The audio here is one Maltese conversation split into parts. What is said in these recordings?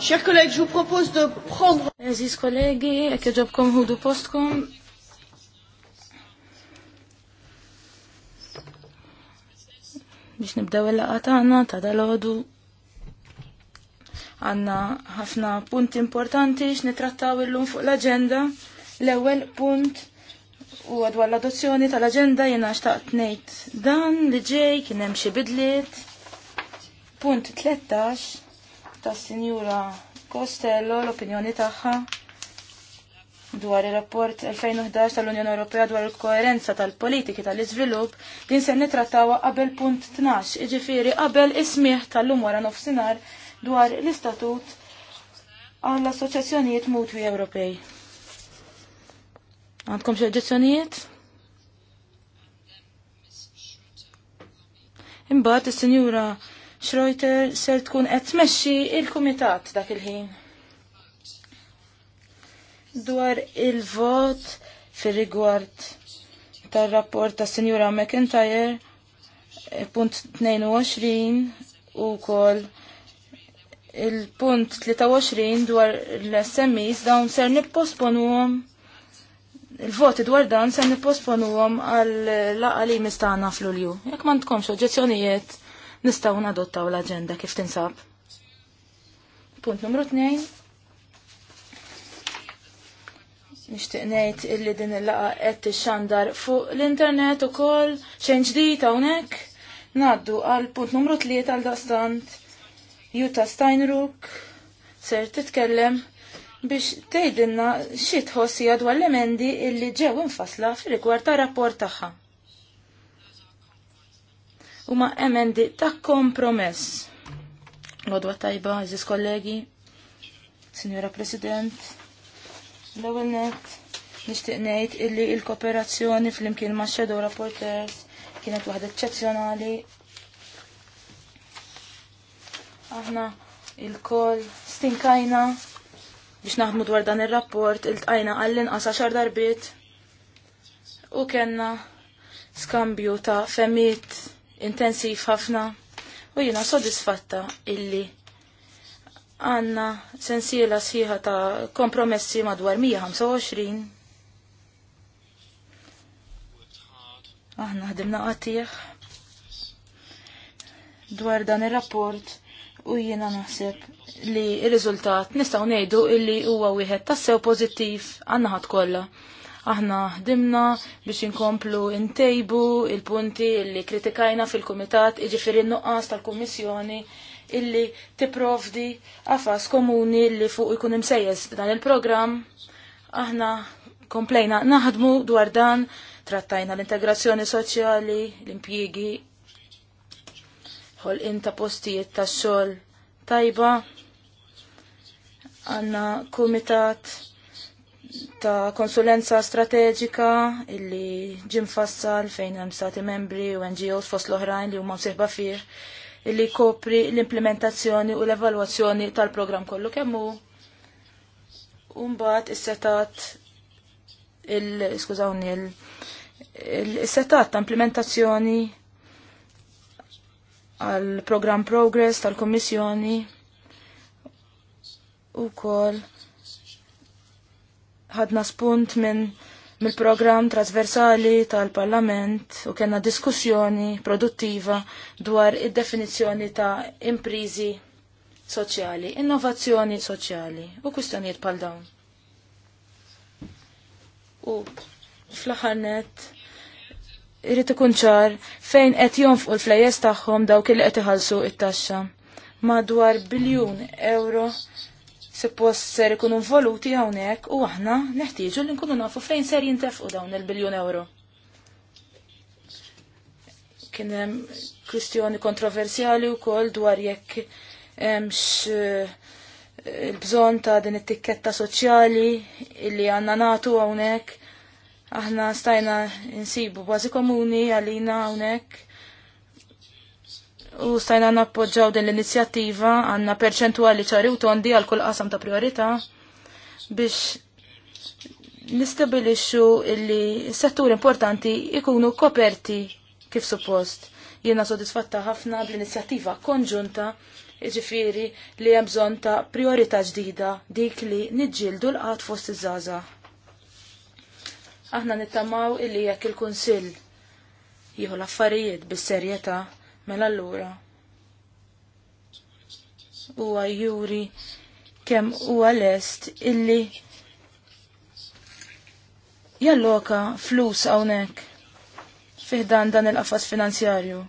Chers collègues, je vous propose de prendre... Aziz kollegi, ek ġobkom hudu postkom. Biex nibdaw il-laqa taħna, ta' dal-ħodu. Għanna ħafna punti importanti x'nitrattaw illum fuq l-agenda. L-ewwel punt u għadwar l-adozzjoni tal-agenda jena xtaqt nejt dan li ġej kien hemm xi bidliet. Punt 13 tas Sinjura Costello l-opinjoni tagħha dwar ir-rapport 2011 tal-Unjoni Ewropea dwar il-koerenza tal-politiki tal-iżvilupp din se nittrattawha qabel punt 12, iġifieri qabel ismih tal-lum wara nofsinhar dwar l-istatut għall assoċjazzjonijiet mutwi Ewropej. Għandkom xi oġġezzjonijiet? Imbagħad is-Sinjura Schroeter ser tkun qed tmexxi il-kumitat dak il-ħin. Dwar il-vot fir-rigward tar-rapport ta' Sinjura McIntyre eh, punt 22 u kol il-punt 23 dwar l-SMEs dawn ser nipposponuhom il-voti dwar dan ser nipposponuhom għal laqa li mistana fl-ulju. Jekk ma tkomx oġġezzjonijiet nistgħu nadottaw l-aġenda kif tinsab. Punt numru 2. Nixtieq ngħid illi din il-laqa qed tixxandar fuq l-internet ukoll xejn ġdid hawnhekk. Ngħaddu għal punt numru 3 għal dastant Juta Steinruk ser titkellem biex tgħidilna xi tħossija dwar l-emendi illi ġew infasla fir-rigward tar-rapport tagħha huma emendi ta' kompromess. Godwa tajba, eżis kollegi, Signora President, l-ewwel net nixtieq ngħid illi l-kooperazzjoni il flimkien ma' Shadow Rapporters kienet waħda eċċezzjonali. Aħna il-koll stinkajna biex naħdmu dwar dan ir-rapport iltqajna għall-inqas ċar darbiet u kellna skambju ta' femit intensiv ħafna u jiena sodisfatta illi għanna sensiela sħiħa ta' kompromessi madwar 125. Aħna ħdimna qatih dwar dan ir-rapport u jiena naħseb li r-riżultat nistgħu ngħidu illi huwa wieħed tassew pożittiv għan ħat kollha. Aħna ħdimna biex inkomplu intejbu il-punti li kritikajna fil-Kumitat iġifiri nuqqas tal-Kummissjoni illi tipprovdi għafas komuni li fuq ikun imsejjes dan il-programm. Aħna komplejna naħdmu dwar dan, trattajna l-integrazzjoni soċjali, l-impjiegi, ħol inta postijiet ta' xol tajba, għanna kumitat ta' konsulenza strateġika illi ġim fassal fejn hemm stati membri u NGOs fost l-oħrajn li huma msieħba fih illi kopri l-implementazzjoni u l-evalwazzjoni tal-programm kollu kemm hu. U mbagħad is-setat il skużawni il-setat ta' implementazzjoni għal programm Progress tal-Kommissjoni u kol ħadna spunt minn mill-programm trasversali tal-Parlament u kena diskussjoni produttiva dwar id-definizzjoni ta' imprizi soċjali, innovazzjoni soċjali u kwistjonijiet pal dawn. U fl-aħħar net ikun ċar fejn qed jonfqu l-flejjes tagħhom dawk li qed iħallsu it-taxxa madwar biljun euro suppost ser ikunu involuti hawnhekk u aħna neħtieġu li nkunu nafu fejn ser jintefqu dawn il-biljun euro. Kien hemm kwistjoni kontroversjali wkoll dwar jekk hemmx eh, il-bżonn ta' din it-tikketta soċjali illi għandna nagħtu hawnhekk aħna stajna insibu bażi komuni għalina hawnhekk u stajna nappoġġaw din l-inizjattiva għanna perċentuali ċari u tondi għal kull qasam ta' priorità biex nistabilixxu illi settur importanti ikunu koperti kif suppost. Jiena sodisfatta ħafna bl-inizjattiva konġunta iġifiri li hemm bżonn ta' priorità ġdida dik li niġġieldu l-qat fost iż-żaża. Aħna nittamaw illi jekk il-Kunsill jieħu l-affarijiet bis-serjetà Mela allura. Huwa juri kemm huwa lest illi jalloka flus hawnhekk fiħdan dan il-qafas finanzjarju.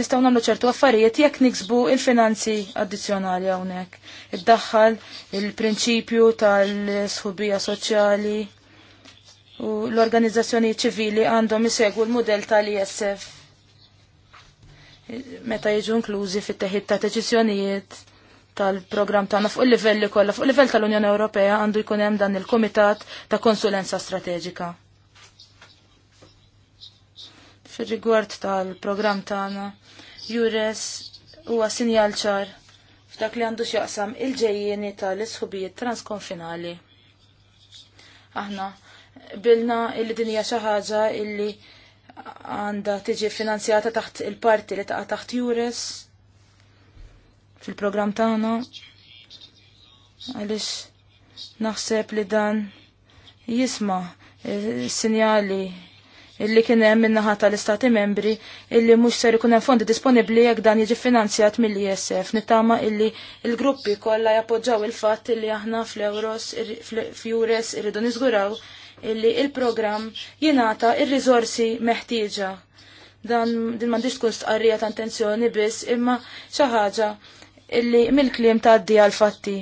Nistaw namlu ċertu affarijiet jekk niksbu il-finanzi addizzjonali hawnhekk. Iddaħħal il-prinċipju tal-sħubija soċjali u l-organizzazzjoni ċivili għandhom isegwu l-modell tal-ISF meta jiġu inklużi fit-teħid ta' deċiżjonijiet tal-programm tagħna fuq il-livelli kollha fuq il-livell tal-Unjoni Ewropea għandu jkun hemm dan il-Kumitat ta' Konsulenza Strateġika. Fir-rigward tal-programm tagħna, Jures huwa sinjal ċar f'dak li għandu x'jaqsam il-ġejjieni tal-isħubijiet transkonfinali. Aħna bilna il din hija xi ħaġa illi għanda tiġi finanzjata taħt il-parti li taqa taħt Jures fil-program tagħna għaliex naħseb li dan jisma sinjali illi kien hemm min-naħa tal-Istati Membri illi mhux ser ikun hemm fondi disponibbli jekk dan jiġi finanzjat mill-ISF. Nittama illi il-gruppi kollha jappoġġaw il-fatt illi aħna fl-Euros fl-Jures irridu niżguraw illi il-programm jingħata il rizorsi meħtieġa. Dan din mandiġ tkun stqarrija ta' intenzjoni biss imma xi ħaġa illi mill-kliem tgħaddi għal fatti.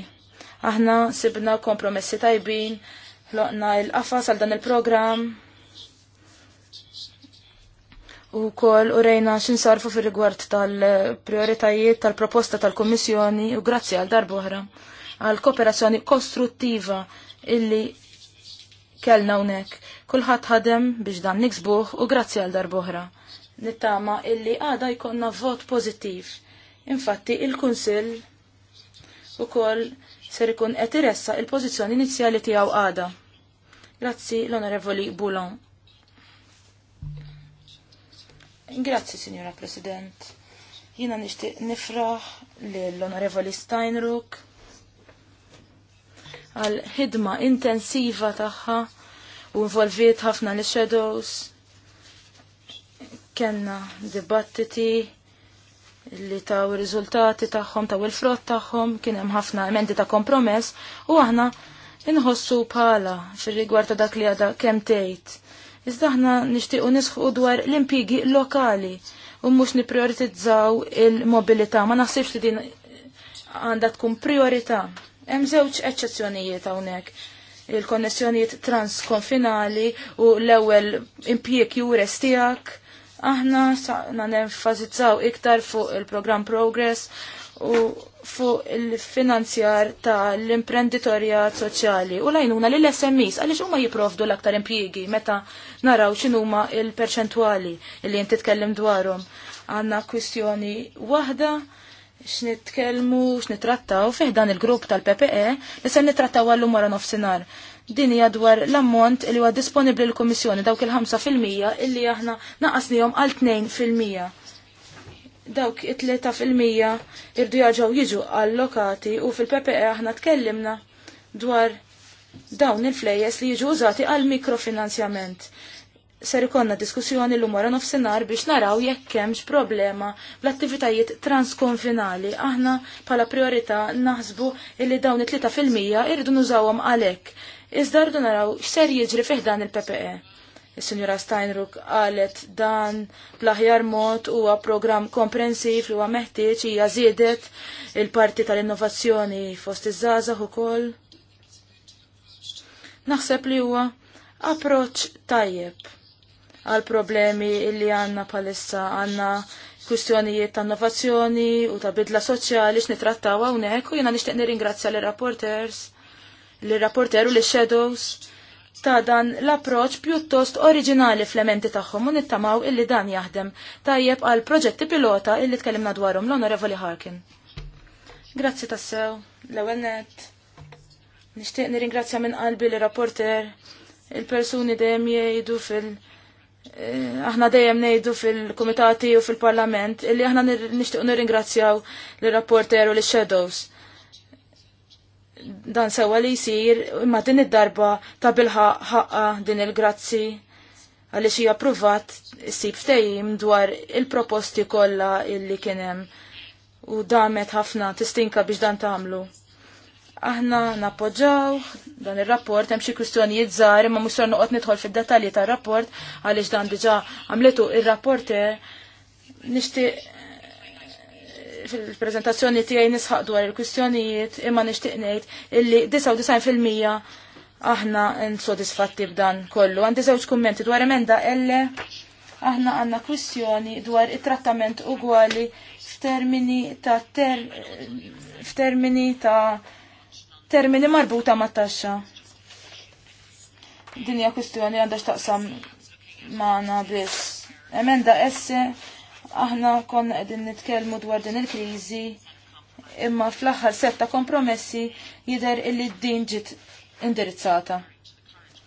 Aħna sibna kompromessi tajbin, ħloqna l-qafas għal dan il-programm, u kol u rejna xinsarfu fil rigward tal-prioritajiet tal-proposta tal-Komissjoni u grazzi għal darbohra għal kooperazzjoni kostruttiva illi kellna hawnhekk. Kulħadd ħadem biex dan niksbuh u grazzi għal darbohra. Nittama illi għada jkonna vot pozittiv. Infatti il-Kunsill ukoll ser ikun qed il-pożizzjoni inizjali tiegħu għada. Grazzi l-Onorevoli Boulon. Grazzi, Signora President. Jina nishtiq nifraħ l-Onorevoli Steinruck għal ħidma intensiva tagħha u involviet ħafna li shadows kenna dibattiti li taw ir-riżultati tagħhom taw il-frott tagħhom kien hemm ħafna emendi ta' kompromess u aħna inħossu bħala fir-rigward ta' dak li għadha kemm tgħid. Iżda aħna nixtiequ nisħu dwar l impigi lokali u mhux nipprioritizzaw il-mobilità. Ma naħsibx li din għandha tkun priorita. Hemm żewġ eċċezzjonijiet hawnhekk il-konnessjonijiet transkonfinali u l-ewwel impjieg jures tiegħek. Aħna saqna nenfasizzaw iktar fuq il-programm Progress u fuq il-finanzjar ta' l-imprenditorjat soċjali u lajnuna li l għaliex huma jiprofdu l-aktar impjiegi meta naraw x'inhuma il-perċentwali li inti tkellem dwarhom. Għandna kwistjoni waħda x'nitkellmu, x'nitrattaw fih dan il-grupp tal-PPE li se nittrattaw għallum wara nofsinhar. Din hija dwar l-ammont li huwa disponibbli l-Kummissjoni dawk il-5 fil-mija illi aħna naqasnihom għal 2 fil-mija. Dawk it-3 fil-mija irdu jaġgħu jiġu allokati u fil-PPE aħna tkellimna dwar dawn il-flejjes li jiġu użati għal mikrofinanzjament ser ikonna diskussjoni l wara nofsinhar biex naraw jekk hemmx problema bl-attivitajiet transkonfinali. Aħna pala priorità naħsbu illi dawn it-3 fil-mija irridu nużawhom għalhekk. Iżda rridu naraw x'ser jiġri fih dan il-PPE. Is-Sinjura Steinruck qalet dan bl-aħjar mod huwa programm komprensiv li huwa meħtieġ hija żiedet il-parti tal-innovazzjoni fost iż-żgħażagħ ukoll. Naħseb li huwa approċċ tajjeb għal problemi illi għanna palissa għanna kwistjonijiet ta' innovazzjoni u ta' bidla soċjali x'nitrattaw hawnhekk u jiena nixtieq nirringrazzja lir-rapporters, lir-rapporter u l shadows ta' dan l-approċ pjuttost oriġinali fl-elementi tagħhom u nittamaw illi dan jaħdem tajjeb għal proġetti pilota illi tkellimna dwarhom l-Onorevoli Harkin. Grazzi tassew, l-ewwel net. Nixtieq nirringrazzja minn qalbi l-rapporter il-persuni dejjem jgħidu fil- Eh, aħna dejjem nejdu fil-komitati u fil-parlament illi aħna nishtiq nirringrazzjaw l-rapporter u l-shadows. Dan sewa li jisir imma din id-darba ta' bilħa ħaqqa din il-grazzi għaliex hija s issib ftehim dwar il-proposti kollha illi kien hemm u damet ħafna tistinka biex dan tagħmlu. Ta Aħna napoġaw dan ir-rapport hemm xi kwistjonijiet żgħar imma mhux sar noqgħod nidħol fid-dettalji tar-rapport għaliex dan diġà għamletu ir-rapporter nixtieq fil-prezentazzjoni tiegħi nisħaq dwar il-kwistjonijiet imma nixtieq ngħid illi 99% aħna insodisfatti b'dan kollu. Għandi żewġ kummenti dwar emenda elle aħna għandna kwistjoni dwar it-trattament ugwali f'termini ta' ter f'termini ta' termini marbuta ma' taxxa. Dinja kwistjoni għandha x'taqsam mana biss. Emenda esse aħna konna qegħdin nitkellmu dwar din il-kriżi imma fl-aħħar setta kompromessi jidher illi din ġiet indirizzata.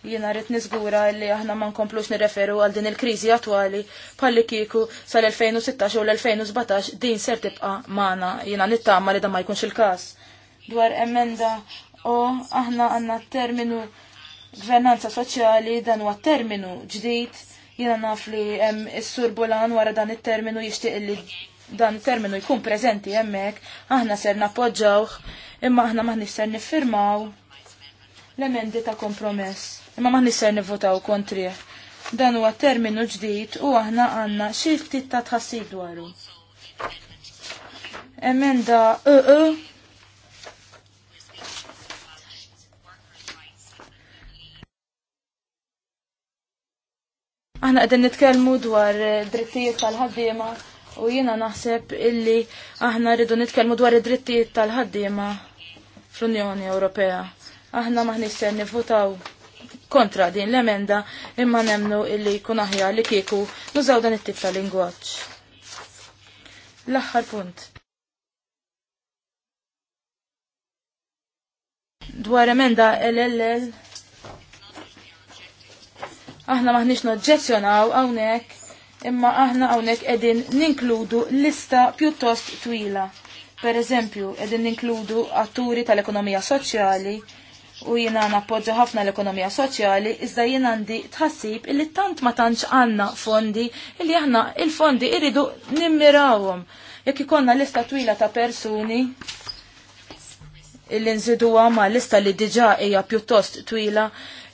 Jiena rrid niżgura li aħna ma nkomplux nirreferu għal din il-kriżi attwali palli kieku sal-2016 u l-2017 din ser tibqa' magħna jiena nittama li dan ma jkunx il-każ dwar emenda o aħna għanna terminu gvernanza soċjali dan huwa terminu ġdid jiena naf li hemm is-sur Bolan wara dan it-terminu jixtieq li dan terminu jkun preżenti hemmhekk aħna ser nappoġġawh imma aħna maħniex ser niffirmaw l-emendi ta' kompromess imma maħniex ser nivvotaw kontrih. Dan huwa terminu ġdid u aħna għandna xi ftit ta' tħassib dwaru. Emenda e Aħna qegħdin nitkellmu dwar eh, drittijiet tal-ħaddiema u jiena naħseb illi aħna rridu nitkellmu dwar id-drittijiet tal-ħaddiema fl-Unjoni Ewropea. Aħna maħniex ser nivvutaw kontra din l-emenda imma nemnu illi jkun aħjar li kieku nużaw dan it-tip ta' lingwaġġ. L-aħħar punt. Dwar emenda LLL Aħna maħniex noġġezzjonaw hawnhekk imma aħna hawnhekk qegħdin ninkludu lista pjuttost twila. Per eżempju, qegħdin ninkludu atturi tal-ekonomija soċjali u jiena nappoġġa ħafna l-ekonomija soċjali, iżda jien għandi tħassib illi tant ma tantx għandna fondi illi aħna il-fondi irridu nimmirawhom. Jekk ikonna lista twila ta' persuni illi nżidu għama lista li diġà hija pjuttost twila,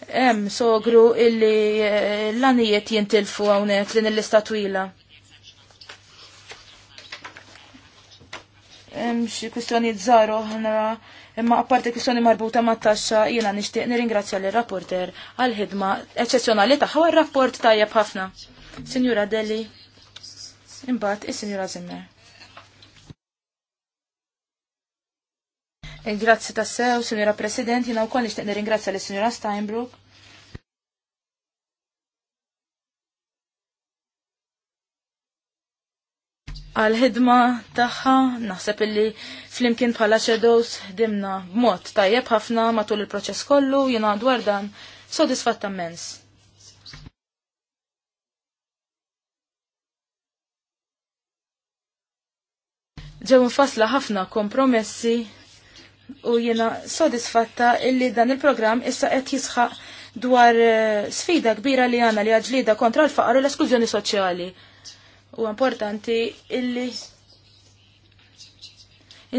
Em sogru illi eh, l-anijiet jintilfu hawnhekk din il-lista twila. Hemm xi kwistjonijiet żaru ħna, imma apparti kwistjoni marbuta ma' taxxa jiena nixtieq nirringrazzja l rapporter għal ħidma eċċezzjonali tagħha rapport tajjeb ħafna. Sinjura Deli, imbagħad is-Sinjura Zimmer. E, grazzi tassew, Sinjora President, jina u koll nishtiq nirringrazzja li Sinjora Steinbrook. Għal-ħidma taħħa, naħseb illi flimkien bħala shadows dimna b'mod tajjeb ħafna matul il-proċess kollu, jina dwar dan sodisfatt ammens. Ġew infasla ħafna kompromessi u jiena sodisfatta illi dan il-programm issa qed jisħaq dwar eh, sfida kbira li għana li għagġlida kontra l-faqar u l-esklużjoni soċjali. U importanti illi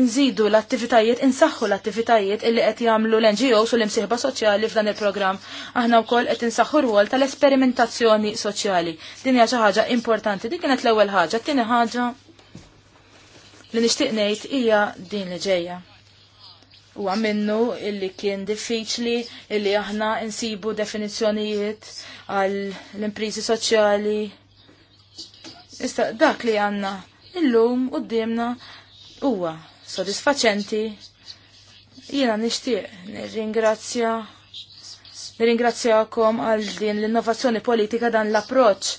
nżidu l-attivitajiet, insaħħu l-attivitajiet illi qed jagħmlu l-NGOs u l-imsieħba soċjali f'dan il-programm. Aħna wkoll qed insaħħu rwol tal-esperimentazzjoni soċjali. Din hija xi ħaġa importanti. Din kienet l-ewwel ħaġa, t-tieni ħaġa li nixtieq ngħid hija din li ġejja u għamennu illi kien diffiċli illi aħna insibu definizjonijiet għal l-imprizi soċjali. Ista dak li għanna illum u d-dimna huwa sodisfaċenti. Jiena nixtieq nirringrazzja nirringrazzjakom għal din l-innovazzjoni politika dan l-approċ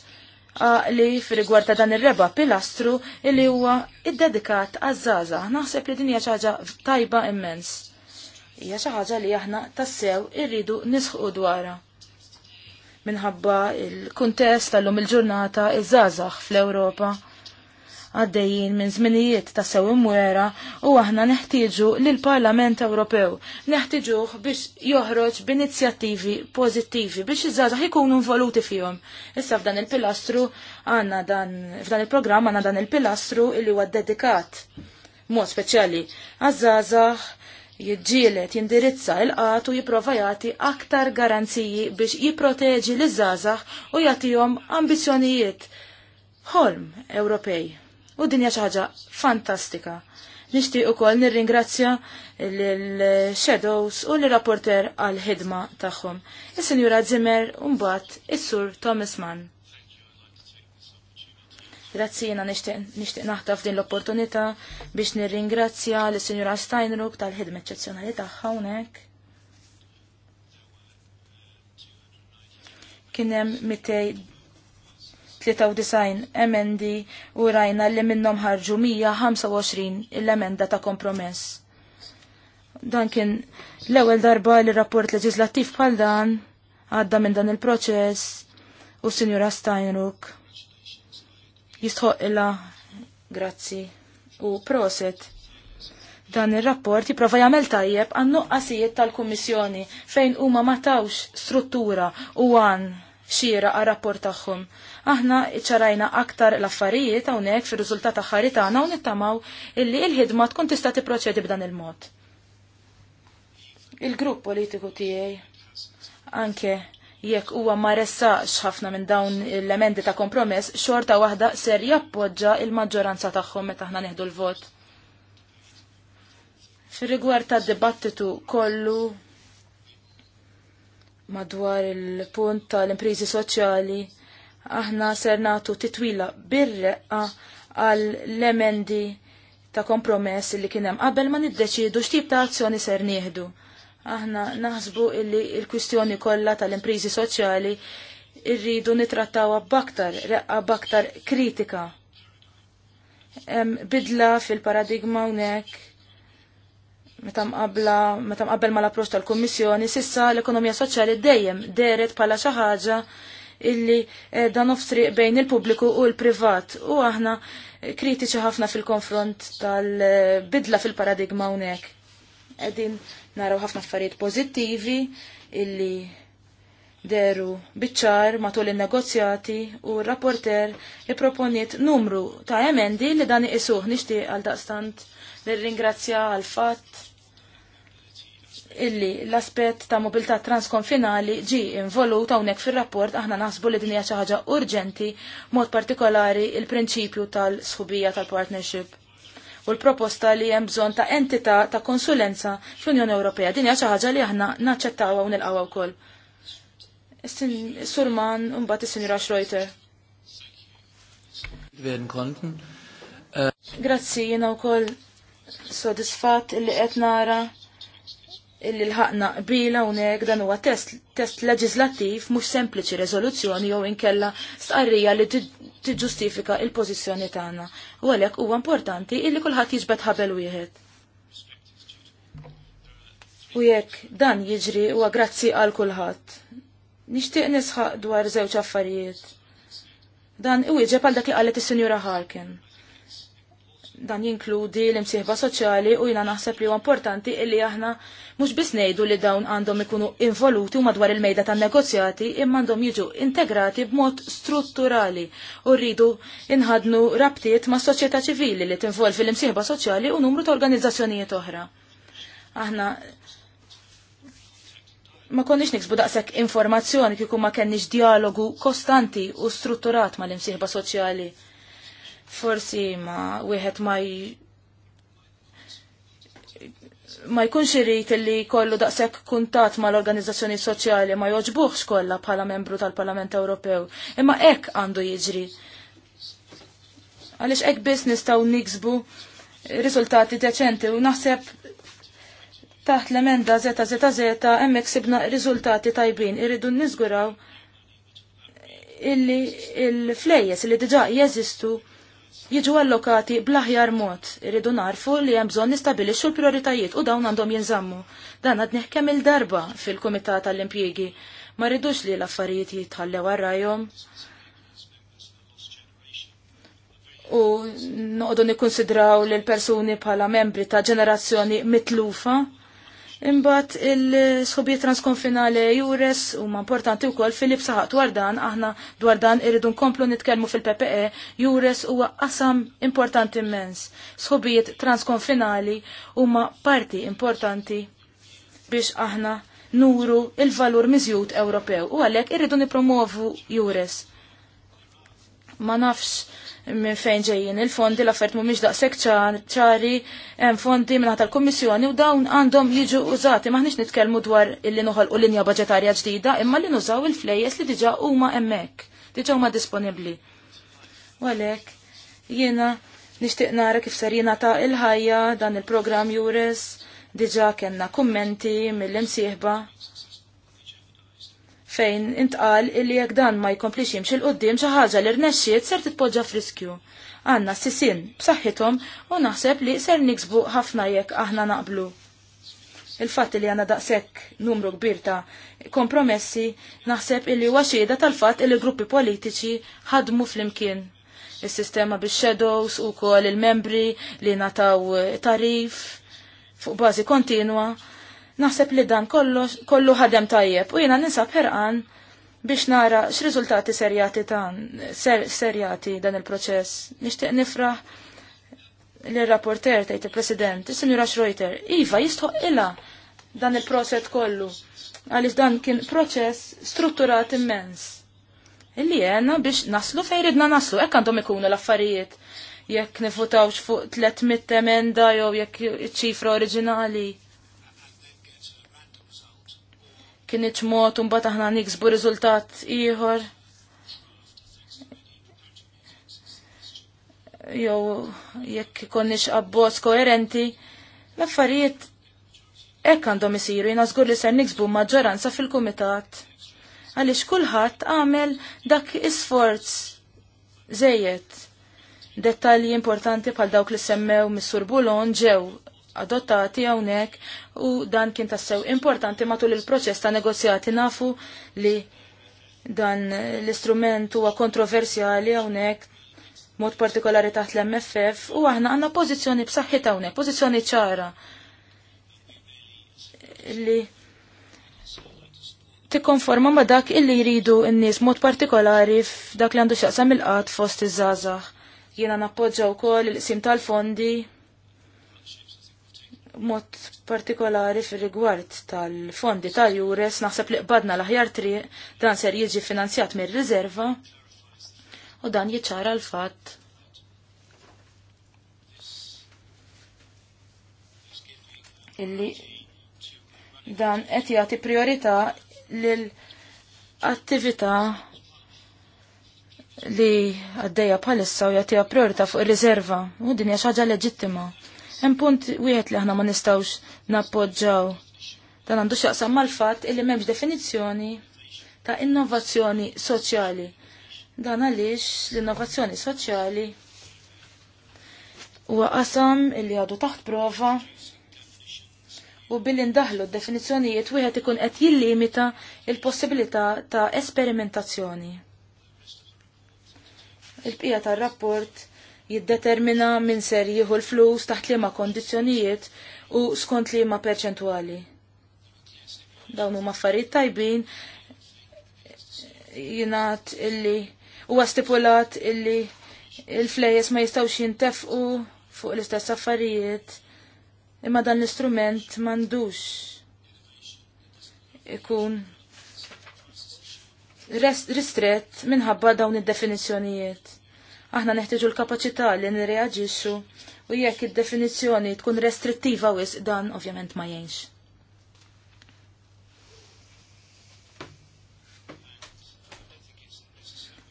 li fil ta' dan ir-reba pilastru li huwa iddedikat għaż-żaża. Naħseb li din hija ħaġa tajba immens hija xi ħaġa li aħna tassew irridu nisħu dwarha. Minħabba il-kuntest tal-lum il-ġurnata iż-żgħażagħ fl-Ewropa għaddejjin minn żminijiet ta' sew imwera u aħna neħtieġu lill parlament Ewropew. Neħtieġuh biex joħroġ b'inizjattivi pożittivi biex iż-żgħażagħ ikunu involuti fihom. Issa f'dan il-pilastru għandna dan f'dan il-programm għandna dan il-pilastru illi huwa dedikat mod speċjali għaż-żgħażagħ jiġġielet, jindirizza il-qat u jipprova jagħti aktar garanziji biex jipproteġi l żgħażagħ u jagħtihom ambizzjonijiet. Holm Ewropej. U dinja xi ħaġa fantastika. Nixtieq ukoll nirringrazzja l-Shadows u l-rapporter għal-ħidma tagħhom. Is-Sinjura Zimmer u mbagħad is-Sur Thomas Mann. Grazzi jena nishtiq naħtaf din l-opportunità biex nirringrazzja l sinjura Steinruk tal-ħidma eċċezzjonali tagħha hawnhekk. Kien hemm 93 emendi u rajna li minnhom ħarġu 125 l-emenda ta' kompromess. Dan kien l-ewwel darba li rapport leġislattiv bħal dan għadda minn dan il-proċess u Sinjura Steinruk jistħoq illa grazzi u proset. Dan ir-rapport jiprofa jagħmel tajjeb għan nuqqasijiet tal-Kummissjoni fejn huma ma tawx struttura u għan xira għal rapport tagħhom. Aħna ċarajna aktar l-affarijiet hawnhekk fir-riżultat aħħari tagħna u nittamaw illi l-ħidma tkun tista' tipproċedi b'dan il-mod. Il-grupp politiku tiegħi anke jekk huwa ma ressax ħafna minn dawn l emendi ta' kompromess, xorta waħda ser jappoġġa il-maġġoranza tagħhom meta aħna neħdu l-vot. Fir-rigward ta' dibattitu kollu madwar il-punt tal-imprizi soċjali, aħna ser nagħtu titwila birreqqa għal l-emendi ta' kompromess li kienem qabel ma niddeċidu x'tip ta' azzjoni ser nieħdu Aħna naħsbu illi il-kwistjoni kollha tal-imprizi soċjali irridu nitrattawha baktar, reqqa baktar kritika. Em, bidla fil-paradigma unek, meta mqabla, meta mqabbel mal-approċċ tal-Kummissjoni, sissa l-ekonomija soċjali dejjem deret bħala xi ħaġa illi dan nofsriq bejn il-pubbliku u l-privat. U aħna kritiċi ħafna fil-konfront tal-bidla fil-paradigma unek. Edin naraw ħafna affarijiet pożittivi illi deru biċċar matul il-negozjati u r-rapporter iproponiet numru ta' emendi li dan iqisuh nixtieq għal daqstant nirringrazzja għal fatt illi l-aspett ta' mobilità transkonfinali ġi involuta hawnhekk fir-rapport aħna naħsbu li din hija xi ħaġa urġenti mod partikolari il-prinċipju tal-sħubija tal-partnership u l-proposta li hemm bżonn ta' entità ta' konsulenza fl-Unjoni Ewropea. Din hija xi ħaġa li aħna naċċettawha u nilqgħuha wkoll. Surman u mbagħad is-Sinjura Schroeter. Grazzi, jiena wkoll sodisfatt li qed nara illi l-ħakna bila unek dan huwa test, test leġislattiv mhux sempliċi rezoluzzjoni jew inkella stqarrija li tiġġustifika il-pożizzjoni tagħna. U għalhekk huwa importanti illi kulħadd jiġbed ħabel wieħed. U jekk dan jiġri huwa grazzi għal kulħadd. Nixtieq nisħaq dwar żewġ affarijiet. Dan iwieġeb għal dak li qalet is-Sinjura Harkin dan jinkludi l-imsieħba soċjali u jina naħseb li huwa importanti illi aħna mhux biss ngħidu li dawn għandhom ikunu involuti u madwar il-mejda tan-negozjati imma għandhom jiġu integrati b'mod strutturali u rridu inħadnu rabtiet ma' soċjetà ċivili li tinvolvi l-imsieħba soċjali u numru ta' organizzazzjonijiet oħra. Aħna ma konniex niksbu daqshekk informazzjoni kieku ma kenniex dialogu kostanti u strutturat mal-imsieħba soċjali forsi ma wieħed ma ma jkunx irid li kollu daqshekk kuntat mal-organizzazzjoni soċjali ma joġbuħx kollha bħala membru tal-Parlament Ewropew. Imma hekk għandu jiġri. Għaliex hekk biss nistgħu niksbu riżultati deċenti u naħseb taħt l-emenda zeta zeta zeta hemmhekk sibna riżultati tajbin irridu niżguraw illi il-flejjes li diġà jeżistu jiġu allokati blaħjar mod. Irridu narfu li hemm bżonn nistabilixxu l-prioritajiet u dawn għandhom jinżammu. Dan għad neħkem il-darba fil-Kumitat tal-Impjiegi. Ma rridux li l-affarijiet jitħallew għarrajhom. U noqogħdu nikkunsidraw lil persuni bħala membri ta' ġenerazzjoni mitlufa Imbagħad il-sħobijiet transkonfinali jures huma importanti wkoll Filip saħaq dwar dan aħna dwar dan irridu nkomplu nitkellmu fil-PPE jures huwa qasam importanti immens. Sħobijiet transkonfinali huma parti importanti biex aħna nuru il-valur miżjud Ewropew u għalhekk irridu nipromovu jures. Ma nafx minn fejn ġejjin il-fondi l-affert mhumiex daqshekk ċari hemm fondi minn tal-Kummissjoni u dawn għandhom jiġu użati maħniex nitkellmu dwar illi u linja budgetarja ġdida imma li nużaw il-flejjes li diġà huma hemmhekk, diġà huma disponibbli. U għalhekk jiena nixtieq nara kif ser ta' il-ħajja dan il-programm juris diġà kellna kummenti mill-imsieħba fejn intqal illi jekk dan ma jkomplix jimxi l qoddim xi ħaġa li rnexxiet ser titpoġġa f'riskju. Għandna sisin b'saħħithom u naħseb li ser niksbu ħafna jekk aħna naqblu. Il-fatt li għandna daqshekk numru kbir ta' kompromessi naħseb illi huwa xhieda tal-fatt illi gruppi politiċi ħadmu flimkien. Is-sistema bix-shadows ukoll il-membri li nataw tarif fuq bażi kontinwa Naħseb li dan kollu ħadem tajjeb u jiena ninsab ħerqan biex nara x'riżultati serjati tan, ser, serjati dan il-proċess. Nixtieq nifraħ l-rapporter tgħid il-President, il sinjura Schroeter, iva jistħoq illa dan il-proċess kollu għaliex dan kien proċess strutturat immens. Illi jena biex naslu fejridna naslu, hekk għandhom ikunu l-affarijiet jekk nifutawx fuq 300 emenda jew jekk iċ-ċifra oriġinali kienet mod un bat aħna niksbu riżultat ieħor. Jew jekk konniex abbozz koerenti, l-affarijiet hekk għandhom isiru jina żgur li ser niksbu maġġoranza fil-kumitat. Għaliex kulħadd għamel dak isforz żejjed. Dettalji importanti bħal dawk li semmew Missur Bulon ġew adottati hawnhekk u dan kien tassew importanti matul il-proċess ta' negozjati nafu li dan l-istrument huwa kontroversjali hawnhekk mod partikolari taħt l-MFF u aħna għandna pożizzjoni b'saħħit hawnhekk, pożizzjoni ċara li tikkonforma ma dak illi jridu n-nies mod partikolari f'dak li għandu xaqsam il-qat fost iż-żgħażagħ. Jiena nappoġġa wkoll il-qsim tal-fondi mod partikolari fir rigward tal-fondi ta' jures naħseb li qbadna l-aħjar triq dan ser jiġi finanzjat mir riserva u dan jieċara l-fatt illi dan qed jagħti priorità lil attività li għaddejja bħalissa u jagħtiha priorità fuq ir-riserva u din hija xi ħaġa leġittima. Hemm punt wieħed li aħna ma nistgħux nappoġġaw. Dan għandu x'jaqsam mal-fatt illi m'hemmx definizzjoni ta' innovazzjoni soċjali. Dan għaliex l-innovazzjoni soċjali huwa qasam illi għadu taħt prova u billi ndaħlu d-definizzjonijiet wieħed ikun qed jillimita il-possibilità ta' esperimentazzjoni. Il-bqija tar-rapport jiddetermina min ser jieħu l-flus taħt liema kondizzjonijiet u skont liema perċentwali. Dawn huma affarijiet tajbin jingħad illi huwa stipulat illi il-flejes ma jistawx jintefqu fuq l-istess affarijiet imma dan l-istrument mandux ikun ristret minħabba dawn id-definizzjonijiet. Aħna neħtieġu l-kapaċità li nirreaġixxu u jekk id-definizzjoni tkun restrittiva wis dan ovvjament ma jgħinx.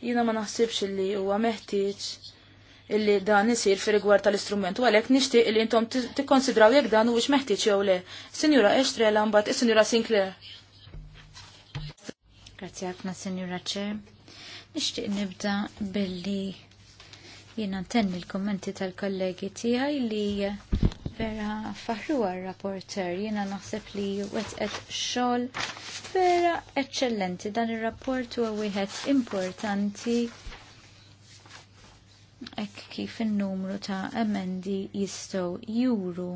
Jiena ma naħsibx li huwa meħtieġ illi dan isir fi rigward tal-istrument u għalek nishtiq illi intom tikkonsidraw jekk dan huwiex meħtieġ jew le. Sinjura Estrella mbagħad is-Sinjura Sinclair. Grazzi ħafna Sinjura Ċer. Nixtieq nibda billi Jiena ntenni l-kommenti tal-kollegi tiegħi li vera faħru għal-rapporter, jina naħseb li wetqet xol vera eccellenti dan il-rapport huwa wieħed importanti ek kif il-numru ta' emendi jistow juru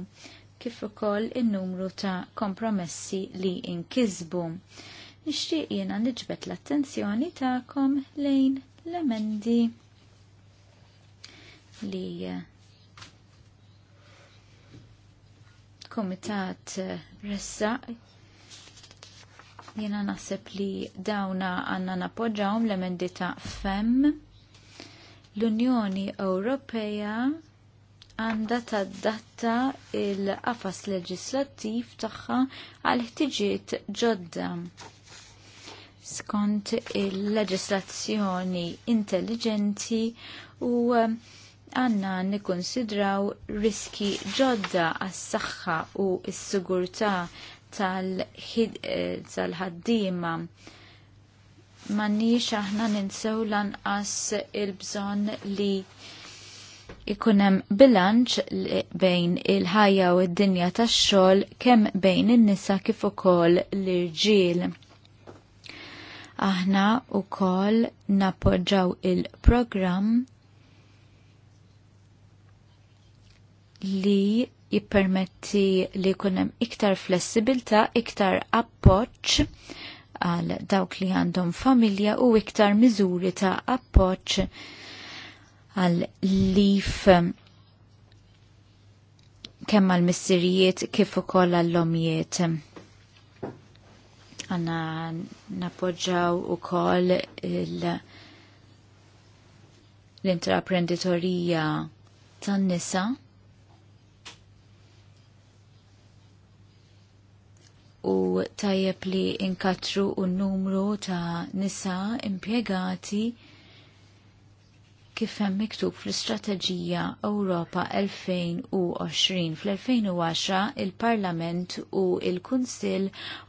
kif ukoll il-numru ta' kompromessi li inkizbu. Nixtieq jiena niġbet l-attenzjoni ta'kom lejn l-emendi li eh, komitat eh, ressa jena naħseb li dawna għanna napoġawm l emendita FEM l-Unjoni Ewropea għanda tadatta il-qafas leġislattiv tagħha għal ħtiġiet ġodda skont il-leġislazzjoni intelligenti u eh, għanna nikkonsidraw riski ġodda għas saħħa u s-sigurtà eh, tal-ħaddiema. M'għandniex aħna ninsew lanqas il-bżon li ikunem bilanċ bejn il-ħajja u d-dinja tax-xogħol kemm bejn in-nisa kif ukoll l-irġiel. Aħna wkoll nappoġġjaw il-programm li jippermetti li kunem iktar flessibilta, iktar appoċ għal dawk li għandhom familja u iktar miżuri ta' appoċ għal lif um, kemm għal missirijiet kif ukoll għall lomijiet Għanna napoġġaw ukoll l-intraprenditorija tan-nisa u tajjeb li inkatru u numru ta' nisa impiegati kif hemm miktub fl-Istrateġija Ewropa 2020. Fl-2010 il-Parlament u il-Kunsill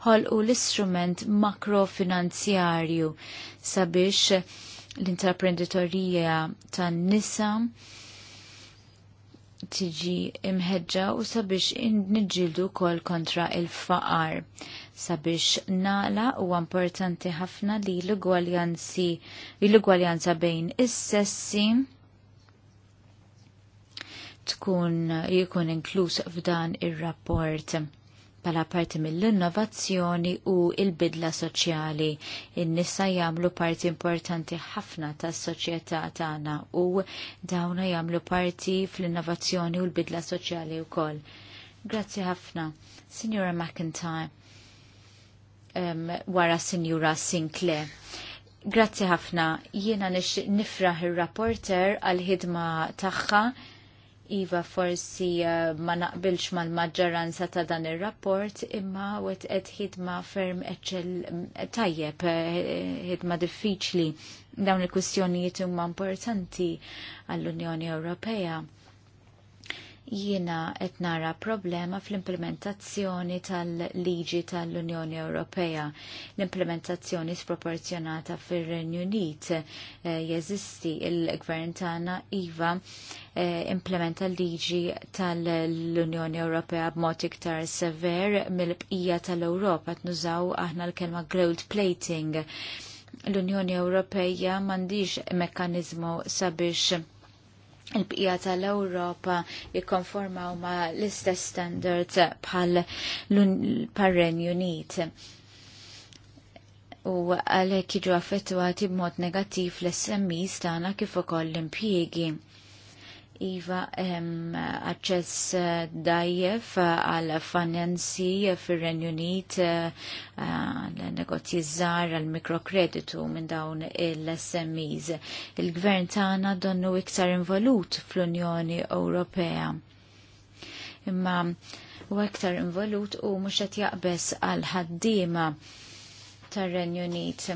ħolqu l-istrument makrofinanzjarju sabiex l-intraprenditorija tan-nisa tiġi imħedġa u sabiex nġildu kol kontra il-faqar. Sabiex nala u importanti ħafna li l-ugwaljanza bejn is-sessi tkun jikun inkluż f'dan ir-rapport pala parti mill-innovazzjoni u il-bidla soċjali. In-nisa jagħmlu parti importanti ħafna tas-soċjetà tagħna u dawna jagħmlu parti fl-innovazzjoni u l-bidla soċjali wkoll. Grazzi ħafna, Signora McIntyre, um, wara Signora Sinclair. Grazzi ħafna, jiena nifraħ ir rapporter għal-ħidma tagħha Iva forsi eh, ma naqbilx mal-maġġoranza ta' dan ir-rapport imma wet qed ħidma ferm eċċel tajjeb eh, ħidma diffiċli dawn il-kwistjonijiet huma importanti għall-Unjoni Ewropea jiena qed nara problema fl-implementazzjoni tal-liġi tal-Unjoni Ewropea. L-implementazzjoni sproporzjonata fir-Renju Unit eh, jeżisti il-Gvern tagħna iva eh, implementa l-liġi tal-Unjoni Ewropea b'mod iktar sever mill-bqija tal-Ewropa tnużaw aħna l-kelma gold plating. L-Unjoni Ewropeja m'għandix mekkaniżmu sabiex il-bqija tal-Ewropa jikkonformaw ma l-istess standards bħal l-Parren Unit u għalhekk jiġu affettwati b'mod negattiv l smi stana kif ukoll l-impjiegi. Iva hemm aċċess eh, dajjef eh, għal finanzi eh, fir-Renju Unit għal negozji żgħar għal mikrokreditu minn dawn il-SMEs. Il-gvern tagħna donnu iktar involut fl-Unjoni Ewropea. Imma u iktar involut u mhux qed jaqbes għal ħaddiema tar-Renju Unit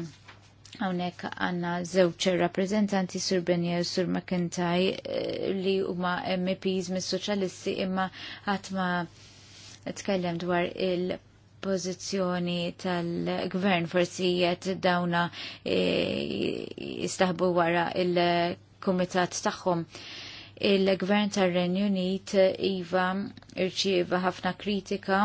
Għonek għanna zewċ rappresentanti Sur Benjer, u Sur McIntyre eh, li huma MPs mis soċjalisti imma ma tkellem dwar il-pozizjoni tal-gvern forsi jett dawna eh, jistaħbu wara il-komitat tagħhom il-gvern tar renju Unit iva irċieva ħafna kritika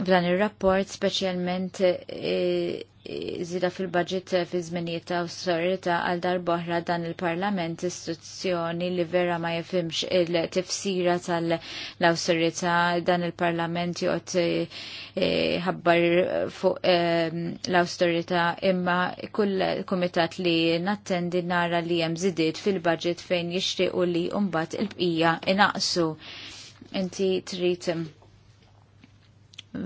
f'dan ir-rapport speċjalment eh, eh, zida fil-budget eh, fi żminijiet ta' storita għal darbohra dan il-Parlament istituzzjoni li vera ma jifimx il-tifsira tal-awtorità dan il-Parlament jgħod ħabbar fuq l-awtorità imma kull kumitat li nattendi nara li hemm żidiet fil-budget fejn jixtiequ li mbagħad il-bqija inaqsu. Inti trid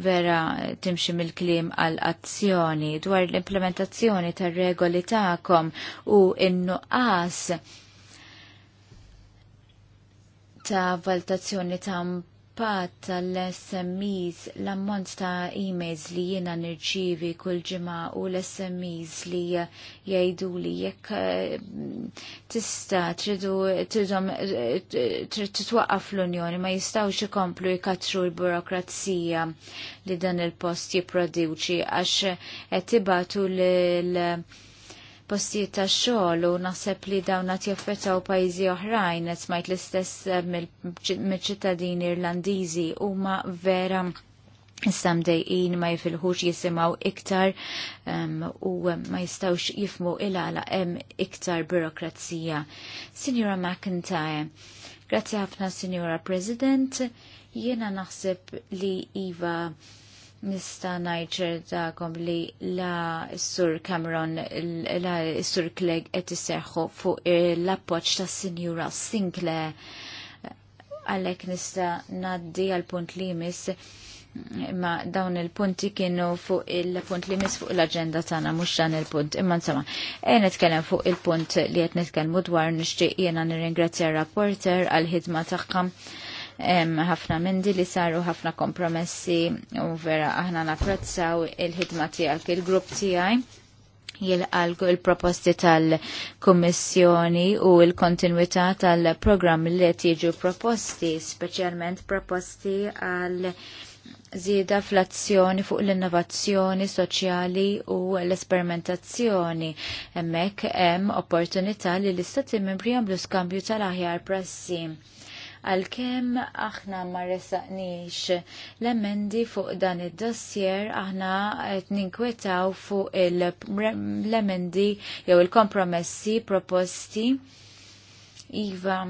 vera timxi mill-klim għal-azzjoni dwar l-implementazzjoni tar regoli ta'kom u in-nuqqas ta' valutazzjoni ta' pat tal-SMEs l-ammont ta' emails li jiena nirċivi kull ġimgħa u l-SMEs li jgħidu li jekk eh, tista tridu tridhom trid titwaqqaf l-Unjoni ma jistgħux ikomplu jkatru l-burokrazija li dan il-post jipproduċi għax qed ibatu l postijiet ta' xogħol u naħseb li dawn qed jaffettaw pajjiżi oħrajn qed smajt l-istess eh, mill-ċittadini Irlandiżi huma vera samdejqin ma jifilħux jisimaw iktar um, u ma jistawx jifmu il-għala hemm iktar burokrazija. Signora McIntyre, grazzi ħafna Signora President, jiena naħseb li Iva nista najċer dakom li la s-sur Cameron, la s-sur Clegg et isseħu fuq l-appoċ ta' Sinjura Sinclair. Għalek nista naddi għal-punt li mis imma dawn il-punti kienu fuq il-punt li mis fuq l-agenda tana, mux dan il-punt. Imma nsama, e netkellem fuq il-punt li jett netkellmu dwar nishtiq jena nir-ingrazzja rapporter għal-ħidma taħkam ħafna mendi li saru ħafna kompromessi u vera aħna napprezzaw il-ħidma tiegħek il-grupp tiegħi jilqalgu il-proposti tal-Kommissjoni u il-kontinuità tal-programm li tiġu proposti, speċjalment proposti għal zida fl-azzjoni fuq l-innovazzjoni soċjali u l-esperimentazzjoni. Emmek hemm opportunità li l-istati membri għamlu skambju tal-aħjar prassi għalkemm aħna ma resaqniex l-emendi fuq dan id-dossier aħna qed ninkwetaw fuq l-emendi jew il-kompromessi proposti. Iva,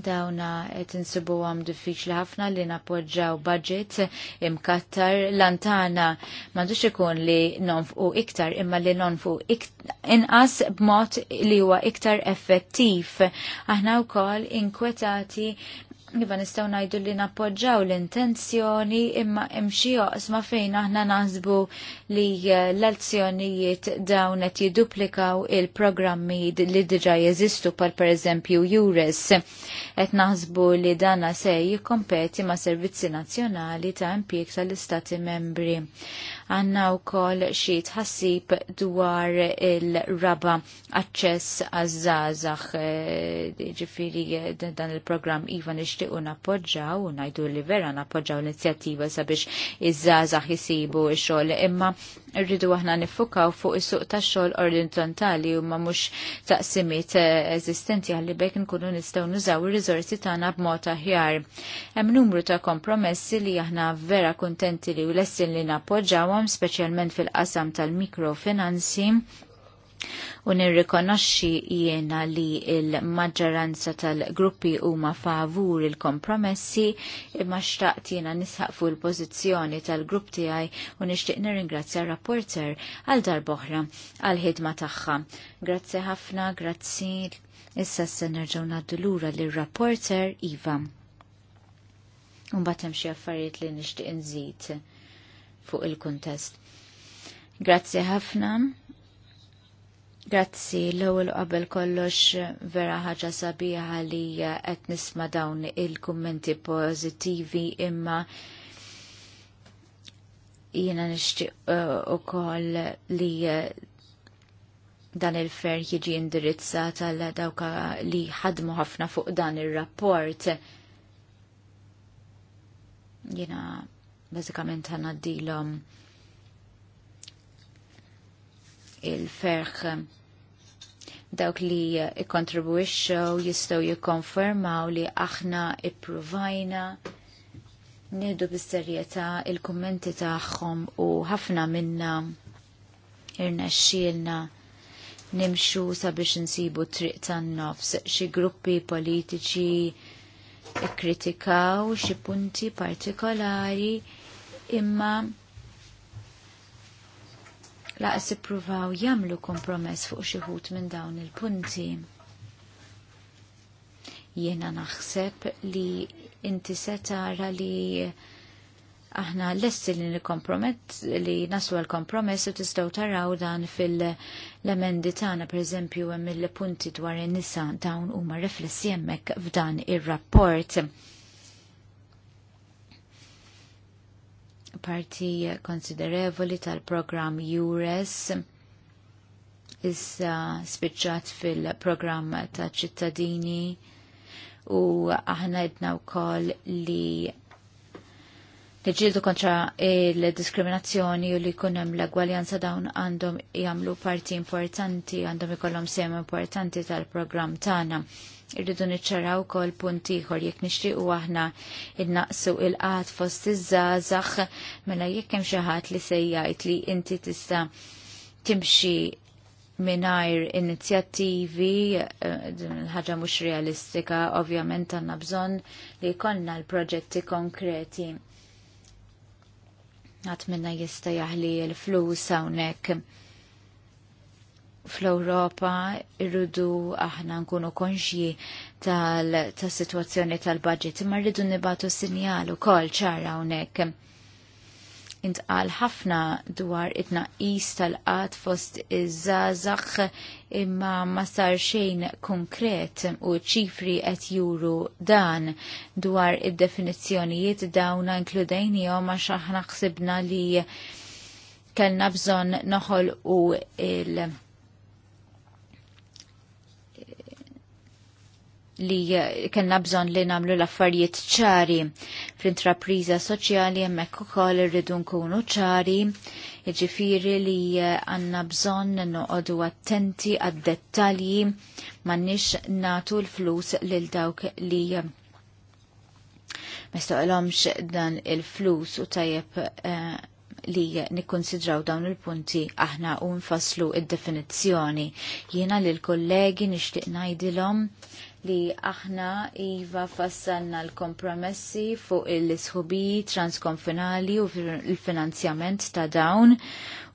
dawna qed insibu għam diffiċli ħafna li napoġġaw budget imkattar lantana m'għandux ikun li nonfu iktar imma li nonfqu inqas b'mod li huwa iktar effettiv. Aħna wkoll inkwetati Iva nistaw najdu li nappoġġaw l-intenzjoni imma imxi oqsma fejn aħna nazbu li eh, l-azzjonijiet dawn qed jidduplikaw il-programmi li diġà jeżistu pal pereżempju Juris qed naħsbu li dana se jikkompeti ma' servizzi nazzjonali ta' impjieg tal-Istati membri għanna u kol xie tħassib dwar il-raba access għazzazax eh, ġifiri eh, dan il-program Ivan ixtiqu napoġġaw u najdu li vera napoġġaw l-inizjattiva sabiex iż-żazax jisibu xol imma rridu aħna nifukaw fuq is-suq tax-xogħol orizzontali u ma mhux taqsimiet eh, eżistenti għalli bekk nkunu nistgħu nużaw ir-riżorsi tagħna b'mod aħjar. Hemm numru ta' kompromessi li aħna vera kuntenti li u lessin li nappoġġawhom speċjalment fil-qasam tal-mikrofinanzi U nirrikonoxxi jiena li il-maġġoranza tal-gruppi huma favur il-kompromessi imma xtaqt jiena nisħaq fuq il-pożizzjoni tal-grupp tiegħi u nixtieq nirringrazzja r-rapporter għal darb'oħra għal ħidma tagħha. Grazzi ħafna, grazzi. Issa se nerġgħu ngħaddu lura lir-rapporter Iva. Mbagħad hemm xi affarijiet li nixtieq nżid fuq il-kuntest. Grazzi ħafna Grazzi, l-ewwel qabel kollox vera ħaġa sabiħa li qed nisma' dawn il-kummenti pożittivi imma jiena nixtieq uh, ukoll li uh, dan il-fer jiġi indirizzat għal dawk li ħadmu ħafna fuq dan ir-rapport. Jiena bażikament ħanaddilhom il-ferħ dawk li ikkontribwixxew jistgħu jikkonfermaw li aħna ippruvajna nieħdu bis-serjetà il-kummenti tagħhom u ħafna minna irnexxielna nimxu sabiex insibu triq tan-nofs xi gruppi politiċi ikkritikaw xi punti partikolari imma laqas ippruvaw jagħmlu kompromess fuq xi ħut minn dawn il-punti. Jiena naħseb li inti se tara li aħna lesti li nikompromett li naslu l kompromess u tistgħu taraw dan fil-emendi tagħna pereżempju hemm il-punti dwar in-nisa dawn huma riflessi hemmhekk f'dan ir-rapport. parti konsiderevoli tal-programm URES, issa spiċċat fil-programm ta' ċittadini u aħna idna wkoll li Niġildu kontra il-diskriminazzjoni u li kunem l-egwaljanza dawn għandhom jagħmlu parti importanti, għandhom ikollhom sem importanti tal-programm tagħna. Irridu niċċaraw kol punt ieħor jekk nixtiequ aħna innaqsu il-qat fost iż żazax mela jekk hemm xi ħadd li se jgħid li inti tista' timxi minajr inizjattivi, eh, ħaġa mhux realistika, ovvjament għandna bżonn li jkollna l-proġetti konkreti. Għat minna jista jahli l-flus hawnhekk fl-Europa irridu aħna nkunu konxji tal-situazzjoni tal-budget, imma rridu nibatu sinjal u kol ċara unek. Intqal ħafna dwar it-naqis tal-qat fost iż-żazax imma ma sar xejn konkret u ċifri qed juru dan dwar id-definizzjonijiet dawna inkludejnijhom għax aħna ħsibna li kellna bżonn noħol u il- li eh, kena bżonn li nagħmlu l-affarijiet ċari. Fl-intrapriża soċjali hemmhekk ukoll irridu nkunu ċari, jiġifieri li eh, għandna bżonn noqogħdu attenti għad-dettalji m'għandniex nagħtu l-flus lil dawk li eh, mistoqlomx dan il-flus u tajjeb uh, li nikkonsidraw dawn il-punti aħna u nfasslu id-definizzjoni. Jiena li l-kollegi nixtieq ngħidilhom li aħna iva fassanna l-kompromessi fuq il-sħubi transkonfinali u l-finanzjament ta' dawn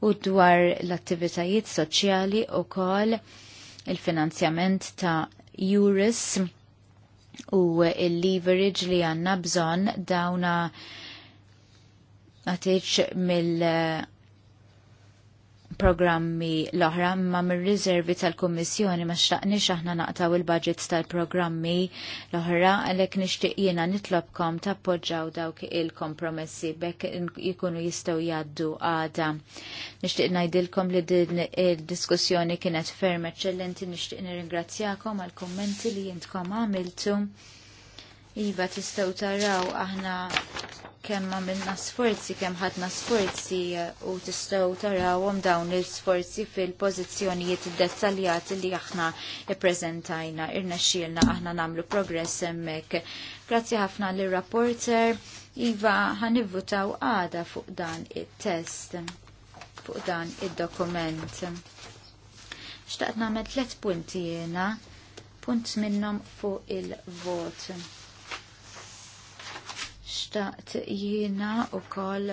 u dwar l-attivitajiet soċjali u kol il-finanzjament ta' Juris u il-leverage li għanna bżon dawna matiċ mill- eh, programmi l-oħra ma mir-riservi tal-Kummissjoni ma xtaqniex aħna naqtaw il-budgets tal-programmi l-oħra għalhekk nixtieq jiena nitlobkom tappoġġaw dawk il-kompromessi bekk jikunu jistgħu jgħaddu għada. Nixtieq ngħidilkom li din il-diskussjoni kienet ferm eċċellenti nixtieq nirringrazzjakom għall-kummenti li jintkom għamiltu. Iva tistgħu taraw aħna kemm għamilna sforzi, kemm ħadna sforzi eh, u tistgħu tarawhom dawn l-sforzi fil-pożizzjonijiet dettaljati li aħna ippreżentajna irnexxielna aħna nagħmlu progress hemmhekk. Grazzi ħafna lir rapporter Iva ħanivvutaw għada fuq dan it-test, fuq dan id-dokument. Xtaqt nagħmel tliet punti jiena, punt minnhom fuq il-vot xtaqt jiena u koll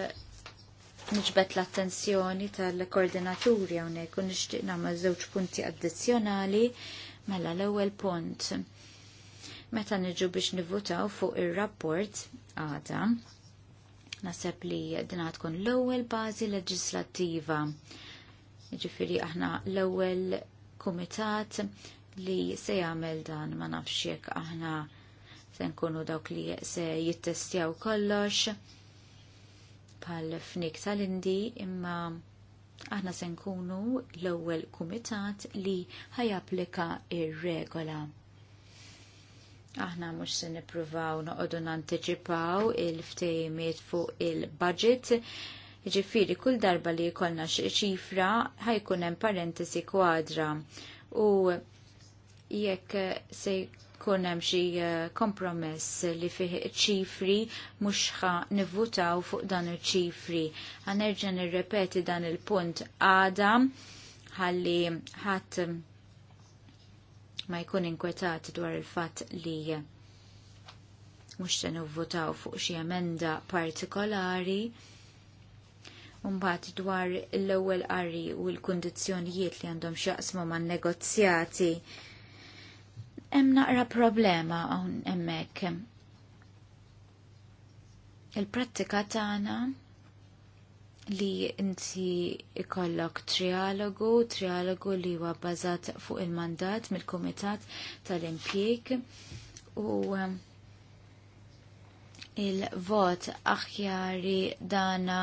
nġbet l-attenzjoni tal-koordinaturi għonek u nishtiq namel zewċ punti addizjonali mela l-ewel punt. Meta niġu biex nivutaw fuq il-rapport għada, naseb li dina tkun l-ewel bazi leġislativa. Ġifiri aħna l-ewel kumitat li se jagħmel dan ma nafx jekk aħna se nkunu dawk li se jittestjaw kollox bħal fnik tal-indi imma aħna se nkunu l-ewwel kumitat li ħajapplika ir-regola. Aħna mhux se nippruvaw noqogħdu nantiċipaw il-ftejmiet fuq il-budget. Ġifiri, kull darba li jkollna xifra, ċifra ħajkun hemm parentesi kwadra u jekk se jkun hemm xi eh, kompromess li fih ċifri mhux ħa nivvutaw fuq dan iċ-ċifri. nerġa' nirrepeti dan il-punt għada ħalli ħadd ma jkun inkwetat dwar il-fatt li mhux se nivvutaw fuq xi emenda partikolari. Mbagħad dwar l-ewwel qari u l-kundizzjonijiet li għandhom x'jaqsmu man-negozjati hemm naqra problema hawn hemmhekk. Il-prattika tagħna li inti ikollok trialogu, trialogu li huwa bbażat fuq il-mandat mill-Kumitat tal-Impjeg u um, il-vot aħjari dana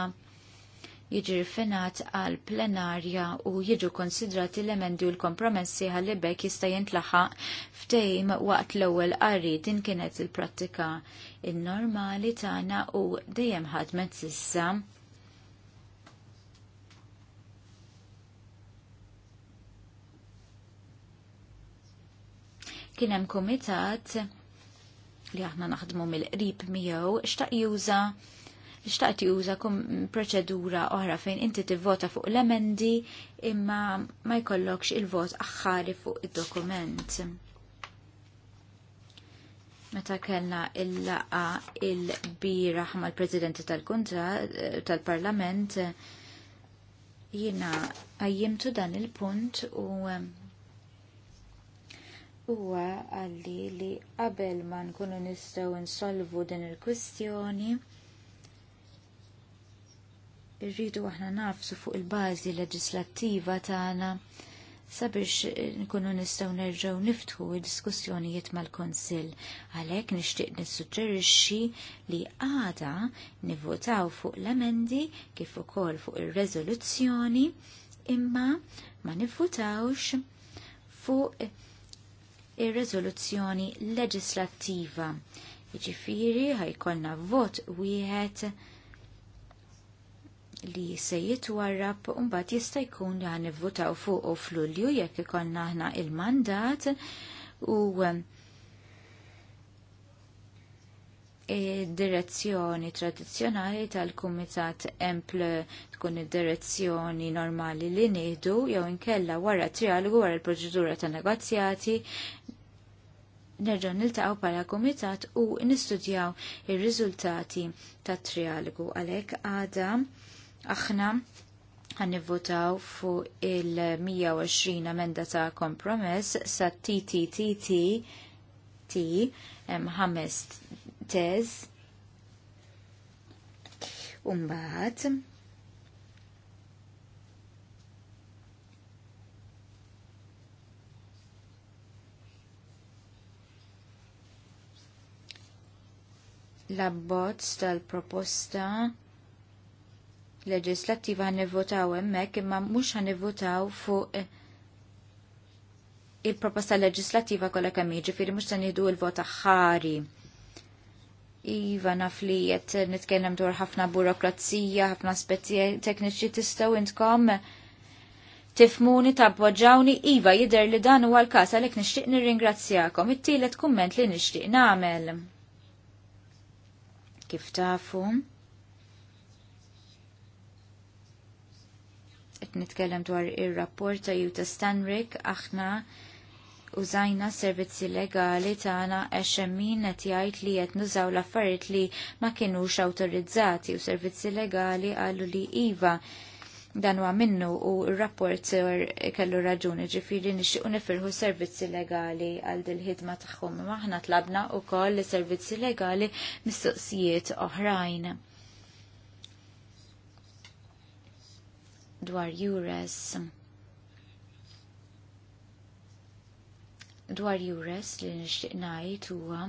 jiġi finat għal plenarja u jiġu konsidrati l-emendi u l-kompromessi għalli bekk jista' jintlaħaq ftejm waqt l-ewwel qari din kienet il-prattika in-normali tagħna u dejjem ħadmet sissa. Kien hemm kumitat li aħna naħdmu mill-qrib miegħu xtaq juża xtaqt juża proċedura oħra fejn inti tivvota fuq l-emendi imma ma jkollokx il-vot aħħari fuq id-dokument. Meta kellna il-laqa il-biraħ mal-Presidenti tal-Kunta tal-Parlament, jina għajjimtu dan il-punt u um, huwa għalli li qabel ma nkunu nistgħu nsolvu din il-kwistjoni irridu aħna nafsu fuq il-bażi leġislattiva tagħna sabiex eh, nkunu nistgħu nerġgħu niftħu diskussjonijiet mal kunsill Għalhekk nixtieq nissuġġerixxi li għada nivvotaw fuq l-emendi kif ukoll fuq ir-reżoluzzjoni imma ma nivvutawx fuq ir-reżoluzzjoni leġislattiva. Jiġifieri ħajkollna vot wieħed li se jitwarrab mbagħad jista' jkun li għan votaw fuq u f'Lulju jekk ikollna aħna il-mandat u um, direzzjoni tradizzjonali tal-Kumitat Empl tkun id-direzzjoni normali li nieħdu jew inkella wara trialogu wara l-proċedura ta' negozjati nerġaw niltaqgħu bħala kumitat u nistudjaw ir-riżultati tat trialogu għalhekk għada aħna għan nivvotaw fuq il-120 amenda ta' kompromess sa' TTTT ħames tez Umbaħt l-abbozz tal-proposta leġislattiva nivvotaw hemmhekk imma mhux nivvotaw fuq eh, il-proposta leġislattiva kollha kemm jiġifieri mhux se nieħdu l vota ħari. Iva naf li qed nitkellem dwar ħafna burokrazija, ħafna aspetti tekniċi tistgħu intkom tifmuni tabboġġawni iva jidher li dan huwa l-każ għalhekk nixtieq nirringrazzjakom it-tielet kumment li nixtieq nagħmel. Kif tafu? qed nitkellem dwar ir-rapport ta' Juta Stanrik aħna użajna servizzi legali tagħna għax min qed jgħid li qed nużaw l-affarijiet li ma kinux awtorizzati u servizzi legali qalu li iva dan huwa minnu u r-rapport kellu raġuni ġifieri nixtiequ nifirħu servizzi legali għal dil ħidma tagħhom. Maħna tlabna wkoll servizzi legali mistoqsijiet oħrajn dwar Jures dwar Jures li nixtieq ngħid huwa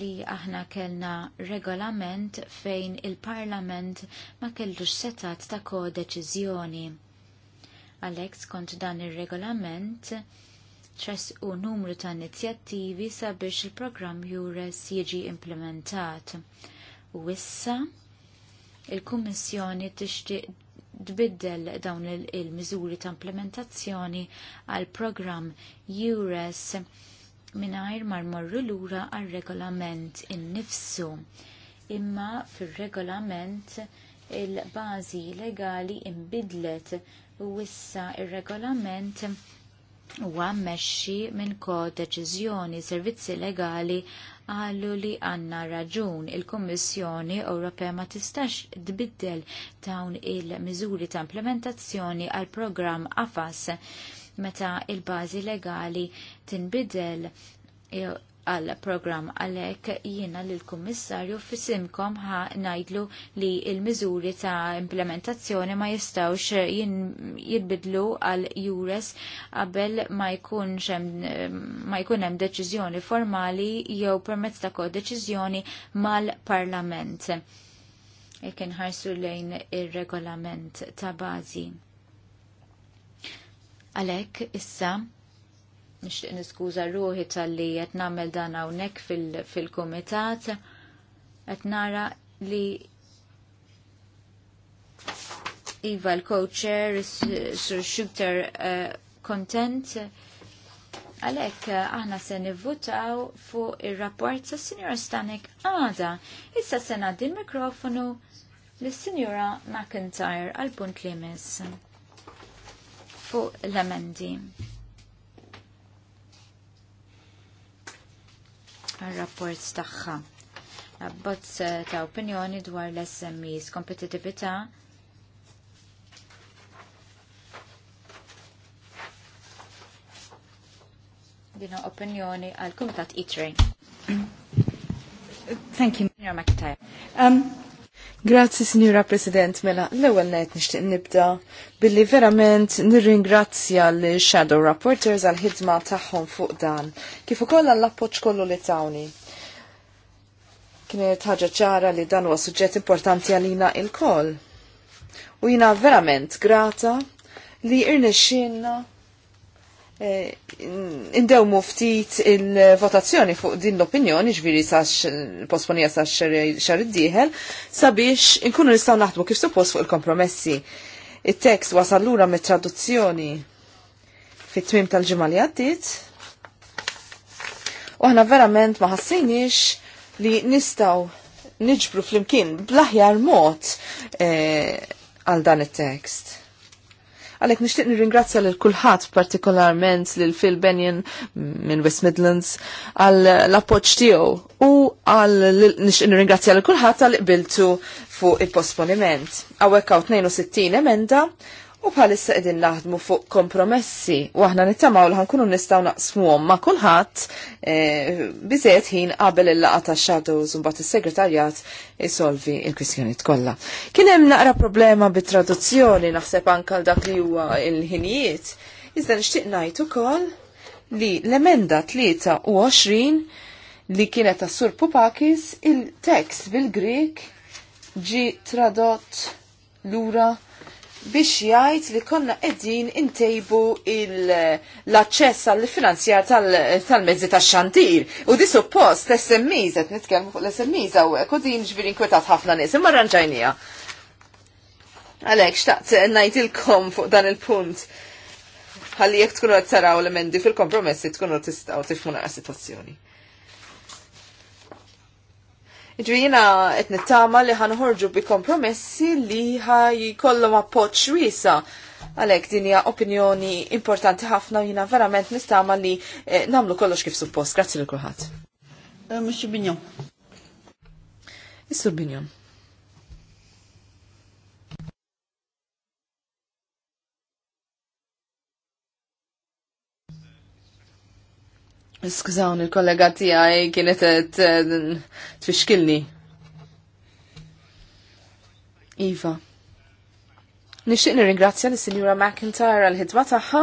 li aħna kellna regolament fejn il-Parlament ma kellux setat ta' kodeċiżjoni. Alex kont dan ir-regolament ċess u numru ta' inizjattivi sabiex il-programm Jures jiġi implementat. U issa il-Kummissjoni tixtieq tbiddel dawn il-miżuri ta' implementazzjoni għal programm URES mingħajr marmorru lura għal regolament innifsu. Imma fir-regolament il-bażi legali imbidlet u issa r regolament huwa mmexxi minn kod deċiżjoni servizzi legali għallu li għanna raġun il-Kommissjoni Ewropea ma tistax tbiddel dawn il-miżuri ta' implementazzjoni għal programm AFAS meta il-bażi legali tinbidel għal program għalek jiena l-Kummissarju fissimkom ħa najdlu li il-miżuri ta' implementazzjoni ma jistawx jinbidlu għal jures qabel ma jkun hemm deċiżjoni formali jew permezz ta' kodeċiżjoni deċiżjoni mal-Parlament. Jekk inħarsu lejn ir-regolament ta' bażi. Għalek issa nixtieq niskuża ruħi tal-li qed nagħmel dan hawnhekk fil-kumitat fil nara li Iva l-coacher, Sur Shooter kontent. Eh, Għalek, eh, aħna se nivvutaw fuq il-rapport sa' Signora Stanek għada. Issa se naddi l-mikrofonu l-Signora McIntyre għal-punt li jmiss fuq l-emendi. għal-rapport tagħha. Abbozz eh, ta' opinjoni dwar l-SMEs, kompetitività dina opinjoni għal-Kumitat e-Train. Thank you, Mr. McIntyre. Um, Grazzi, Signora President, mela, l-ewel najt nishtiq nibda billi verament nirringrazzja l-Shadow Rapporters għal-ħidma tagħhom fuq dan, kif ukoll għall-appoġġ kollu li tawni. Kienet ħaġa ċara li dan huwa suġġett importanti għalina il-koll. U jina verament grata li irnexxinna Eh, indewmu ftit il-votazzjoni fuq din l-opinjoni ġviri sax posponija sax xar id-dieħel sabiex inkunu nistaw naħdmu kif suppost fuq il-kompromessi. Il-tekst wasal lura mit-traduzzjoni fit-tmim tal-ġimgħa li għaddit. U aħna verament ma li nistaw niġbru fl-imkien blaħjar mod eh, għal dan it-tekst Għalek nishtiq nirringrazzja l kulħadd partikolarment lil Phil Benjen minn West Midlands għal l-appoġġ tiegħu u għal nishtiq nirringrazzja l kulħadd għal qbiltu fuq il-posponiment. Għawek għaw 62 emenda U bħalissa qegħdin naħdmu fuq kompromessi u aħna nittamaw li ħankunu nistgħu naqsmuhom ma' kulħadd e, biżejjed ħin qabel il-laqa ta' shadows u mbagħad is-segretarjat isolvi l-kwistjonijiet kollha. Kien hemm naqra problema bit-traduzzjoni naħseb anke dak li huwa il-ħinijiet. Iżda nixtieq ngħid ukoll li l-emenda 23 li kienet tas-Sur Pupakis il-tekst bil grik ġi tradott lura biex jgħid li konna qegħdin intejbu l-aċċess għall finanzja tal-mezzi tal-mezzi tax-xandir. U di suppost SMEs qed nitkellmu fuq l-SMEs hawnhekk u din ġbir inkwetat ħafna nies imma ranġajnija. Għalhekk xtaqt ngħidilkom fuq dan il-punt ħalli jekk tkunu qed taraw l-emendi fil-kompromessi tkunu tistgħu tifmu naqra sitwazzjoni. Ġvina qed nittama li ħanħorġu bi kompromessi li ħajkollhom appoġġ wiesa' għalek din hija opinjoni importanti ħafna u jina verament nistama li eh, namlu kollox kif suppost. Grazzi l kulħadd. Eh, Mux Binjon. is Binjon. Skużawn il-kollega tiegħi kienet eh, tfixkilni. Iva. Nixtieq nirringrazzja lis sinjura McIntyre għall ħidma tagħha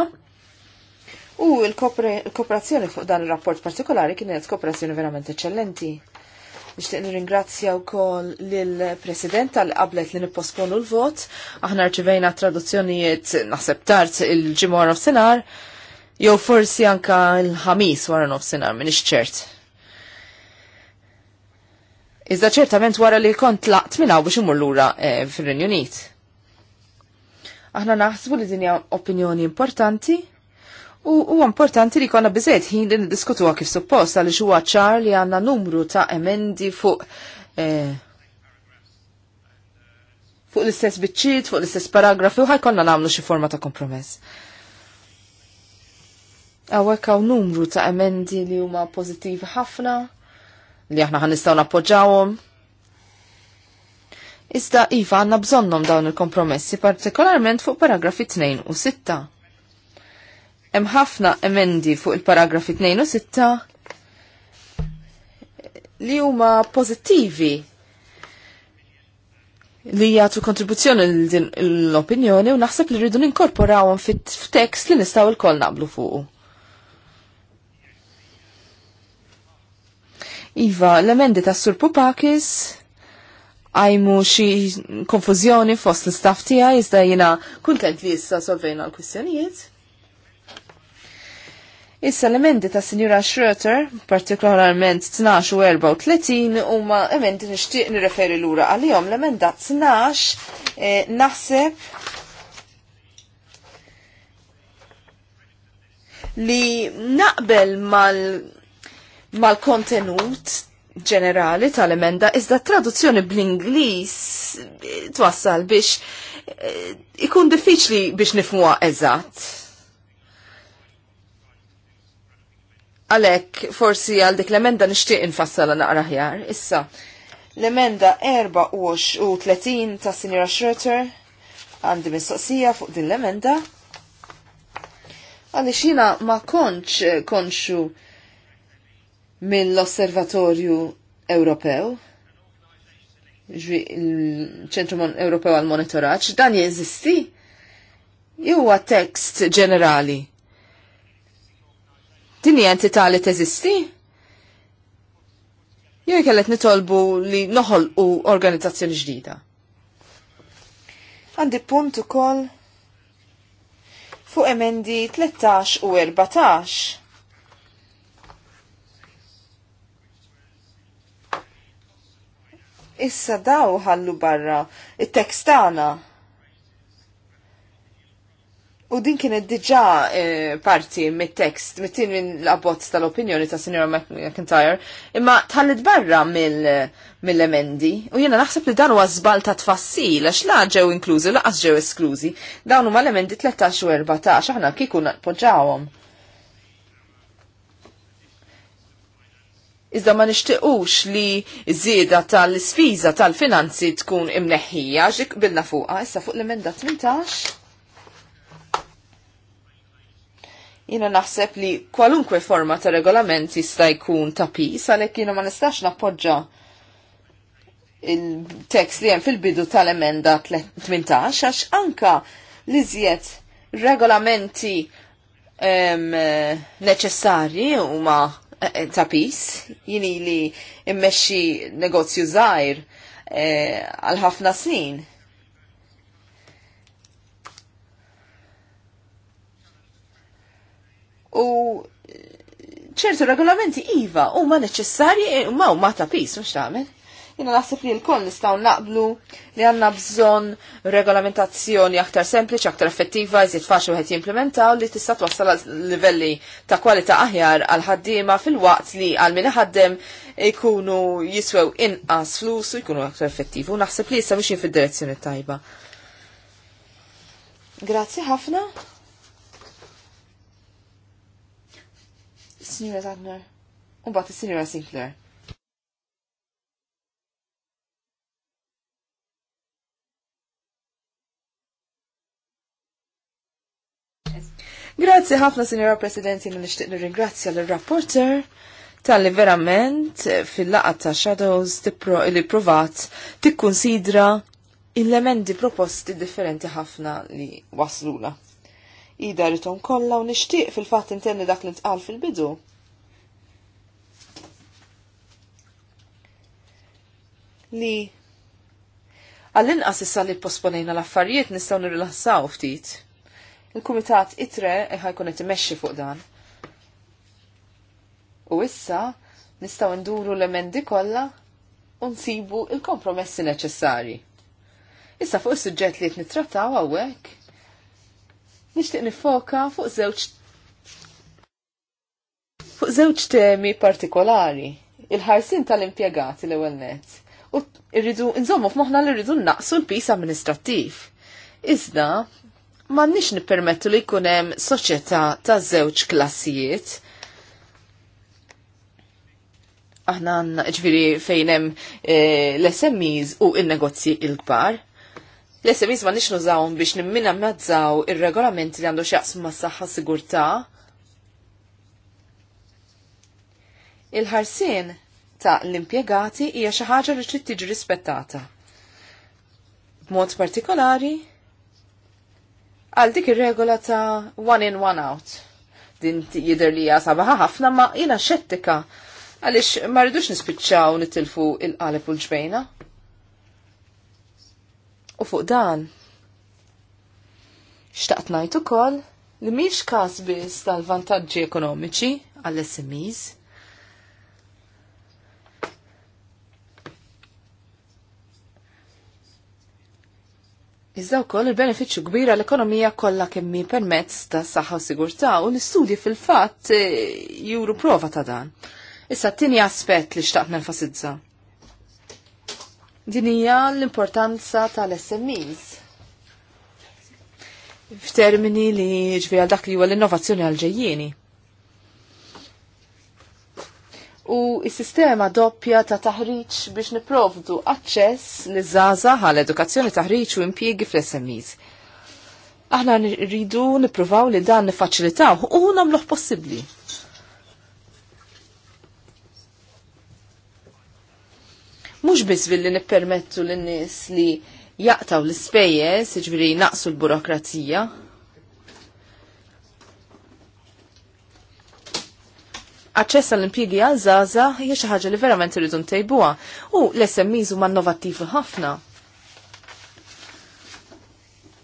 u l-kooperazzjoni fuq dan ir-rapport partikolari kienet kooperazzjoni verament eċċellenti. Nixtieq nirringrazzja wkoll lill-President tal qablet li nipposponu l-vot, aħna rċivejna traduzzjonijiet naħseb tard il-ġimgħa nofsinhar. senar Jew forsi anka l-ħamis wara nofsinhar m'iniex ċert. Iżda ċertament wara li kont laqt minn hawn biex imur lura eh, fir-Renju Unit. Aħna naħsbu li dinja opinjoni importanti u huwa importanti li konna biżejt ħin li niddiskutuha kif suppost għaliex huwa ċar li għandna numru ta' emendi fuq eh, fuq l-istess biċċiet, fuq l-istess paragrafi u ħajkonna nagħmlu xi forma ta' kompromess. Għawek għaw numru ta' emendi li huma pozitivi ħafna, li aħna ħan nappoġġawhom. Iżda Iva għanna bżonnom dawn il-kompromessi, partikolarment fuq paragrafi 2 u 6. Hemm ħafna emendi fuq il-paragrafi 2 u 6 li huma pożittivi li jgħatu kontribuzzjoni l-opinjoni u naħseb li rridu ninkorporawhom fit-tekst li nistgħu l-kol naqblu fuqu. Iva, l-emendi ta' Sur Pupakis għajmu xi konfuzjoni fost l-staff tija, iżda jiena kuntent li issa solvejna l-kwistjonijiet. Issa l-emendi ta' Sinjura Schröter, partikolarment 12 u 34, huma emendi nixtieq nirreferi lura għalihom l-emenda 12 eh, naħseb li naqbel mal mal-kontenut ġenerali tal-emenda, iżda traduzzjoni bl-Inglis twassal biex eh, ikun diffiċli biex nifmuha eżatt. Għalek, forsi għal dik l-emenda nishtiq infassala naqra ħjar. Issa, l-emenda 34 ta' Sinjora Schroeter għandi mistoqsija fuq din l-emenda. Għalli xina ma konċ konxu mill-Osservatorju Ewropew, il-ċentru Ewropew għal monitoraġġ dan jeżisti? Jew tekst ġenerali? Din hija entità li teżisti? Jew kellet nitolbu li noħolqu organizzazzjoni ġdida. Għandi punt ukoll fuq emendi 13 u 14 issa daw ħallu barra it-tekstana. U din kienet diġa eh, parti mit-tekst, mit-tin minn l-abbozz tal-opinjoni ta' Sr. McIntyre, imma tħallit barra mill-emendi. u jena naħseb li dan huwa żbal ta' tfassil, għax la ġew inklużi, laqas ġew esklużi. Dawn huma l-emendi 13 u 14, aħna kikun nappoġġawhom. Iżda ma nishtiqux li zieda tal-sfiża tal-finanzi tkun imneħħija ġik bilna fuqa, issa fuq l-emenda 18. Jina naħseb li kwalunkwe forma ta' regolament jista' jkun ta' pi, għalhekk jiena ma nistax nappoġġa il-tekst li hemm fil-bidu tal-emenda 18 għax anka li zjed regolamenti neċessarji huma Eh, ta' pis, jini li immexxi negozju żgħir eh, għal ħafna snin. U ċertu regolamenti iva huma neċessarji eh, u ma ta' pis mhux tagħmel jina naħseb li l-koll nistaw naqblu li għanna bżon regolamentazzjoni aktar sempliċ, aktar effettiva, jizid faċu għet jimplementaw li tista' twassal livelli ta' kwalità aħjar għal ħaddiema fil-waqt li għal min ħaddem ikunu jiswew inqas flus u jkunu aktar effettivu. Naħseb li jissa mixin fil-direzzjoni tajba. Grazzi ħafna. Signora Zagner, Un bat Signora Sinclair. Grazzi ħafna, Sinjora Presidenti jina nishtiq nirringrazzja l-rapporter tal-li verament fil laqgħa ta' Shadows li provat tikkunsidra il-elementi proposti differenti ħafna li waslula. Ida rritom kolla u nishtiq fil-fat intenni dak li ntqal fil-bidu. Li għall-inqas issa li posponejna l-affarijiet nistaw nirilassaw ftit. Il-Kumitat itre ħajkun qed imexxi fuq dan. U issa nistgħu nduru l-emendi kollha u nsibu il-kompromessi neċessari. Issa fuq is-suġġett li qed nittrattaw hawnhekk, nixtieq nifoka fuq żewġ fuq żewġ temi partikolari. Il-ħarsin tal-impjegati l-ewwel nett u rridu nżommu f'moħħna li rridu naqsu l-pis amministrattiv. Iżda m'għandniex nippermettu li jkun hemm soċjetà ta' żewġ klassijiet. Aħna għandna ġviri fejn hemm e, eh, l-SMEs u n-negozji il-kbar. L-SMEs ma nix nużawhom biex nimmina mazzaw ir-regolamenti li għandu x'jaqsmu mas-saħħa sigurtà. Il-ħarsien ta' l-impjegati hija xi ħaġa li trid tiġi rispettata. B'mod partikolari għal dik ir-regola ta' one in one out. Din jidher li sabaħa ħafna ma jiena xettika għaliex ma rridux nispiċċaw nitilfu il qalib u l-ġbejna. U fuq dan, xtaqt ngħid ukoll li miex każ biss tal-vantaġġi ekonomiċi għall-SMEs Iżda wkoll il-benefiċċju kbira l-ekonomija kollha kemm permezz ta' saħħa u sigurtà u l-istudji fil-fatt e, juru prova ta' dan. Issa t-tieni aspett li xtaqt nenfasizza. Din hija l-importanza tal-SMEs. F'termini li ġvija dak li huwa l-innovazzjoni għal ġejjieni u s-sistema doppja ta' taħriġ biex niprovdu aċċess li zaza għal edukazzjoni taħriġ u impjiegi fl-SMEs. Aħna rridu nipruvaw li dan nifaċilitaw u namluħ possibli. Mux biss billi nippermettu l-nis li jaqtaw l-spejjes, ġviri jiġifieri naqsu l-burokrazija, aċċess għall-impjiegi għal żaża hija xi ħaġa li verament irridu ntejbuha u l smis huma innovattivi ħafna.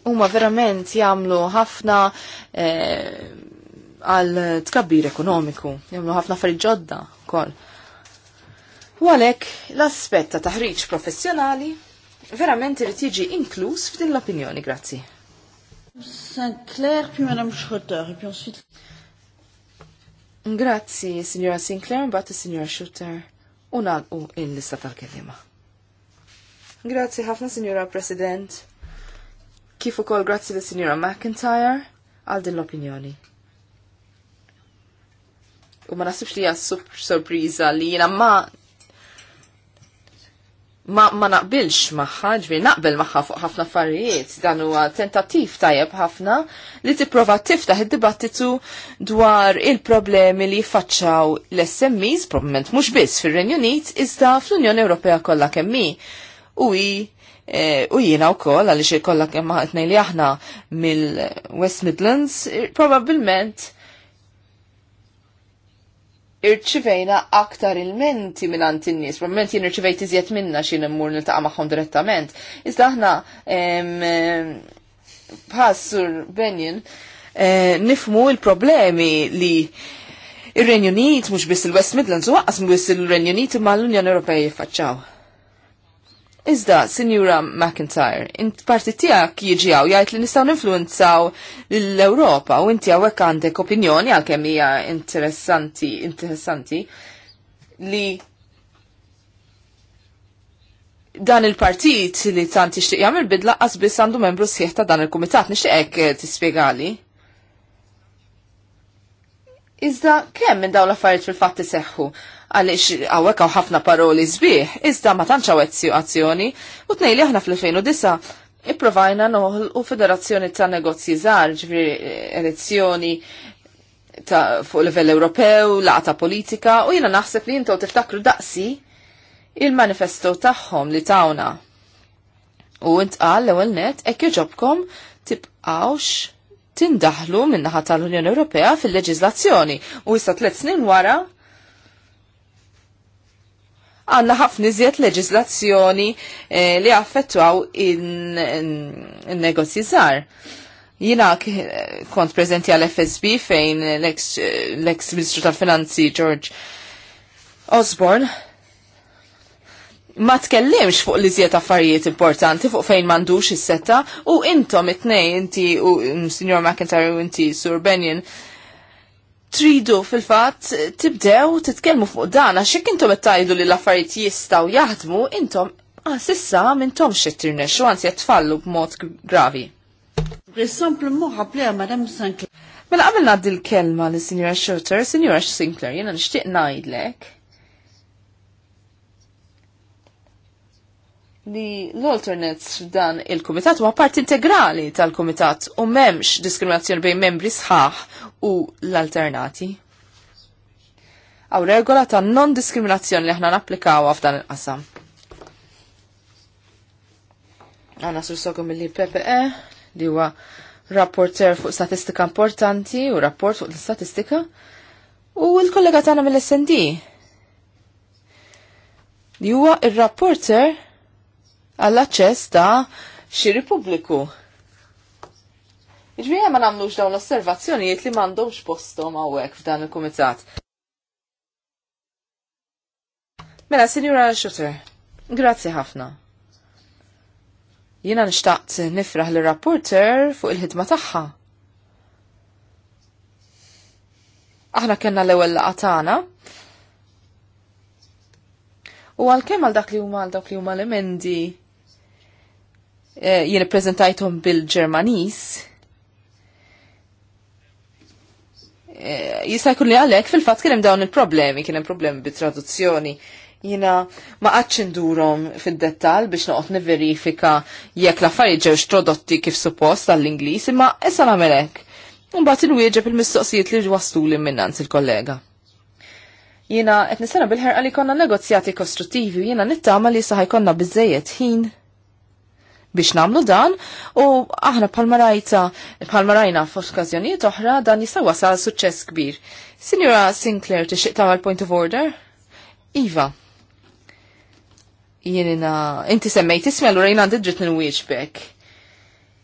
Huma verament jagħmlu ħafna eh, għal tkabbir ekonomiku, jagħmlu ħafna affarijiet ġodda wkoll. U għalhekk l-aspett ta' taħriġ professjonali verament irid jiġi inkluż f'din l-opinjoni, grazzi. Sinclair, puis Madame Schroeter, et puis ensuite... Grazzi, Signora Sinclair, mbagħad signora Shooter u il-lista tal-kelliema. Grazzi ħafna, Signora President. Kif ukoll grazzi li Signora McIntyre għal din l-opinjoni. U ma nasibx li hija sorpriża li jina ma ma, ma naqbilx maħħa, ġbir naqbel maħħa fuq ħafna affarijiet, dan huwa tentattiv tajjeb ħafna li tipprova tiftaħ id-dibattitu dwar il-problemi li jfaċċaw l-SMEs, probabbilment mhux biss fir-Renju Unit, iżda fl-Unjoni Ewropea kollha kemm hi. U jiena u jiena wkoll għaliex ikollak hemm ħatnej li aħna mill-West Midlands, probabilment irċivejna aktar il-menti minn għant nies probabilment jien irċivejt iżjed minna xi immur niltaqa' magħhom direttament. Iżda aħna bħassur Benjen eh, nifmu il-problemi li il renju Unit mhux biss il-West Midlands u għasmu biss il-Renju ma l-Unjoni Ewropej jiffacċaw. Iżda, Sinjura McIntyre, int parti tijak jieġi jajt li nistaw ninfluenzaw l-Europa u inti għawek għandek opinjoni għalkemm hija interessanti, interessanti li dan il-partit li tant ixtieq jagħmel bidla qas biss għandu membru sħiħ ta' dan il-kumitat nixtieqek eh, tispjegali. Iżda kemm minn dawn l-affarijiet fil-fatt iseħħu għaliex hawnhekk hawn ħafna paroli sbieħ, iżda ma tantx hawn azzjoni u tnejli aħna fl-2009 Ipprovajna noħolqu federazzjoni ta' negozji żgħar, ġifieri eh, elezzjoni ta' fuq livell Ewropew, laqa ta' politika, u jiena naħseb li jintu tiftakru daqsi il-manifesto tagħhom li tawna. U intqal l-ewwel net hekk joġobkom tibqgħux tindaħlu minnaħa tal-Unjoni Ewropea fil-leġizlazzjoni u issa tliet snin wara għanna ħafna iżjed leġizlazzjoni eh, li affettwaw in-negozji żgħar. Jina kont prezenti għal FSB fejn l-ex-Ministru tal-Finanzi George Osborne ma tkellimx fuq li zjed affarijiet importanti fuq fejn mandux is-setta u intom it tnejn inti u mm, Sinjor McIntyre u inti Sur Benjen tridu fil-fatt tibdew titkellmu fuq dan għax jekk intom qed li l-affarijiet jistgħu jaħdmu intom ah sissa mintom xittirnex u anzi qed tfallu b'mod gravi. Simplement rappelé à madam Sinclair. Mela qabel ngħaddi l-kelma li Sinjora Shorter, Sinjora Sinclair, jiena nixtieq ngħidlek li l-alternates f'dan il-komitat huwa part integrali tal-komitat u memx diskriminazzjoni bejn membri sħaħ u l-alternati. Aw regola ta' non-diskriminazzjoni li aħna napplikawha f'dan il-qasam. Għana sur sogum li PPE li huwa rapporter fuq statistika importanti u rapport fuq l-statistika u l-kollega tagħna mill-SND li huwa ir-rapporter għall-aċċess ta' xi pubbliku. Iġbija ma nagħmlux dawn l-osservazzjonijiet li mandomx postom għawek f'dan il-komitat. Mela, Signora Schutter, grazzi ħafna. Jina nishtaqt nifraħ l-rapporter fuq il-ħidma tagħha. Aħna kena l-ewwel laqatana. U għal kem għal dak li huma għal dak li huma l-emendi Eh, jien ippreżentajthom bil-Ġermaniż. Eh, jista' jkun li għalhekk fil-fatt kien hemm dawn il-problemi, kien hemm problemi bit-traduzzjoni. Jina ma qatx indurhom fid-dettall biex noqgħod niverifika jekk l-affarijiet ġewx tradotti kif suppost għall-Ingliż, imma issa nagħmel hekk. il inwieġeb il-mistoqsijiet li waslu minnant il-kollega jina qed nisena bil-ħerqa li konna negozjati kostruttivi u jina nittama li saħajkonna konna bizzejiet ħin biex namlu dan u aħna palmarajta palmarajna f'okkażjonijiet oħra dan jista' wasal suċċess kbir. Sinjura Sinclair tixtieq tagħmel point of order? Iva. Jienina, inti semmejt ismi allura jien għandi dritt nwieġbek.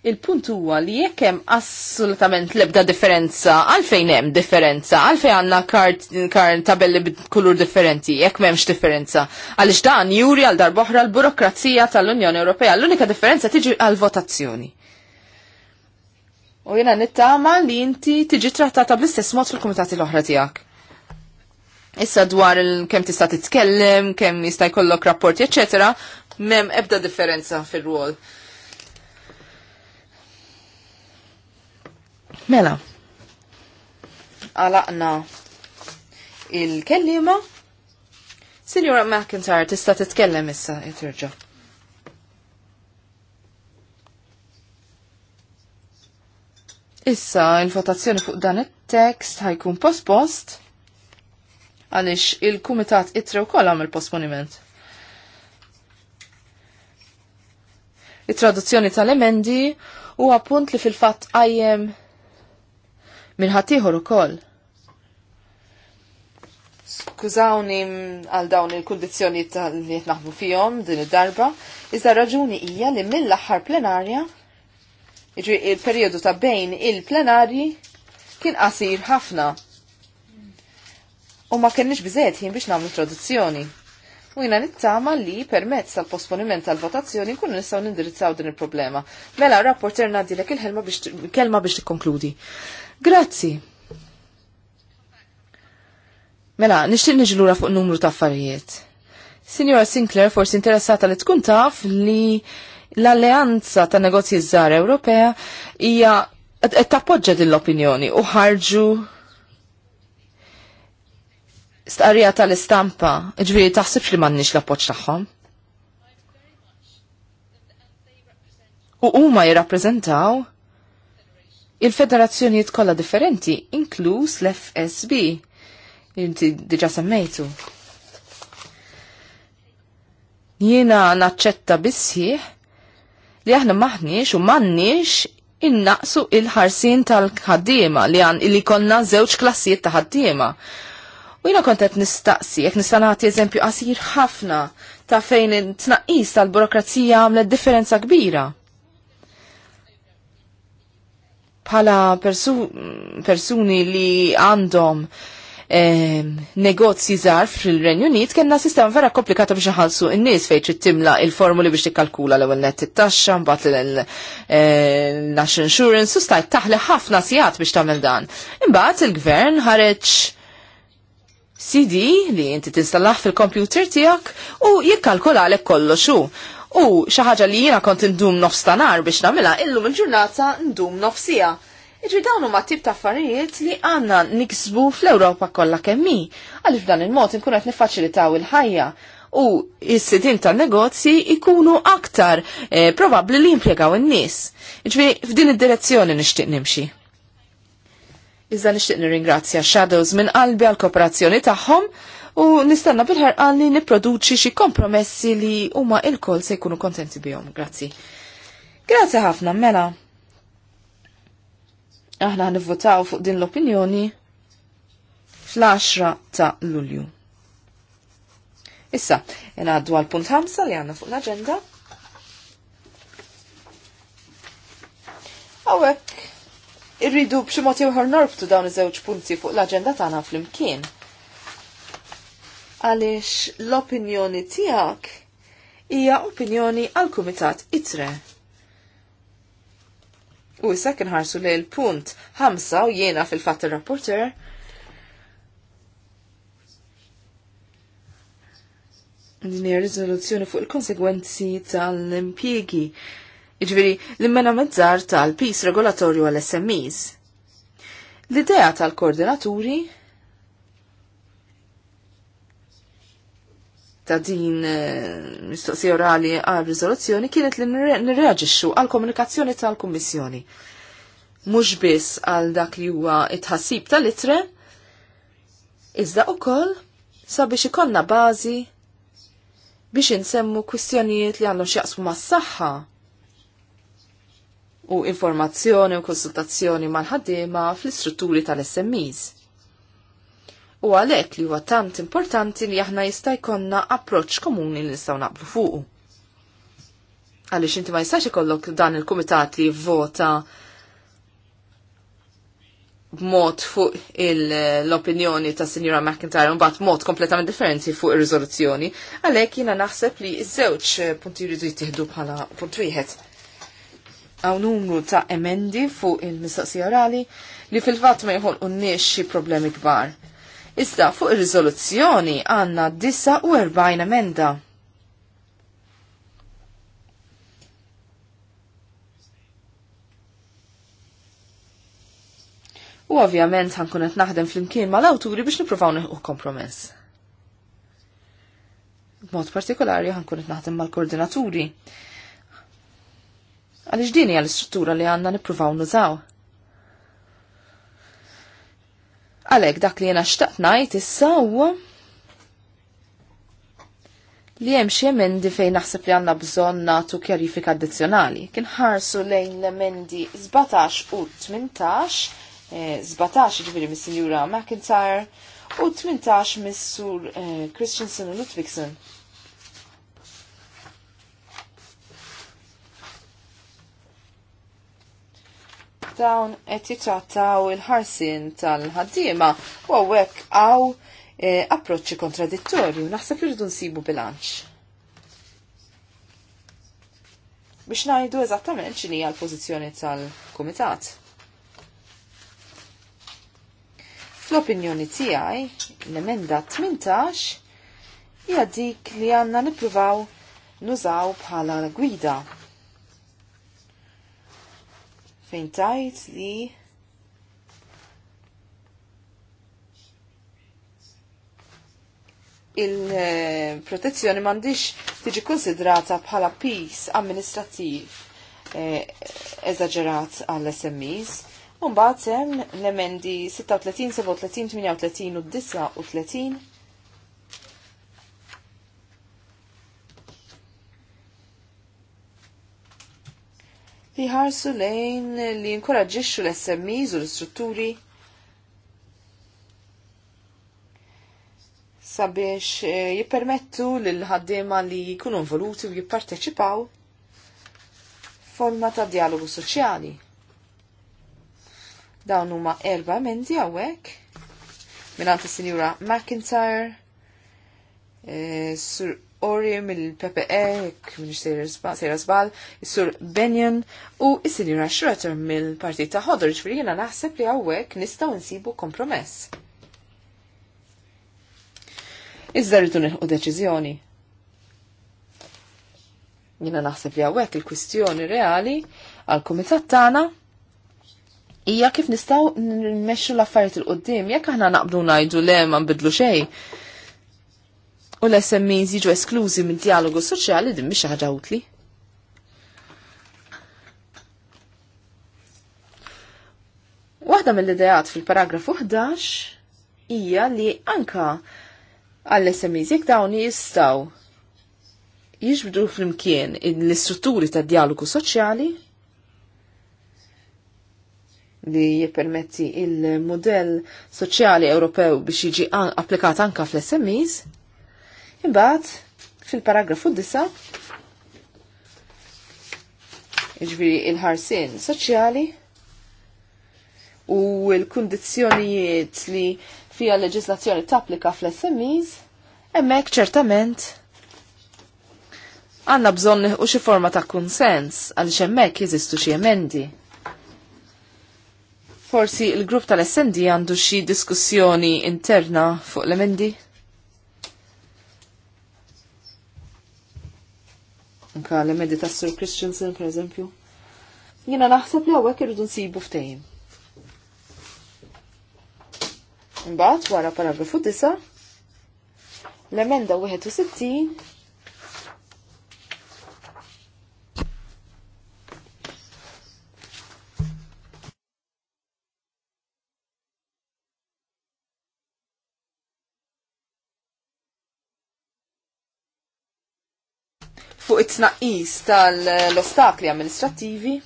Il-punt huwa li jekk hemm assolutament l-ebda differenza, għalfejn hemm differenza, għalfejn għandna kart, kart tabelli b'kulur differenti, jekk m'hemmx differenza. Għaliex dan juri għal darboħra l-burokrazija tal-Unjoni Ewropea, l-unika differenza tiġi għal votazzjoni. U jiena nittama li inti tiġi trattata bl-istess mod fil-kumitati l-oħra tiegħek. Issa dwar kemm tista' titkellem, kemm jista' jkollok rapporti, eċċetera, m'hemm ebda differenza fir-rwol. Mela, għalaqna il-kellima. Signora McIntyre, tista titkellem issa, jitirġa. Issa, il-votazzjoni fuq dan it-tekst ħajkun post-post għalix il-kumitat itrew kol għamil posponiment. Il-traduzzjoni tal-emendi u appunt li fil-fat għajjem minħatiħor ħaddieħor ukoll. Skużawni għal dawn il-kundizzjoni li naħdmu fihom din id-darba, iżda raġuni hija li mill-aħħar plenarja, il-perjodu ta' bejn il-plenarji kien qasir ħafna. U ma kenniġ bizet jien biex nagħmlu traduzzjoni. U jina nittama li permezz tal posponiment tal-votazzjoni nkunu nistgħu nindirizzaw din il-problema. Mela, rapporter nadilek il-ħelma biex kelma biex tikkonkludi. Grazzi. Mela, nixtieq niġlura fuq numru ta' affarijiet. Signora Sinclair forsi interessata li tkun taf li l-alleanza ta' negozji żgħar Ewropea hija qed tappoġġa din l-opinjoni u ħarġu starija tal-istampa, ġviri taħsibx li mannix l appoġġ tagħhom. U huma jirrappreżentaw il-federazzjonijiet kollha differenti, inkluż l-FSB. Inti diġa semmejtu. Jiena naċċetta bisħieħ li aħna maħniex u m'għandniex innaqsu il-ħarsin tal-ħaddiema li għan li konna żewġ klassijiet ta' ħaddiema. U jina kontet nistaqsi, jek nista' nagħti eżempju qasir ħafna ta' fejn it tnaqqis tal-burokrazija għamlet differenza kbira pala persu, persuni li għandhom eh, negozji żgħar fil-Renju Unit kellna sistema vera komplikata biex iħallsu n-nies fejn trid timla il-formuli biex tikkalkula l-ewwel net it-taxxa, mbagħad il-National ehm, Insurance u stajt taħli ħafna sigħat biex tagħmel dan. Imbagħad il-gvern ħareġ CD li inti tinstallaħ fil-kompjuter tiegħek u jikkalkula għalek kollox xu u xi ħaġa li jiena kont indum nofstanar biex nagħmilha illum il-ġurnata ndum nofsija. Iġri dawn huma tip ta' affarijiet li għandna niksbu fl-Ewropa kollha kemm hi. Għaliex dan il-mod inkun qed niffaċilitaw il-ħajja u s-sidin tan-negozji ikunu aktar eh, probabbli li jimpjegaw in-nies. Iġri f'din id-direzzjoni nixtieq nimxi. Iżda nixtieq nirringrazzja Shadows minn qalbi għall kooperazzjoni tagħhom u nistanna bilħar għalli niproduċi xi kompromessi li huma il-kol se jkunu kontenti bihom. Grazzi. Grazzi ħafna, mela. Aħna nivvotaw fuq din l-opinjoni fl-10 ta' Lulju. Issa, għaddu għal punt 5 li għandna fuq l-aġenda. Għawek, irridu b'xi mod ieħor norbtu dawn iż-żewġ punti fuq l-aġenda tagħna flimkien għaliex l-opinjoni tiegħek hija opinjoni għal kumitat itre. U issa kien ħarsu li l-punt ħamsa u jiena fil-fatt ir-rapporter din hija riżoluzzjoni fuq il-konsegwenzi tal-impjiegi. Iġveri, l mezzar tal-pis regolatorju għal-SMEs. L-idea tal-koordinaturi ta' din eh, mistoqsija orali għal riżoluzzjoni kienet li nirreġixxu għal komunikazzjoni tal-Kummissjoni. Mhux biss għal dak li huwa it-ħassib tal-itre, iżda wkoll sabiex ikollna bażi biex insemmu kwistjonijiet li għandhom x'jaqsmu mas-saħħa u informazzjoni u konsultazzjoni mal-ħaddiema fl-istrutturi tal-SMEs u għalhekk li huwa tant importanti li aħna jista' jkollna approċċ komuni li nistgħu naqblu fuqu. Għaliex inti ma jistax ikollok dan il-kumitat li vota b'mod fuq l-opinjoni ta' sinjura McIntyre u mbagħad mod kompletament differenti fuq ir-riżoluzzjoni, għalhekk jiena naħseb li ż-żewġ punti jridu jittieħdu bħala punt wieħed. Hawn numru ta' emendi fuq il-mistoqsija orali li fil-fatt ma jħolqu xi problemi kbar Iżda fuq ir-riżoluzzjoni għandna 49 emenda. U ovvjament għan kunet naħdem flimkien mal-awturi biex nippruvaw nieħu kompromess. B'mod partikolari għan kunet naħdem mal-koordinaturi. Għaliex din hija l-istruttura li għandna nippruvaw nużaw. Għalek dak li jena xtaqt najt issa li hemm xi emendi fejn naħseb li għandna bżonn nagħtu kjarifika addizzjonali. Kien ħarsu lejn l-emendi 17 u 18, 17 ġviri mis-Sinjura McIntyre u 18 mis-Sur eh, Christensen u Ludwigsen. dawn qed jitrattaw il-ħarsin tal-ħaddiema u hawnhekk għaw eh, approċċi kontradittorju naħseb li rridu nsibu bilanċ. Biex ngħidu eżattament x'inhi l-pożizzjoni tal-Kumitat. Fl-opinjoni tiegħi l-emenda 18 hija dik li għandna nippruvaw nużaw bħala gwida fejn tajt li il-protezzjoni mandiċ tiġi konsidrata bħala pis amministrativ eh, eżagġerat għall smis un hemm l-emendi 36, 37, 38 u 39 Jħarsu lejn li jinkoraġġixxu l-SMEs u l-istrutturi sabiex eh, jippermettu l ħaddiema li jkunu involuti u jipparteċipaw forma ta' dialogu soċjali. Dawn huma erba' emendi hawnhekk mingħand is-Sinjura McIntyre, eh, Sur Ori mill-PPE, minn Sejra Zbal, Sur Benjen u Isilina Schroeter mill-Partit ta' Ħodor, ġifri jena naħseb li għawek nistaw nsibu kompromess. Iżda rridu nilħu deċiżjoni. Jena naħseb li għawek il-kwistjoni reali għal-Kumitat tagħna hija kif nistaw nmexxu l-affarijiet il-qoddim, jekk aħna naqbdu ngħidu le ma nbidlu xejn u l-SMEs jiġu esklużi minn dialogu soċjali din mhix ħaġa utli. Waħda mill-ideat fil-paragrafu 11 hija li anka għall-SMEs jekk dawn jistgħu jiġbdu flimkien l-istrutturi ta' dialogu soċjali li jippermetti il-modell soċjali Ewropew biex jiġi applikat anka fl-SMEs Imbagħad fil-paragrafu disa' iġviri il-ħarsin soċjali u l-kondizjonijiet li fija leġislazzjoni tapplika fl-SMEs, emmek ċertament għanna bżon u xi forma ta' konsens għaliex hemmhekk jizistu xi emendi. Forsi il-grupp tal-SND għandu xi diskussjoni interna fuq l-emendi? Anka l-emedi ta' Sir Christiansen, per eżempju. Jena naħseb li għawek irridu nsibu ftejn. Mbagħad wara paragrafu 9 l-emenda 61 tnaqqis tal-ostakli amministrativi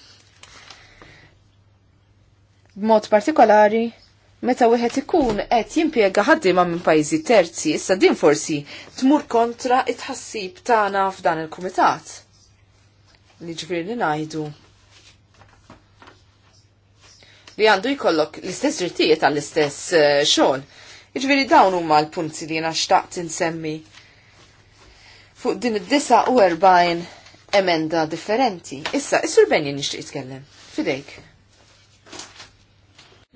b'mod partikolari meta wieħed ikun qed jimpjega ħaddiema minn pajjiżi terzi, issa din forsi tmur kontra t tħassib tagħna f'dan il-kumitat. Li ġifieri li ngħidu li għandu jkollok l-istess drittijiet għall-istess eh, xogħol. Iġveri dawn huma l-punti li naxtaqt xtaqt insemmi fuq din id-49 emenda differenti. Issa, is-sur Benjen nixtieq jitkellem. Fidejk.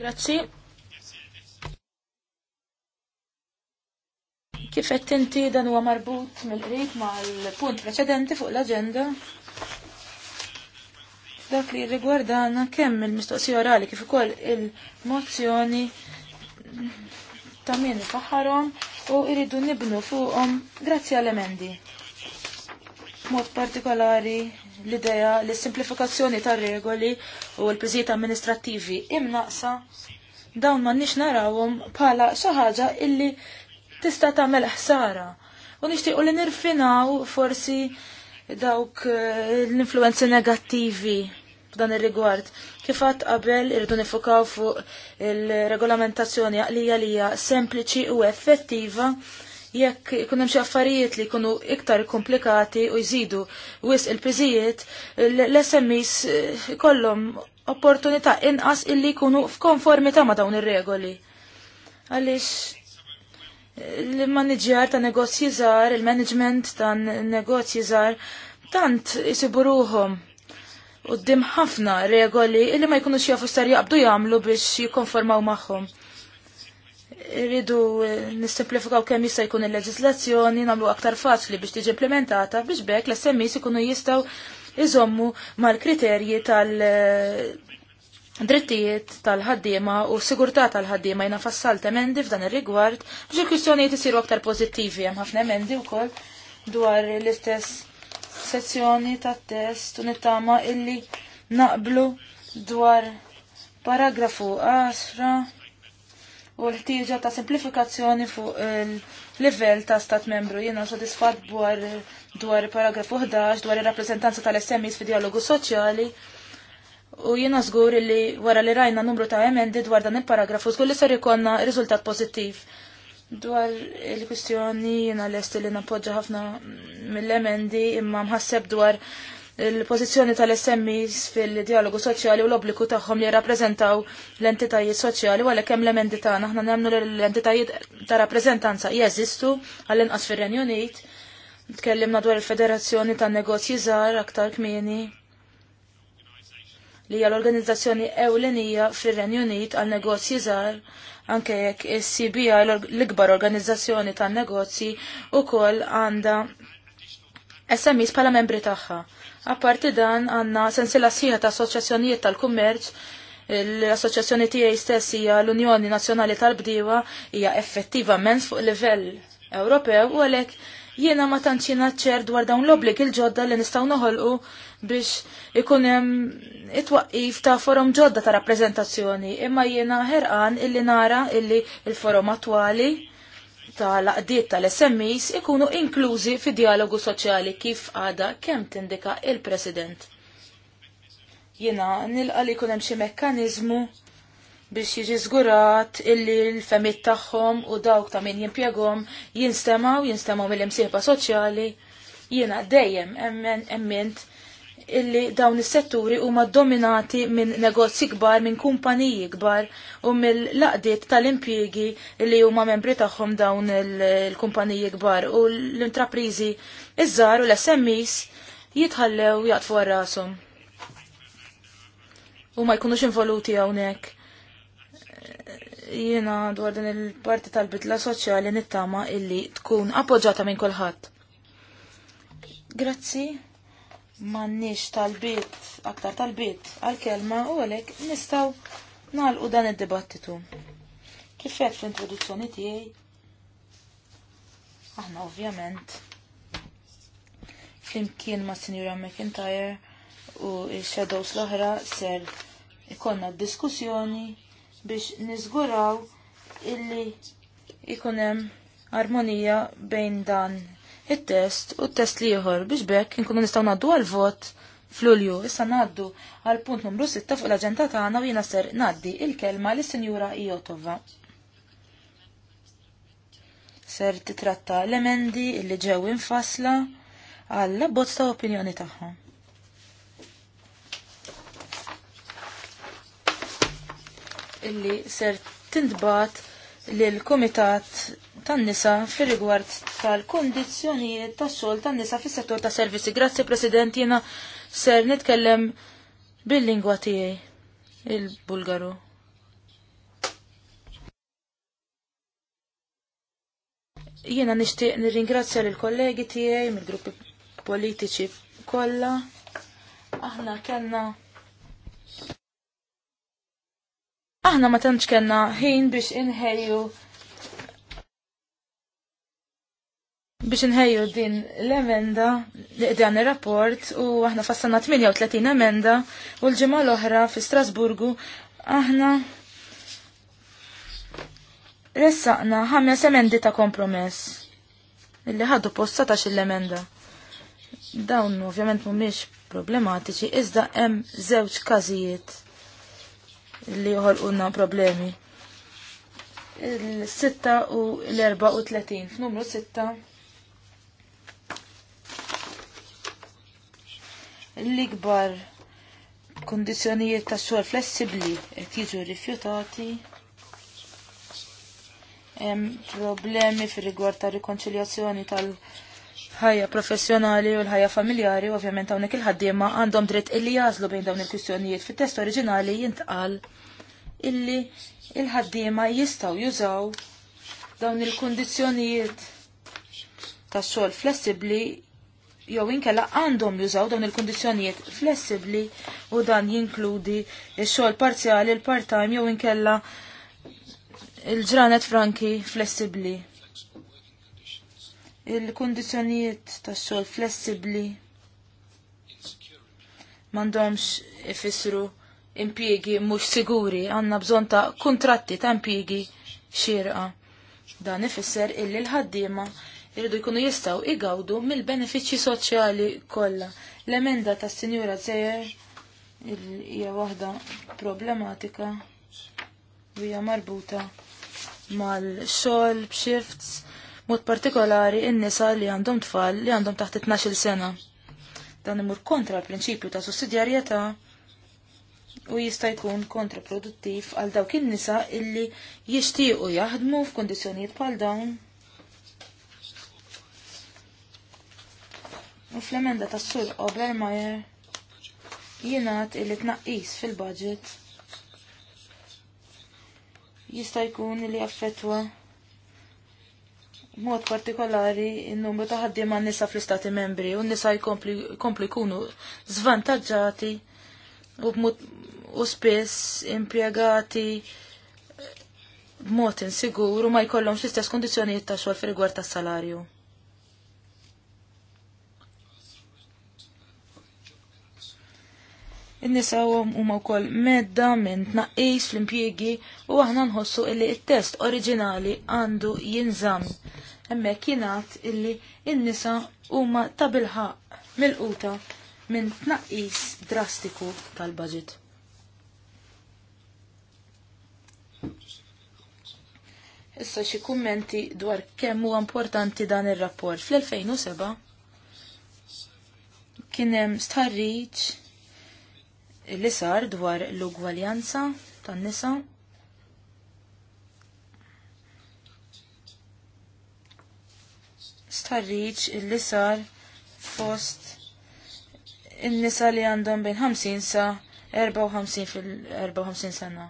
Grazzi. Kif qed inti dan huwa marbut mill-qrib mal-punt preċedenti fuq l-aġenda? Dak li rigwardana kemm il-mistoqsija orali kif ukoll il-mozzjoni ta' min faħħarhom u jridu nibnu fuqhom grazzi għall-emendi b'mod partikolari l-idea li simplifikazzjoni ta' regoli u l-piżijiet amministrativi imnaqsa dawn ma nix narawhom bħala xi ħaġa illi tista' tagħmel ħsara. U nixtiequ li nirfinaw forsi dawk eh, l-influenzi negattivi f'dan ir-rigward. Kif qatt qabel irridu nifukaw fuq il-regolamentazzjoni għalija li hija sempliċi u effettiva jekk ikun hemm xi affarijiet li jkunu iktar komplikati u jżidu wis il-piżijiet, l-SMEs eh, kollhom opportunità inqas illi jkunu f'konformità ma' dawn ir-regoli. Għaliex eh, l-manager ta' negozji żgħar, il-management ta' negozji żgħar tant isibu ruhom qudiem ħafna regoli illi ma jkunux jafu sar jaqbdu jagħmlu biex jikkonformaw magħhom. Irridu eh, nisimplifikaw kemm jista' jkun il-leġislazzjoni nagħmlu aktar faċli biex tiġi implementata biex bekk l-SMIs ikunu jistgħu iżommu mal-kriterji tal- eh, drittijiet tal-ħaddiema u sigurtà tal-ħaddiema jina fassalt emendi f'dan ir-rigward biex il-kwistjonijiet isiru aktar pożittivi hemm ħafna emendi wkoll dwar l-istess sezzjoni tat-test u nittama illi naqblu dwar paragrafu 10 u l-ħtieġa ta' simplifikazzjoni fuq il-livell ta' stat membru. Jiena sodisfatt dwar dwar paragrafu 11 dwar ir-rappreżentanza tal-SMEs fi dialogu soċjali. U jiena żgur li wara li rajna numru ta' emendi dwar dan il-paragrafu żgur li ser ikonna riżultat pożittiv. Dwar il-kwistjoni jiena lesti li nappoġġa ħafna mill-emendi imma mħasseb dwar il-pozizjoni tal-SMEs fil-dialogu soċjali u l obbliku tagħhom li rappreżentaw l-entitajiet soċjali u għalhekk hemm l-emendi tagħna aħna nemmnu l-entitajiet ta' rappreżentanza jeżistu għall-inqas fir-Renju Unit. Tkellimna dwar il-Federazzjoni tan Negozji Żgħar aktar kmieni li hija l-organizzazzjoni ewlenija fir-Renju Unit għal negozji żgħar anke jekk is cba l-ikbar organizzazzjoni tan-negozji ukoll għandha SMEs bħala membri tagħha. Apparti dan għanna sensila siħa ta' assoċjazzjonijiet tal-kummerċ, l-assoċjazzjoni tiegħi stess hija l-Unjoni Nazzjonali tal-Bdiewa hija effettiva fuq livell Ewropew u għalhekk jiena ma tantxina ċer dwar dawn l-obbligi l-ġodda li nistgħu noħolqu biex ikun hemm it-twaqqif ta' forum ġodda ta' rappreżentazzjoni, imma jiena ħerqan illi nara illi il-forum attwali tal-laqdiet tal-SMEs ikunu inklużi fi dialogu soċjali kif għada kemm tindika il-President. Jena nilqa li kunem xi mekkaniżmu biex jiġi żgurat illi l-femit tagħhom u dawk ta' min jimpjegom jinstemaw, jinstemaw mill-imsieħba soċjali. Jiena dejjem emment illi dawn is-setturi huma dominati minn negozji kbar, minn kumpaniji kbar u mill-laqdiet tal-impjiegi li huma membri tagħhom dawn il-kumpaniji kbar u l-intraprizi iż-żgħar u l-SMEs jitħallew jaqtfu għal rashom. U ma jkunux involuti hawnhekk. Jiena dwar din il-parti tal-bidla soċjali nittama illi tkun appoġġata minn kulħadd. Grazzi mannix tal-bit, aktar tal-bit, għal-kelma u għalek nistaw nalqu dan id-dibattitu. Kifet fl-introduzzjoni tiegħi, aħna ovvjament flimkien ma' Sinjura McIntyre u il-Shadows l-oħra ser ikonna diskussjoni biex nizguraw illi ikonem armonija bejn dan it-test u t-test liħor biex bekk nkunu nistaw naddu għal-vot fl-ulju. Issa naddu għal-punt numru 6 fuq l-agenda tagħna u jiena ser naddi il-kelma lis-Sinjura Iotova. Ser titratta l-emendi illi ġew infasla għall-abbozz ta' opinjoni tagħha. illi ser tintbat lil komitat tan-nisa fir-rigward tal-kondizzjonijiet tas xogħol tan-nisa fis-settur ta' servizzi. Grazzi President, jiena ser nitkellem bil-lingwa tiegħi il-Bulgaru. Jiena nixtieq nirringrazzja lill kollegi tiegħi mill-gruppi politiċi kollha. Aħna kellna Aħna ma tantx kellna ħin biex inħejju biex nħejju din l-emenda, li dan il-rapport, u aħna fassanna 38 emenda, u l-ġimgħa l-oħra fi Strasburgu, aħna ressaqna ħames emendi ta' kompromess. Illi ħaddu posta ta' xill-emenda. Dawn ovvjament mhumiex problematiċi, iżda hemm żewġ każijiet li joħolqulna problemi. Il-6 u l-34, f'numru 6 l-ikbar kondizjonijiet ta' xogħol flessibbli qed jiġu rifjutati. Hemm problemi fir-rigward ta' rikonċiljazzjoni tal-ħajja professjonali u l-ħajja familjari, ovvjament hawnhekk il-ħaddiema għandhom dritt illi jażlu bejn dawn il-kwistjonijiet. Fit-test oriġinali jintqal illi il-ħaddiema jistgħu jużaw dawn il-kundizzjonijiet ta' xogħol flessibbli jew inkella għandhom jużaw dawn il-kondizzjonijiet flessibbli u dan jinkludi x-xogħol parzjali, il-part-time jew inkella il-ġranet franki flessibbli. Il-kondizzjonijiet tax-xogħol flessibbli m'għandhomx ifissru impjiegi mhux siguri, għandna bżonn ta' kuntratti ta' impjiegi xirqa. Dan ifisser illi l-ħaddiema irridu jkunu jistaw igawdu mill-benefiċċji soċjali kollha. L-emenda tas Sinjura Zejer hija waħda problematika u hija marbuta mal-xogħol b'shifts mod partikolari in-nisa li għandhom tfal li għandhom taħt 12 sena. Dan imur kontra l-prinċipju ta' sussidjarjetà u jista' jkun kontraproduttiv għal dawk in-nisa illi jixtiequ jaħdmu f'kondizzjonijiet bħal dawn U fl-emenda tas sur Obermeyer jingħad illi tnaqqis fil-budget jista' jkun li affettwa mod partikolari n-numru ta' ħaddiema nisa fl-istati membri u nisa jkompli jkunu zvantagġati u b'mod u spiss impjegati b'mod insigur u ma jkollhomx l-istess kondizzjonijiet ta' xogħol fir-rigward tas-salarju. in u huma wkoll medda minn tnaqqis fl-impjiegi u aħna nħossu illi t-test oriġinali għandu jinżamm. Hemmhekk jingħad illi n-nisa huma ta' bilħaq milquta minn tnaqqis drastiku tal-budget. Issa xi kummenti dwar kemm huwa importanti dan ir-rapport. Fl-2007 kien hemm starriċ li sar dwar l-ugwaljanza tan-nisa. Starriċ li sar fost in-nisa li għandhom bejn 50 sa 54 fil-54 sena.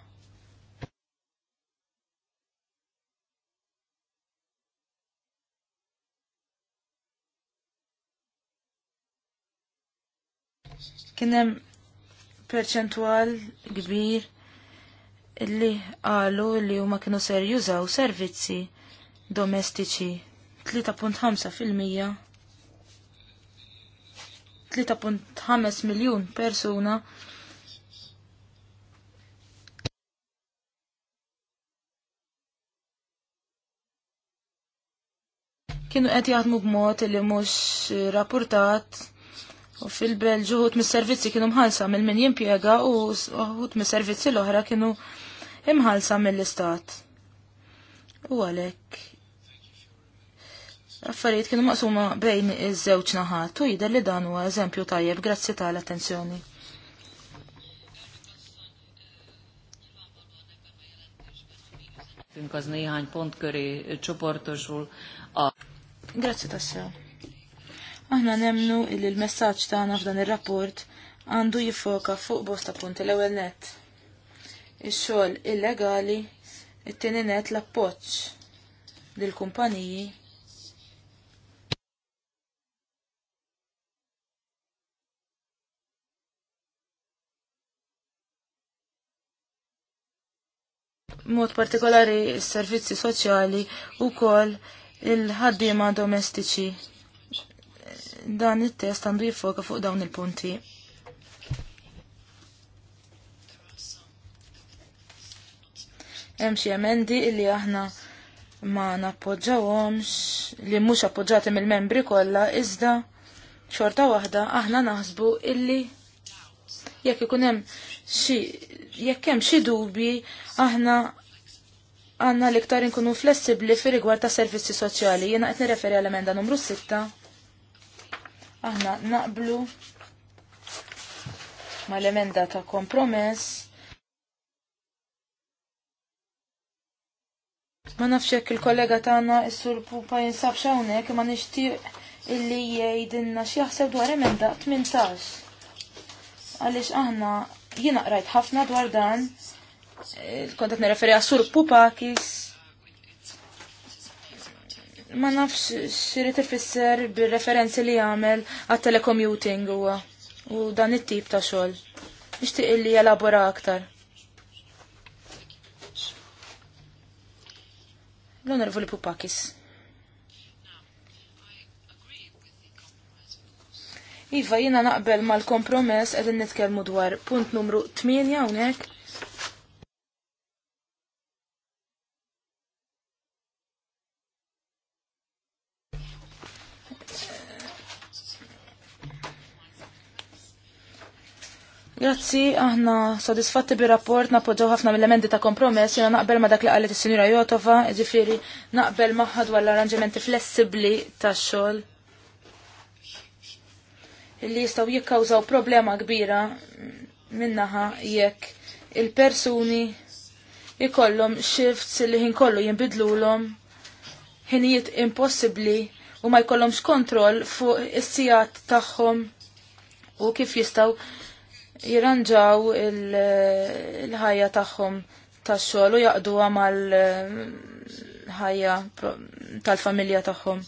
Kienem perċentwal kbir li qalu li huma kienu ser jużaw servizzi domestiċi 3.5 fil-mija 3.5 miljun persuna kienu qed jaħdmu b'mod li mhux rapportat U fil-Belġu ħut mis-servizzi kienu mħalsa mill min jimpjega u ħut mis-servizzi l-oħra kienu imħalsa mill-istat. U għalek. Affarijiet kienu maqsuma bejn iż-żewġ naħat u jidher li dan huwa eżempju tajjeb grazzi tal-attenzjoni. Grazzi néhány pont tassew. Aħna nemnu illi l-messaġġ tagħna f'dan ir-rapport għandu jifoka fuq bosta punti l-ewwel net. Ix-xogħol illegali, it-tieni net l-appoġġ lill kumpaniji mod partikolari s-servizzi soċjali u kol il-ħaddima domestiċi dan it-test għandu jiffoka fuq dawn il-punti. Hemm xi emendi illi aħna ma nappoġġawhomx li mhux appoġġati mill-membri kollha iżda xorta waħda aħna naħsbu illi jekk ikun hemm xi jekk hemm xi dubi aħna għanna liktar nkunu flessibli fi rigward ta' servizzi soċjali. Jena qed nirreferi għal emenda numru 6 Aħna naqblu mal-emenda ta' kompromess. Ma nafx il-kollega tagħna is-sur Pupa jinsab hawnhekk ma nixtieq illi jgħidilna xi jaħseb dwar emenda 18. Għaliex aħna jiena qrajt ħafna dwar dan, eh, kont qed nirreferi għas-sur Pupakis Ma nafx xirrit ifisser bil-referenzi li għamel għat telecommuting huwa u dan it-tip ta' xogħol. Nixtieq illi jelabora aktar. l onorvoli Pupakis. Iva, jina naqbel mal-kompromess edin nitkelmu dwar punt numru 8 hawnhekk Grazzi, aħna sodisfatti bi rapport, napoġġaw ħafna mill-elementi ta' kompromess, jena naqbel ma dak li qalet is-Sinjura Jotova, ġifieri naqbel magħha dwar l-arranġamenti flessibbli tax-xogħol. Illi jistgħu jikkawżaw problema kbira minnaħa jekk il-persuni ikollhom shifts li ħin kollu jinbidlulhom ħinijiet impossibbli u ma jkollhomx kontroll fuq is-sijat tagħhom u kif jistgħu jirranġaw il-ħajja il tagħhom tax-xogħol u jaqduha mal-ħajja tal-familja tagħhom.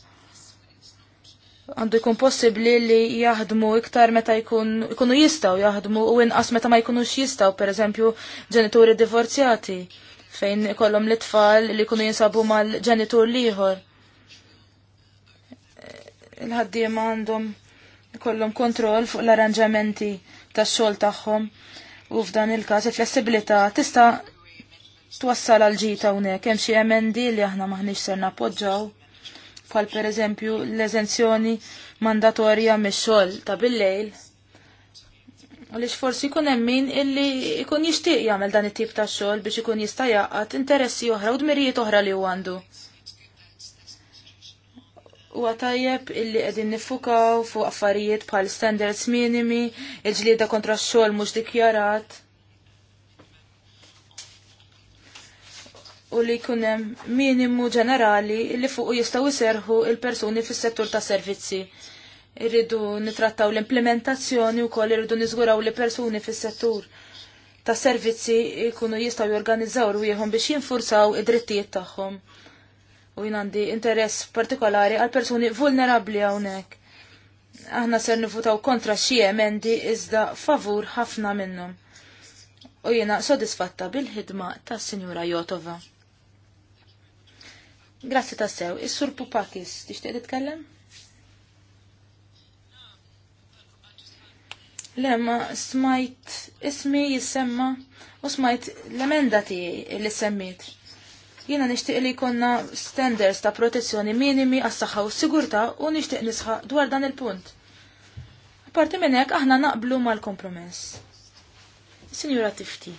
Għandu jkun possibbli li jaħdmu iktar meta jkun ikunu jistgħu jaħdmu u inqas meta ma jkunux jistgħu, pereżempju ġenituri divorzjati fejn kollom l-tfal li jkunu jinsabu mal-ġenitur liħor. Il-ħaddiema għandhom kollom kontroll fuq l-arranġamenti tax-xogħol tagħhom u f'dan il-każ il-flessibilità tista' twassal għal ġita hawnhekk hemm xi emendi li aħna maħniex ser nappoġġaw bħal pereżempju l-eżenzjoni mandatorja mix-xogħol ta' bil-lejl. Għalix forsi jkun hemm min illi jkun jixtieq jagħmel dan it-tip ta' xogħol biex ikun jista' jaqgħad interessi oħra u dmirijiet oħra li għandu. U għatajjeb illi għedin nifukaw fuq affarijiet bħal standards minimi, il-ġlieda kontra x-xol mux dikjarat. U li kunem minimu ġenerali illi fuq jistaw iserħu il-persuni fis settur ta' servizzi. Irridu nitrattaw l-implementazzjoni u koll irridu nizguraw li persuni fis settur ta' servizzi ikunu jistaw jorganizzaw rwieħom biex jinfurzaw id-drittijiet tagħhom u jien għandi interess partikolari għal persuni vulnerabli hawnhekk. Aħna ser nifutaw kontra xi emendi iżda favur ħafna minnhom. U jiena sodisfatta bil-ħidma tas Sinjura Jotova. Grazzi tassew, is-Sur Pupakis, tixtieq titkellem? Le, smajt ismi jissemma u smajt l-emenda tiegħi li semmit Jiena nixtieq li jkollna standards ta' protezzjoni minimi għas-saħħa u s u nixtieq nisħaq dwar dan il-punt. Parti minn hekk aħna naqblu mal-kompromess. Sinjura Tifti.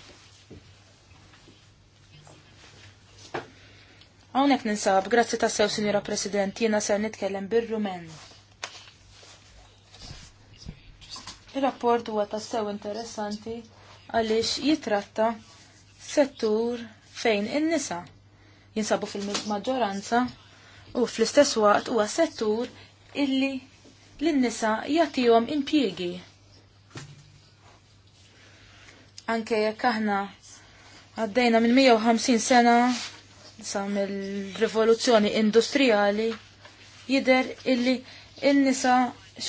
Hawnhekk ninsab, grazzi ta' sew, Signora President, jina ser nitkellem bir-Rumen. Ir-rapport huwa ta' sew interessanti għaliex jitratta settur fejn in-nisa jinsabu fil-maġġoranza u fl-istess waqt huwa settur illi l nisa jagħtihom impjiegi. Anke jekk aħna għaddejna minn 150 sena sa mill-rivoluzzjoni industrijali jider illi n nisa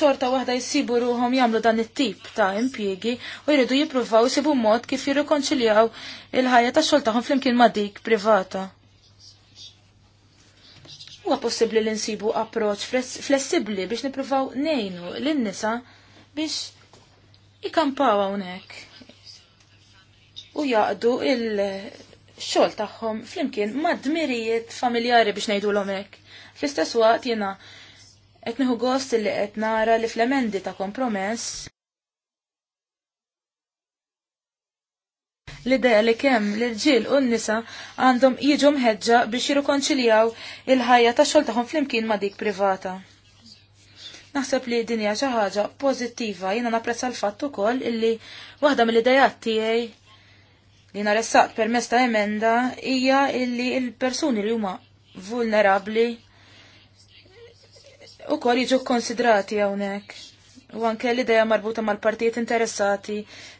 xorta waħda jisibu ruhom jagħmlu dan it-tip ta' impjiegi u jridu jippruvaw isibu mod kif jirrikonċiljaw il-ħajja tax-xogħol tagħhom flimkien ma' dik privata huwa possibbli li nsibu approċ flessibbli biex nippruvaw nejnu lin-nisa biex ikampaw hawnhekk u jaqdu il-xogħol tagħhom flimkien ma' dmirijiet familjari biex ngħidulhom hekk. Fl-istess waqt jiena qed nieħu gost li qed nara li fl-emendi ta' kompromess l-idea li kemm l ġil u n-nisa għandhom jiġu mħedġa biex jirrikonċiljaw il-ħajja ta' xogħol tagħhom flimkien ma' dik privata. Naħseb li din hija xi ħaġa pożittiva jiena napprezza l-fatt ukoll illi waħda mill-idejat tiegħi li naressaq permezz ta' emenda hija illi l-persuni li huma vulnerabbli u kol jiġu konsidrati għawnek. U anke l-ideja marbuta mal-partijiet interessati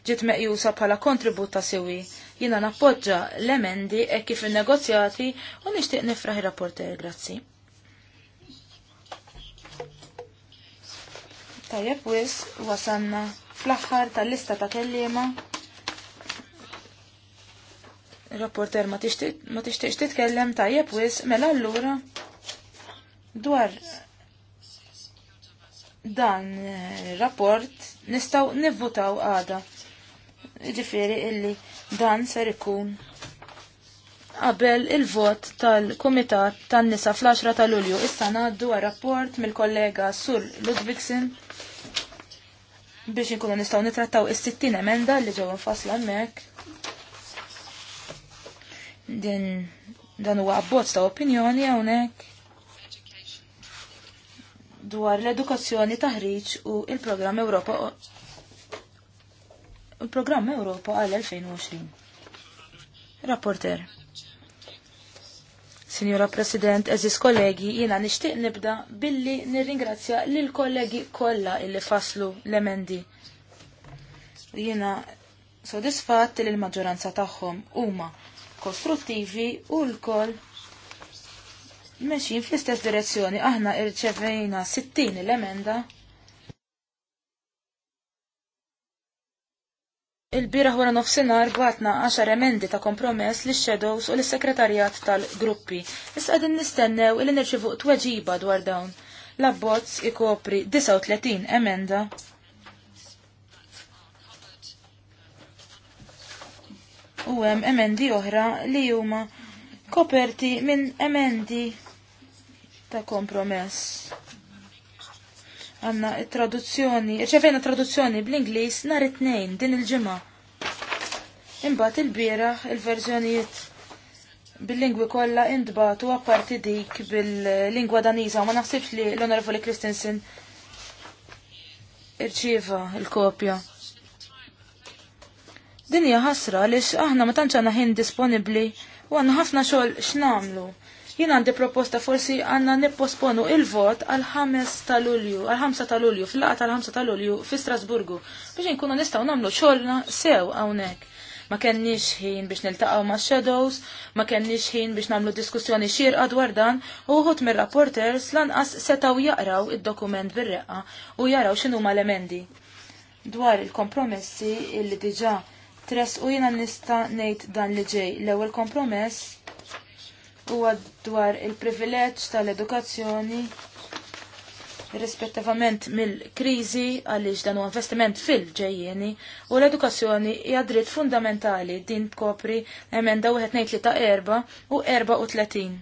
ġiet meqjusa bħala kontribut ta' sewi. Jina nappoġġa l-emendi e kif il-negozjati u nixtieq nifraħ ir-rapporter, grazzi. Tajab wis wasanna fl-aħħar tal-lista ta' kellima. Rapporter ma tixtieqx titkellem tajjeb wis mela allura dwar dan eh, rapport nistaw nivvutaw għada. Ġifiri illi dan ser ikun qabel il-vot tal-Komitat tan-Nisa fl-10 ta' Lulju. Issa ngħaddu għal rapport mill-kollega Sur Ludwigsen biex inkunu nistgħu nitrattaw is-60 emenda li ġew infassla hemmhekk. Din dan huwa abbozz ta' opinjoni hawnhekk dwar l-edukazzjoni taħriġ u il-programm Ewropa il-programm Ewropa għal 2020. Rapporter. Signora President, eżis kollegi, jiena nixtieq nibda billi nirringrazzja lil kollegi kollha illi faslu l-emendi. Jiena sodisfat li l-maġġoranza tagħhom huma kostruttivi u l-koll Meċin fl-istess direzzjoni aħna irċevejna 60 l-emenda. Il-biraħ wara nofsinhar għatna 10 emendi ta' kompromess li shadows u l-sekretarjat tal-gruppi. Issa qegħdin nistennew li nirċivu tweġiba dwar dawn. L-abbozz ikopri 39 emenda. U hemm emendi oħra li huma koperti minn emendi ta' kompromess. Għanna traduzzjoni, ċevena traduzzjoni bl-Inglis nhar it-tnejn din il-ġimgħa. Imbagħad il-biera il-verżjonijiet bil-lingwi kollha intbatu apparti dik bil-lingwa Daniża ma naħsibx li l-Onorevoli Christensen irċieva il-kopja. Din hija ħasra għaliex aħna ma tantx għandna ħin disponibbli u għandna ħafna xogħol x'namlu Jien għandi proposta forsi għanna nipposponu il-vot għal 5 ta' Lulju, għal 5 ta' Lulju, fil tal-5 ta' Lulju fi Strasburgu biex nkunu nistgħu nagħmlu xogħolna sew hawnhekk. Ma kenniex ħin biex niltaqgħu ma' shadows, ma kenniex ħin biex nagħmlu diskussjoni xierqa dwar dan uħut mir-rapporters lanqas setaw jaqraw id-dokument bir-reqqa u jaraw x'inhuma l-emendi dwar il-kompromessi illi diġa tres u jina nista nejt dan li ġej. L-ewel kompromess huwa dwar il-privileġġ tal-edukazzjoni rispettivament mill-kriżi għaliex dan huwa investiment fil-ġejjeni u l-edukazzjoni hija dritt fundamentali din tkopri emenda wieħed ngħid ta' erba' u erba' u tletin.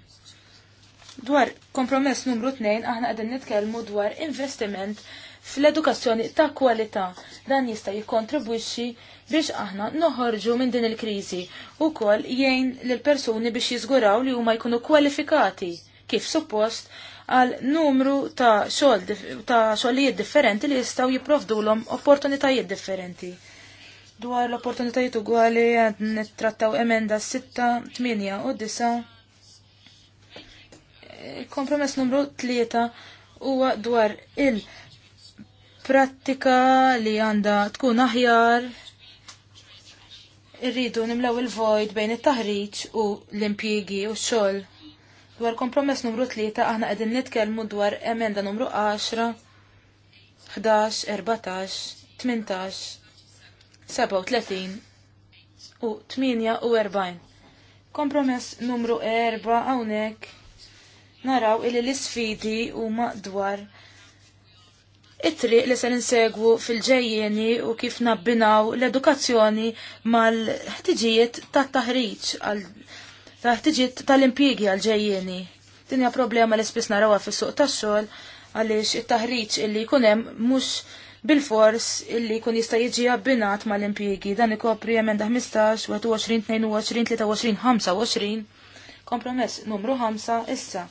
Dwar kompromess numru 2 aħna qegħdin nitkellmu dwar investiment fl-edukazzjoni ta' kwalità. Dan jista' jikkontribwixxi biex aħna noħorġu minn din il-kriżi u kol jgħin lil persuni biex jiżguraw li huma jkunu kwalifikati kif suppost għal numru ta' xogħol ta' xogħlijiet differenti li jistgħu jipprovdulhom opportunitajiet differenti dwar l-opportunitajiet ugwali għad nittrattaw emenda 6, 8 u 9. Eh, kompromess numru 3 huwa dwar il- prattika li għanda tkun aħjar irridu nimlaw il-vojt bejn it-taħriġ u l-impjiegi u x-xogħol. Dwar kompromess numru 3 aħna qegħdin nitkellmu dwar emenda numru 10, 11, 14, 18, 37 u 48. Kompromess numru 4 hawnhekk naraw illi l-isfidi huma dwar it-triq li se ninsegwu fil-ġejjeni u kif nabbinaw l-edukazzjoni mal-ħtiġijiet ta' taħriġ ta' ħtiġijiet tal-impjiegi għal-ġejjeni. Dinja problema li spisna rawa fis-suq tax-xogħol għaliex it-taħriġ illi jkun hemm mhux bil-fors illi kun jista' jiġi abbinat mal-impjiegi dan ikopri emenda 15, 21, 22, 23, 25, kompromess numru 5 issa.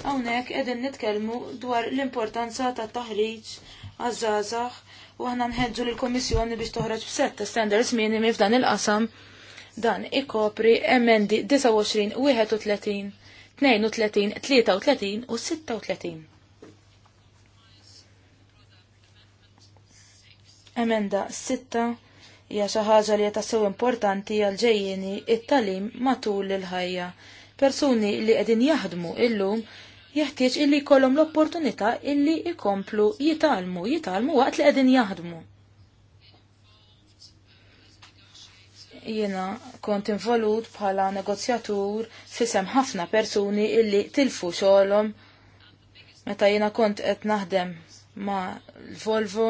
Hawnhekk qegħdin nitkellmu dwar l-importanza ta' taħriġ għaż-żgħażagħ u aħna nħeġġu lill-Kummissjoni biex toħroġ b'setta standards minimi f'dan il-qasam dan ikopri emendi 29, 31, 32, 33 u 36. Emenda 6 hija xi ħaġa li tassew importanti għal ġejjieni it-talim matul il-ħajja. Persuni li qegħdin jaħdmu illum jeħtieġ illi jkollhom l-opportunità illi jkomplu jitalmu, jitalmu waqt li qegħdin jaħdmu. Jiena kont involut bħala negozjatur fisem ħafna persuni illi tilfu xogħolhom meta jiena kont qed naħdem ma' Volvo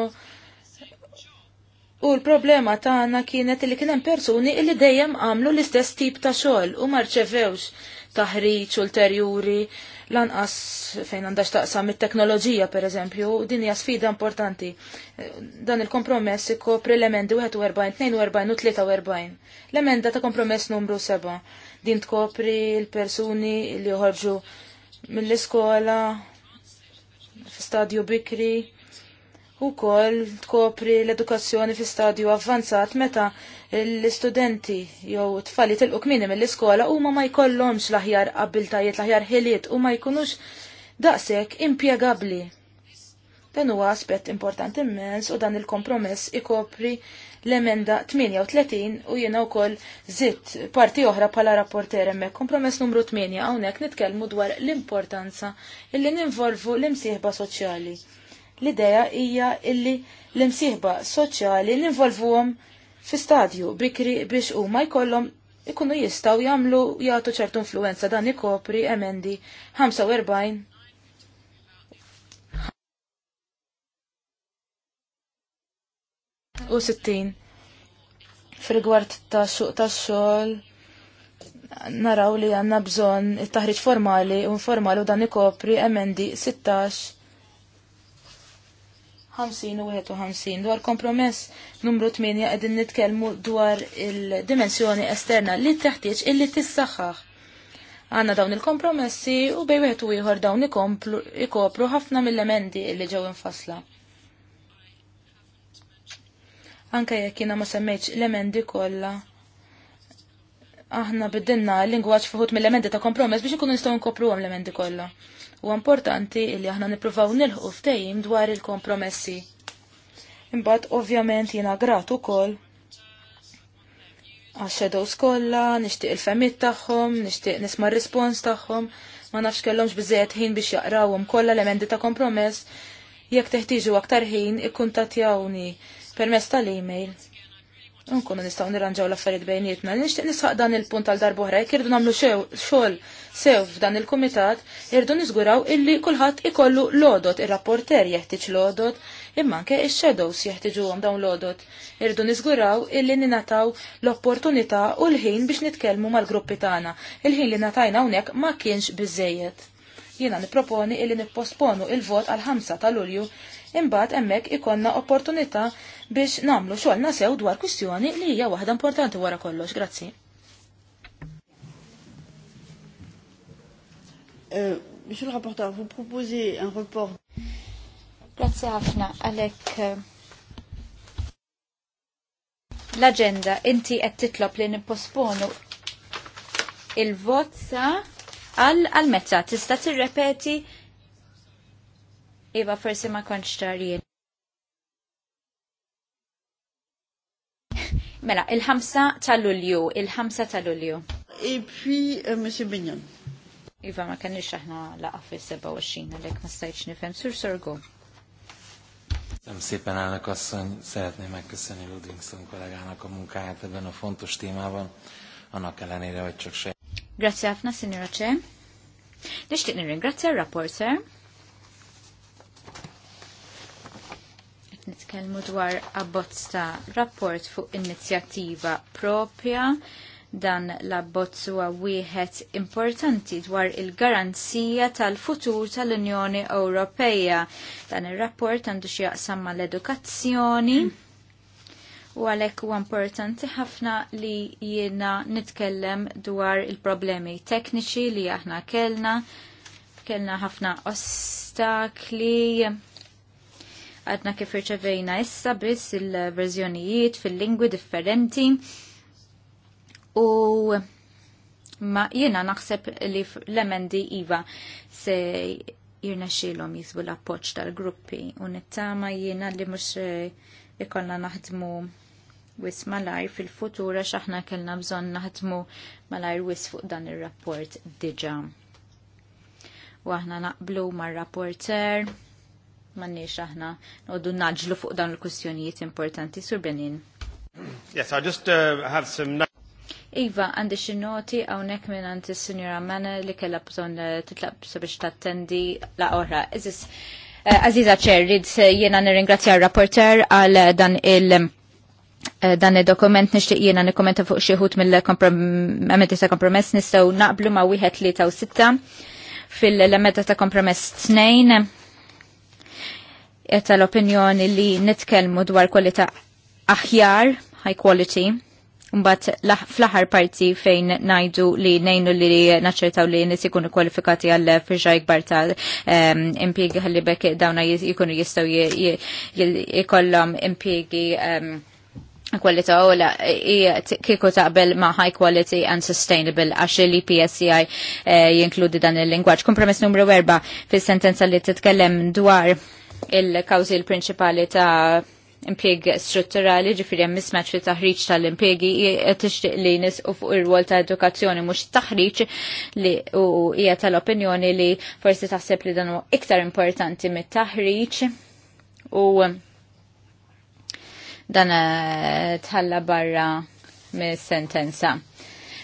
U l-problema tagħna kienet li kien hemm persuni li dejjem għamlu l-istess tip ta' xogħol u marċevewx taħriġ ulterjuri lanqas fejn għandax taqsam it-teknoloġija per eżempju, din hija sfida importanti. Dan il-kompromess ikopri l-emendi 41, 42 u 43. L-emenda ta' kompromess numru 7. Din tkopri l-persuni li joħorġu mill-iskola, f stadju bikri, u kol tkopri l-edukazzjoni fi stadju avvanzat meta l-studenti jew tfali tilqu kmini mill-iskola u ma ma jkollhomx l-aħjar abiltajiet, l-aħjar ħiliet u ma jkunux daqshekk impjegabli. Dan huwa aspett importanti immens u dan il-kompromess ikopri l-emenda 38 u jiena wkoll zitt parti oħra bħala rapporter hemmhekk. Kompromess numru 8 hawnhekk nitkellmu dwar l-importanza illi ninvolvu l-imsieħba soċjali L-idea hija illi l-imsieħba soċjali ninvolvuhom fi stadju bikri biex huma jkollhom ikunu jistgħu jagħmlu jagħtu ċertu influenza dan ikopri emendi 45 u 60 fil-gwart ta' xuq ta' xol naraw li għanna bżon il-taħriġ formali u informali u dan ikopri emendi 16 50 u 51 dwar kompromess numru 8 qegħdin nitkellmu dwar il-dimensjoni esterna li teħtieġ illi tissaħħaħ. Għanna dawn il-kompromessi u bej wieħed u ieħor dawn ikopru ħafna mill-emendi li ġew infasla. Anke jekk jiena ma semmejtx l-emendi kollha aħna bidinna l-lingwaġġ fuħut mill-emendi ta' kompromess biex ikunu nistgħu nkopruhom l-emendi kollha. U importanti li aħna nippruvaw nilħu ftehim dwar il-kompromessi. Imbagħad ovvjament jiena grat ukoll għax skolla, kollha, nixtieq il femit tagħhom, nixtieq nisma' r-rispons tagħhom, ma nafx kellhomx biżejjed ħin biex jaqrawhom kollha l-emendi ta' kompromess, jekk teħtiġu aktar ħin ikkuntatjawni permess tal-email nkunu nistaw nirranġaw l-affarijiet bejnietna. Nixtieq nisħaq dan il-punt għal darba oħra, jekk irdu nagħmlu xogħol sew f'dan il-kumitat, irdu niżguraw illi kulħadd ikollu lodot, ir-rapporter jeħtieġ lodot, imma anke ix-shadows jeħtieġuhom dawn lodot. Irdu niżguraw illi ninataw l-opportunità u l-ħin biex nitkellmu mal-gruppi tagħna. Il-ħin li natajna hawnhekk ma kienx biżejjed. Jiena nipproponi illi nipposponu il-vot għal ħamsa ta' Lulju imbagħad hemmhekk ikonna opportunità biex nagħmlu xogħolna sew dwar kwistjoni li hija waħda importanti wara kollox. Grazzi. Euh, monsieur le rapporteur, vous proposez un report. Grazie ħafna Alec. Euh, l-agenda inti qed titlob li nipposponu il-vot sa al meta tista' tirrepeti Iva forsi ma konċ tarjien. Mela, il-ħamsa tal-Lulju, il-ħamsa tal-Lulju. E puis, uh, Monsieur Iva, ma kenniex aħna laqa fil-27, għalek ma stajċ nifem sur sorgu. Nem szépen elnök asszony, szeretném megköszönni Ludvigson kollégának a munkáját ebben a fontos témában, annak ellenére, hogy csak se. Grazie, Afna, Signora Cse. Nishtiq nirringrazzja r-rapporter nitkellmu dwar abbozz ta' rapport fuq inizjattiva propja dan l-abbozz huwa wieħed importanti dwar il-garanzija tal-futur tal-Unjoni Ewropea. Dan ir-rapport għandu xi jaqsam mal-edukazzjoni u għalhekk huwa importanti ħafna li jiena nitkellem dwar il-problemi tekniċi li aħna kellna, kellna ħafna ostakli għadna kif irċevejna issa biss il-verżjonijiet fil-lingwi differenti u ma jiena naħseb li l-emendi Iva se jirna xilom jizbu l-appoċ tal-gruppi u nittama jiena li mux ikolna naħdmu wis malajr fil-futura xaħna kellna bżon naħdmu malajr wis fuq dan il-rapport diġa. aħna naqblu mar-rapporter Mannix aħna noddu naġlu fuq dawn il kustjonijiet importanti sur Benin. Yes, I just uh, have some Iva, għandi xi noti hawnhekk minn għandi s sinjura Manna li kellha bżonn uh, titlaq sabiex tattendi la oħra. Iżis, uh, Aziza Ċerrid, jiena nirringrazzja r-rapporter għal dan il- uh, dan il-dokument nixtieq jiena nikkommenta fuq xi mill-emendi ta' kompromess nistgħu naqblu ma' wieħed li sitta fil-emenda ta' kompromess tnejn Jetta l-opinjoni li nitkellmu dwar kwalità aħjar, high quality, Mbagħad fl-aħħar parti fejn ngħidu li nejnu li naċċertaw li nis ikunu kwalifikati għal firxa ikbar ta' impiegi għalli bekk dawna jikunu jistgħu jkollhom impjiegi kwalità u la kieku taqbel ma' high quality and sustainable għax li PSCI eh, jinkludi dan il-lingwaġġ. Kompromess numru erba' fis-sentenza li titkellem dwar il-kawzi l-prinċipali ta' impieg strutturali ġifiri għem mismaċ fit taħriġ tal t e tixtieq li nisqu fuq ir-rwol ta' edukazzjoni mhux taħriċ li u hija tal-opinjoni li forsi taħseb li dan huwa iktar importanti mit-taħriġ u dan eh, tħalla barra mis-sentenza.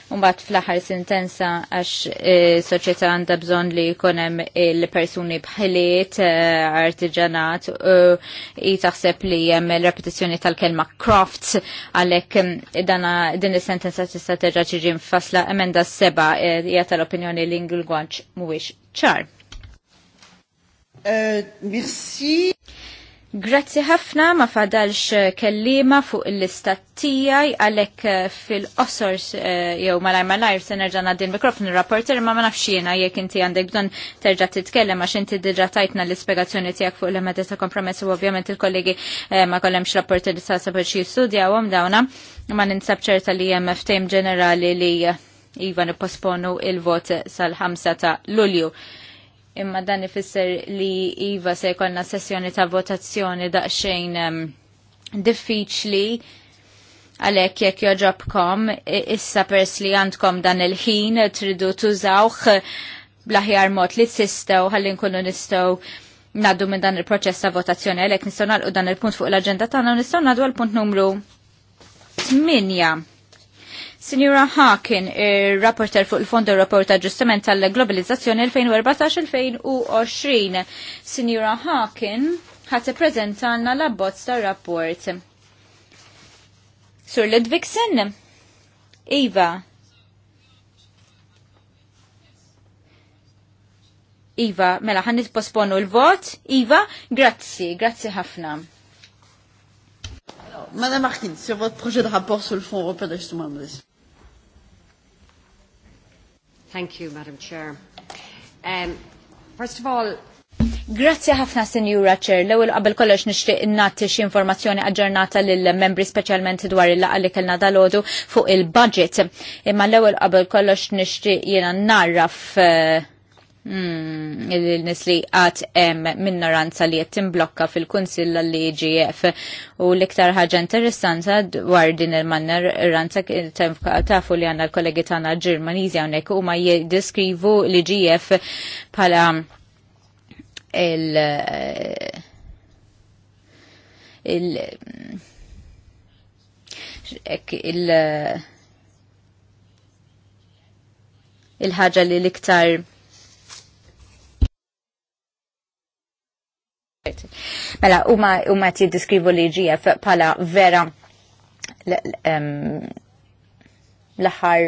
Umbat fl-aħħar sentenza għax eh, soċjetà għandha bżonn li jkun hemm il-persuni bħiliet eh, artiġanat eh, i taħseb li hemm repetizzjoni tal-kelma crafts għalhekk dana din is-sentenza tista' teġa' tiġi mfassla emenda seba hija tal-opinjoni li l-gwanċ muwix ċar. Merci. Grazzi ħafna ma fadalx eh, kellima fuq il-lista tijaj għalek eh, fil-qosor eh, jew malaj malajr se nerġa' ngħaddi mikrofon ir-rapporter ma ma nafx jiena jekk inti għandek bżonn terġa' titkellem għax inti diġà tajtna l-ispjegazzjoni tiegħek fuq l-emenda ta' kompromess u ovvjament il-kollegi ma kollemx rapporter li sa' sabiex jistudjawhom dawna ma ninsab ċerta li hemm ftehim ġenerali li iva nipposponu il-vot sal ħamsa ta' Lulju imma dan ifisser li Iva se jkollna sessjoni ta' votazzjoni daqsxejn um, diffiċli għalek jekk joġobkom, issa pers li għandkom dan il-ħin tridu tużawx blaħjar mod li tistaw ħalli nkunu nistaw naddu minn dan il-proċess ta' votazzjoni għalek nistaw nalqu dan il-punt fuq l-agenda tagħna nistaw naddu għal-punt numru 8 Signora Hakin, eh, rapporter fuq il-Fondo Europeo ta' Ġustament tal-Globalizzazzjoni 2014-2020. Signora Hakin, ħat prezentanna l-abbozz ta' rapport. Sur Ludvigsen, Iva. Iva, mela ħan posponu l-vot. Iva, grazzi, grazzi ħafna. Madame Harkin, sur votre projet de rapport sur le Fonds européen d'ajustement à Thank you, Madam Chair. Um, first of all, Grazzi ħafna Sinjura Chair. L-ewwel qabel kollox nixtieq nagħti xi informazzjoni aġġornata lill membri speċjalment dwar il-laqgħa li kellna dalodu fuq il-budget. Imma l-ewwel qabel kollox nixtieq jiena narraf uh, Hmm, il-nis li għat em minnoranza li jett blokka fil-Kunsill li igf u l-iktar ħagġa interessanta dwar din il-mannoranza tafu li għanna l-kollegi tana ġermanizi għonek u ma jidiskrivu l-IGF e pala il- il- il- il-ħagġa li l-iktar Mela, huma huma tiddiskrivu li GF pala vera l-aħħar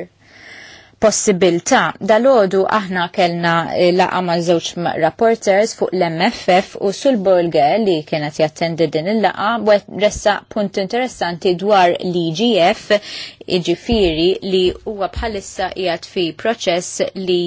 possibilità. Dalodu aħna kellna laqa ma' żewġ rapporters fuq l-MFF u sul Bolge li kienet jattendi din il-laqa ressa punt interessanti dwar l-IGF iġifiri li huwa bħalissa qiegħed fi proċess li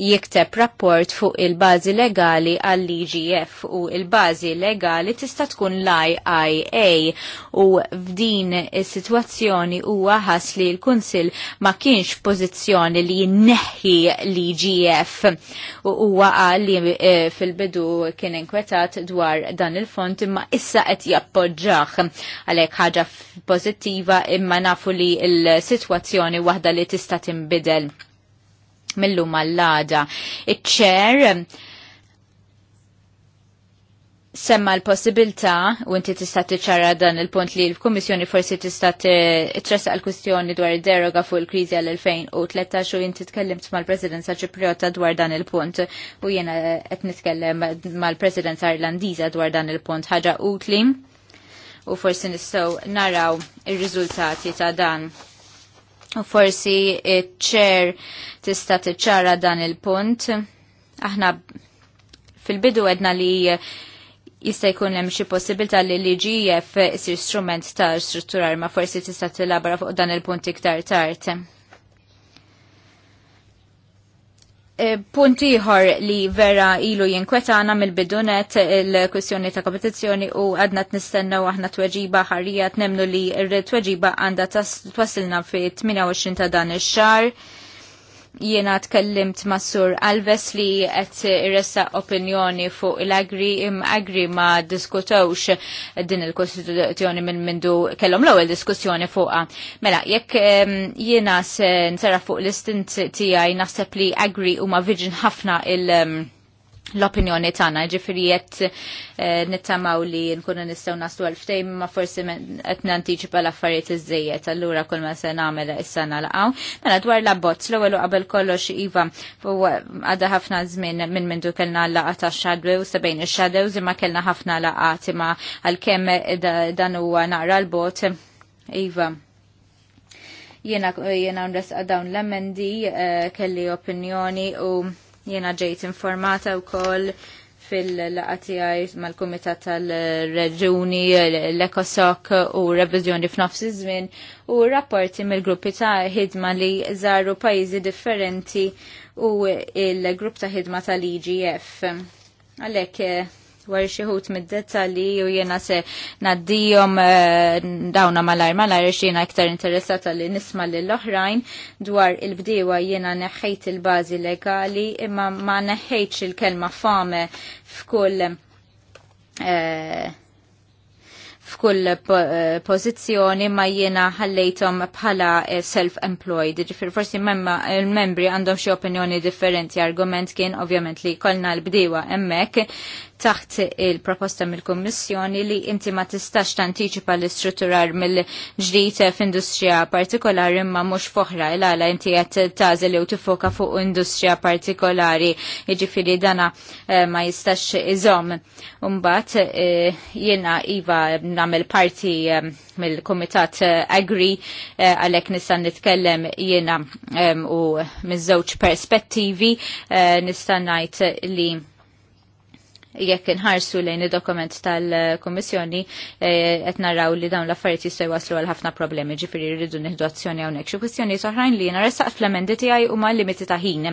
jikteb rapport fuq il-bazi legali għall-IGF u il-bazi legali tista' tkun l-IIA u f'din is-sitwazzjoni huwa ħass li l-Kunsill ma kienx pożizzjoni li jinneħħi l-IGF e u huwa qal li e, fil-bidu kien inkwetat dwar dan il-font imma issa qed jappoġġah għalhekk ħaġa pożittiva imma nafu li l-sitwazzjoni waħda li tista' tinbidel millum għall-għada. iċ semma l-possibilità u inti tista' tiċċara dan il-punt li l-Kummissjoni forsi tista' titressaq l-kwistjoni dwar id-deroga fuq il-kriżi għal 2013 u inti tkellimt mal-Presidenza Ċipriota dwar dan il-punt u jiena qed nitkellem mal-Presidenza Irlandiża dwar dan il-punt ħaġa utli u forsi nistgħu naraw ir-riżultati ta' dan. U forsi ċer tista' tiċċara dan il-punt. Aħna fil-bidu għedna li jista' jkun hemm xi possibilità li l-IGF isir strument ta' strutturar ma' forsi tista' tilabra fuq dan il-punt iktar tard. Eh, punt ieħor li vera ilu jinkwetana mill-bidunet il-kwistjoni ta' kompetizzjoni u għadna t-nistenna u aħna tweġiba ħarija t-nemnu li r-tweġiba għanda t-wasilna fi 28 ta' dan il xar jiena tkellimt ma' Sur Alves li qed irressa opinjoni fuq il-agri im agri ma diskutawx din il-kostituzzjoni minn mindu kellhom l-ewwel diskussjoni fuqha. Mela, jekk jiena se nsara fuq l-istint tiegħi naħseb li agri huma viġin ħafna il- um, l-opinjoni tagħna, ġifiri jett eh, nittamaw li nkunu nistgħu naslu għal ftej ma forsi qed nantiċipa l-affarijiet iżejjed allura kol ma se s-sana l-għaw. Mela dwar la-bots, l-ewwel qabel kollox iva għadha ħafna żmien minn mindu kellna laqa' tax xadwe u bejn ix u imma kellna ħafna laqgħat għal għalkemm dan huwa naqra l-bot iva. Jiena jiena nresqa dawn l-emendi eh, kelli opinjoni u Jena ġejt informata u koll fil-laqatijaj mal-Komitat tal-Reġuni, l-Ekosok u Revizjoni f'nofs iż-żmien u rapporti mill-gruppi ta' ħidma li żaru pajjiżi differenti u il-grupp ta' ħidma tal-IGF. Għalhekk eh, dwar xieħut mid dettalji u jena se naddijom eh, dawna malajr malajr xiena iktar interessata li nisma lill l-oħrajn dwar il-bdiewa jena neħħejt il-bazi legali imma ma neħħejtx il-kelma fame f'kull eh, f'kull pozizjoni eh, ma jiena ħallejtom bħala self-employed. Ġifir forsi il-membri għandhom xi opinjoni differenti, argument kien ovvjament li kolna l-bdiewa emmek taħt il-proposta mill-Kommissjoni li inti ma tistax tantiċipa l-istrutturar mill-ġdijt f'industrija partikolari imma mhux foħra il għala inti qed tażel u tifoka fuq industrija partikolari jiġifieri dana eh, ma jistax iżomm. Imbagħad eh, jiena iva nagħmel parti eh, mill-Kumitat Agri għalhekk nista' nitkellem jiena u miż-żewġ perspettivi nista' ngħid li jekk inħarsu lejn id-dokument tal-Kommissjoni eh, qed narraw li dawn l-affarijiet jistgħu waslu għal ħafna problemi, ġifieri rridu nieħdu azzjoni hawnhekk. Xi kwistjoni oħrajn li jiena ressaq fl-emendi tiegħi huma limiti ta' ħin.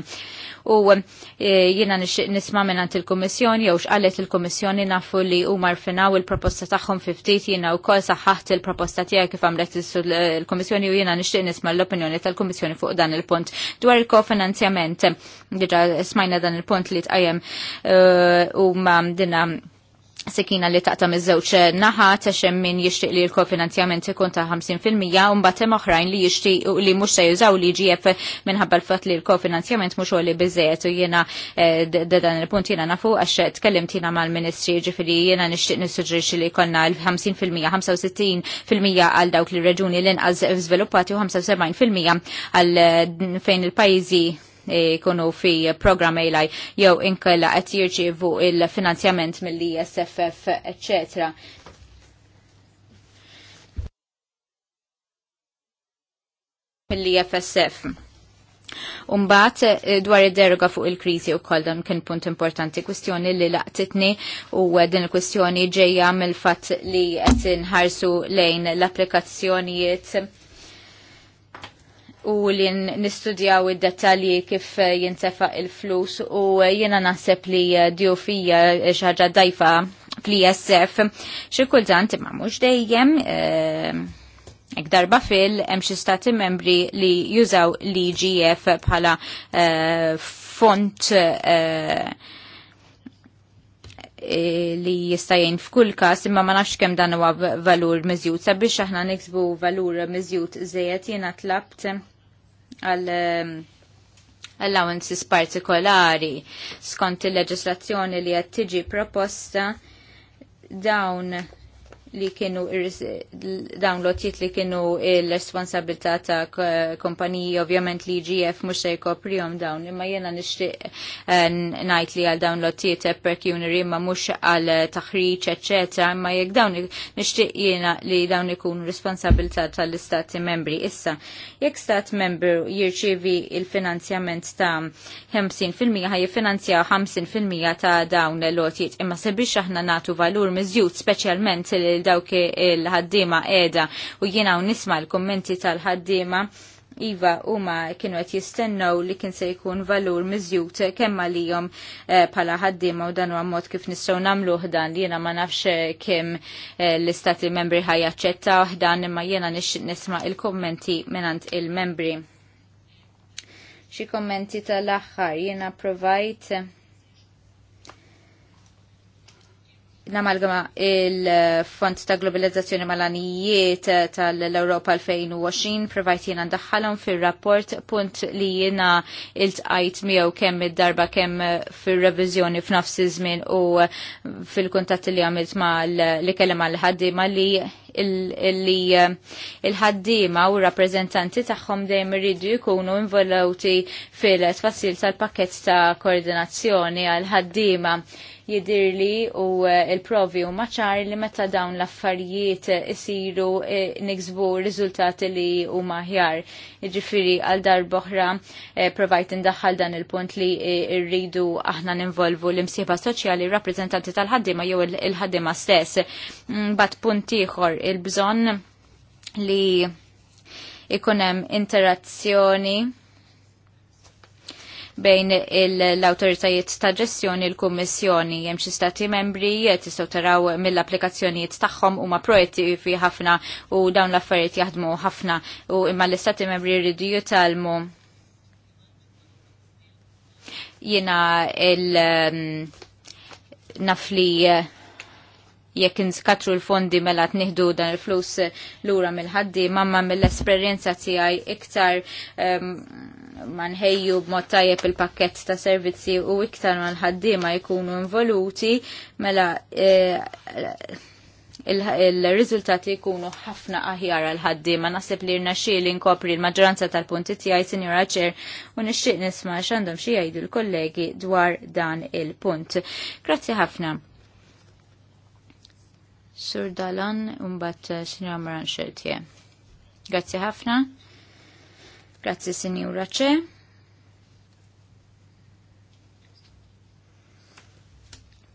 U eh, jiena nisma' minn il-Kummissjoni jew x'qalet il-Kummissjoni nafu li huma rfinaw il-proposta tagħhom fi ftit jiena wkoll saħħaħt il-proposta tiegħi kif għamlet il-Kummissjoni u jiena nixtieq nisma' l-opinjoni tal-Kummissjoni fuq dan il-punt dwar il-kofinanzjament. Diġà smajna dan il-punt li tqajjem eh, u imma dinna sekina li taqta' mizzewċ żewġ naħa ta' min jixtieq li l-kofinanzjament ikun ta' 50% u mbagħad oħrajn li jishtiq li mhux se jużaw li GF minħabba l fat li l-kofinanzjament mhux li biżejjed u jiena eh, dan il-punt jena nafu għax tkellimt ma' mal-Ministri ġifiri jiena nixtieq nissuġġerixxi li jkollna l-50% 65% għal dawk li reġuni l-inqas żviluppati u 75% għal fejn il-pajjiżi ikunu fi program ejlaj jew inkella qed jirċievu il-finanzjament mill-ISFF, etc. mill-IFSF. Umbat eh, dwar id-deroga fuq il-krizi u koll dan kien punt importanti kwestjoni li laqtitni u eh, din il-kwestjoni ġeja mill-fatt li qed ħarsu lejn l-applikazzjonijiet u li nistudjaw id-dettalji kif eh, jintefa il-flus u eh, jena naħseb li eh, fija xaġa dajfa fl-ISF xikultant timma mux dejjem ek darba fil hemm xi stati membri li jużaw l-IGF bħala font uh, Eh, li jistajin f'kull kas imma ma nafx kemm dan huwa valur miżjud. Sabiex aħna niksbu valur miżjud żejjed jiena tlabt għal ehm, allowances partikolari skont il-leġislazzjoni li qed tiġi proposta dawn li kienu dawn lotjiet li kienu l-responsabilità ta' kompaniji ovvjament li GF mhux se jkoprihom dawn imma jiena nixtieq eh, najt li għal dawn lotjiet percunary imma mhux għal taħriġ eccetera imma jekk dawn nixtieq jiena li dawn ikun responsabilità tal-istati membri issa jekk stat membru jirċievi il-finanzjament ta' 50% ħaj finanzja 50% ta' dawn l-lotjiet imma sabiex aħna nagħtu valur miżjud speċjalment lil dawk il-ħaddiema qiegħda u jiena nisma' l-kummenti tal-ħaddiema Iva huma kienu qed jistennew li kien se jkun valur miżjut kemm għalihom eh, bħala ħaddiema u dan huwa mod kif nistgħu nagħmluh dan li jiena ma nafx eh, kemm eh, l-istati membri ħajaċċettaw dan imma jiena nixtieq nisma' il-kummenti mingħand il-membri. Xi kommenti tal-aħħar jiena provajt namalgama il-Fond ta' Globalizzazzjoni malanijiet tal-Europa 2020 provajt jena ndaħħalhom fir-rapport punt li jena il tajt miegħu kemm id-darba kemm fir-reviżjoni f'nofs iż-żmien u fil-kuntatt li għamilt ma' li kellem għal ħaddiema li li eh, il-ħaddima u rappresentanti tagħhom dejjem iridu jkunu involuti fil-tfassil tal-pakket ta' koordinazzjoni għal ħaddiema jidirli u eh, il-provi u maċar li meta dawn l-affarijiet eh, isiru eh, niksbu riżultati li u maħjar. Ġifiri għal boħra provajt indaħħal dan il-punt li rridu aħna ninvolvu l-imsieba soċjali rappresentanti tal-ħaddima jew il-ħaddima stess. Bat punt ieħor il-bżonn li ikunem interazzjoni bejn l-autoritajiet ta' ġestjoni l-Kummissjoni. Hemm xi stati membri tistgħu taraw mill-applikazzjonijiet tagħhom huma projetti fi ħafna u dawn l-affarijiet jaħdmu ħafna u imma l-istati membri jridu jitalmu jiena il mm, nafli eh, jekk nskatru l-fondi mela tniħdu dan il-flus l-ura mill-ħaddi, mamma mill-esperienza tiegħi iktar um, ma nħejju b'mod tajjeb il-pakket ta' servizzi u iktar ma l-ħaddima jkunu involuti mela eh, il-riżultati jkunu ħafna aħjar għal ħaddiema naħseb li rna li nkopri l-maġġoranza tal-punti tiegħi Sinjora Ċer u nixtieq nisma' xandom xi jgħidu l-kollegi dwar dan il-punt. Grazzi ħafna. Sur Dalan, un bat eh, Sinjora Maran Grazie Grazzi ħafna. Grazzi signora C.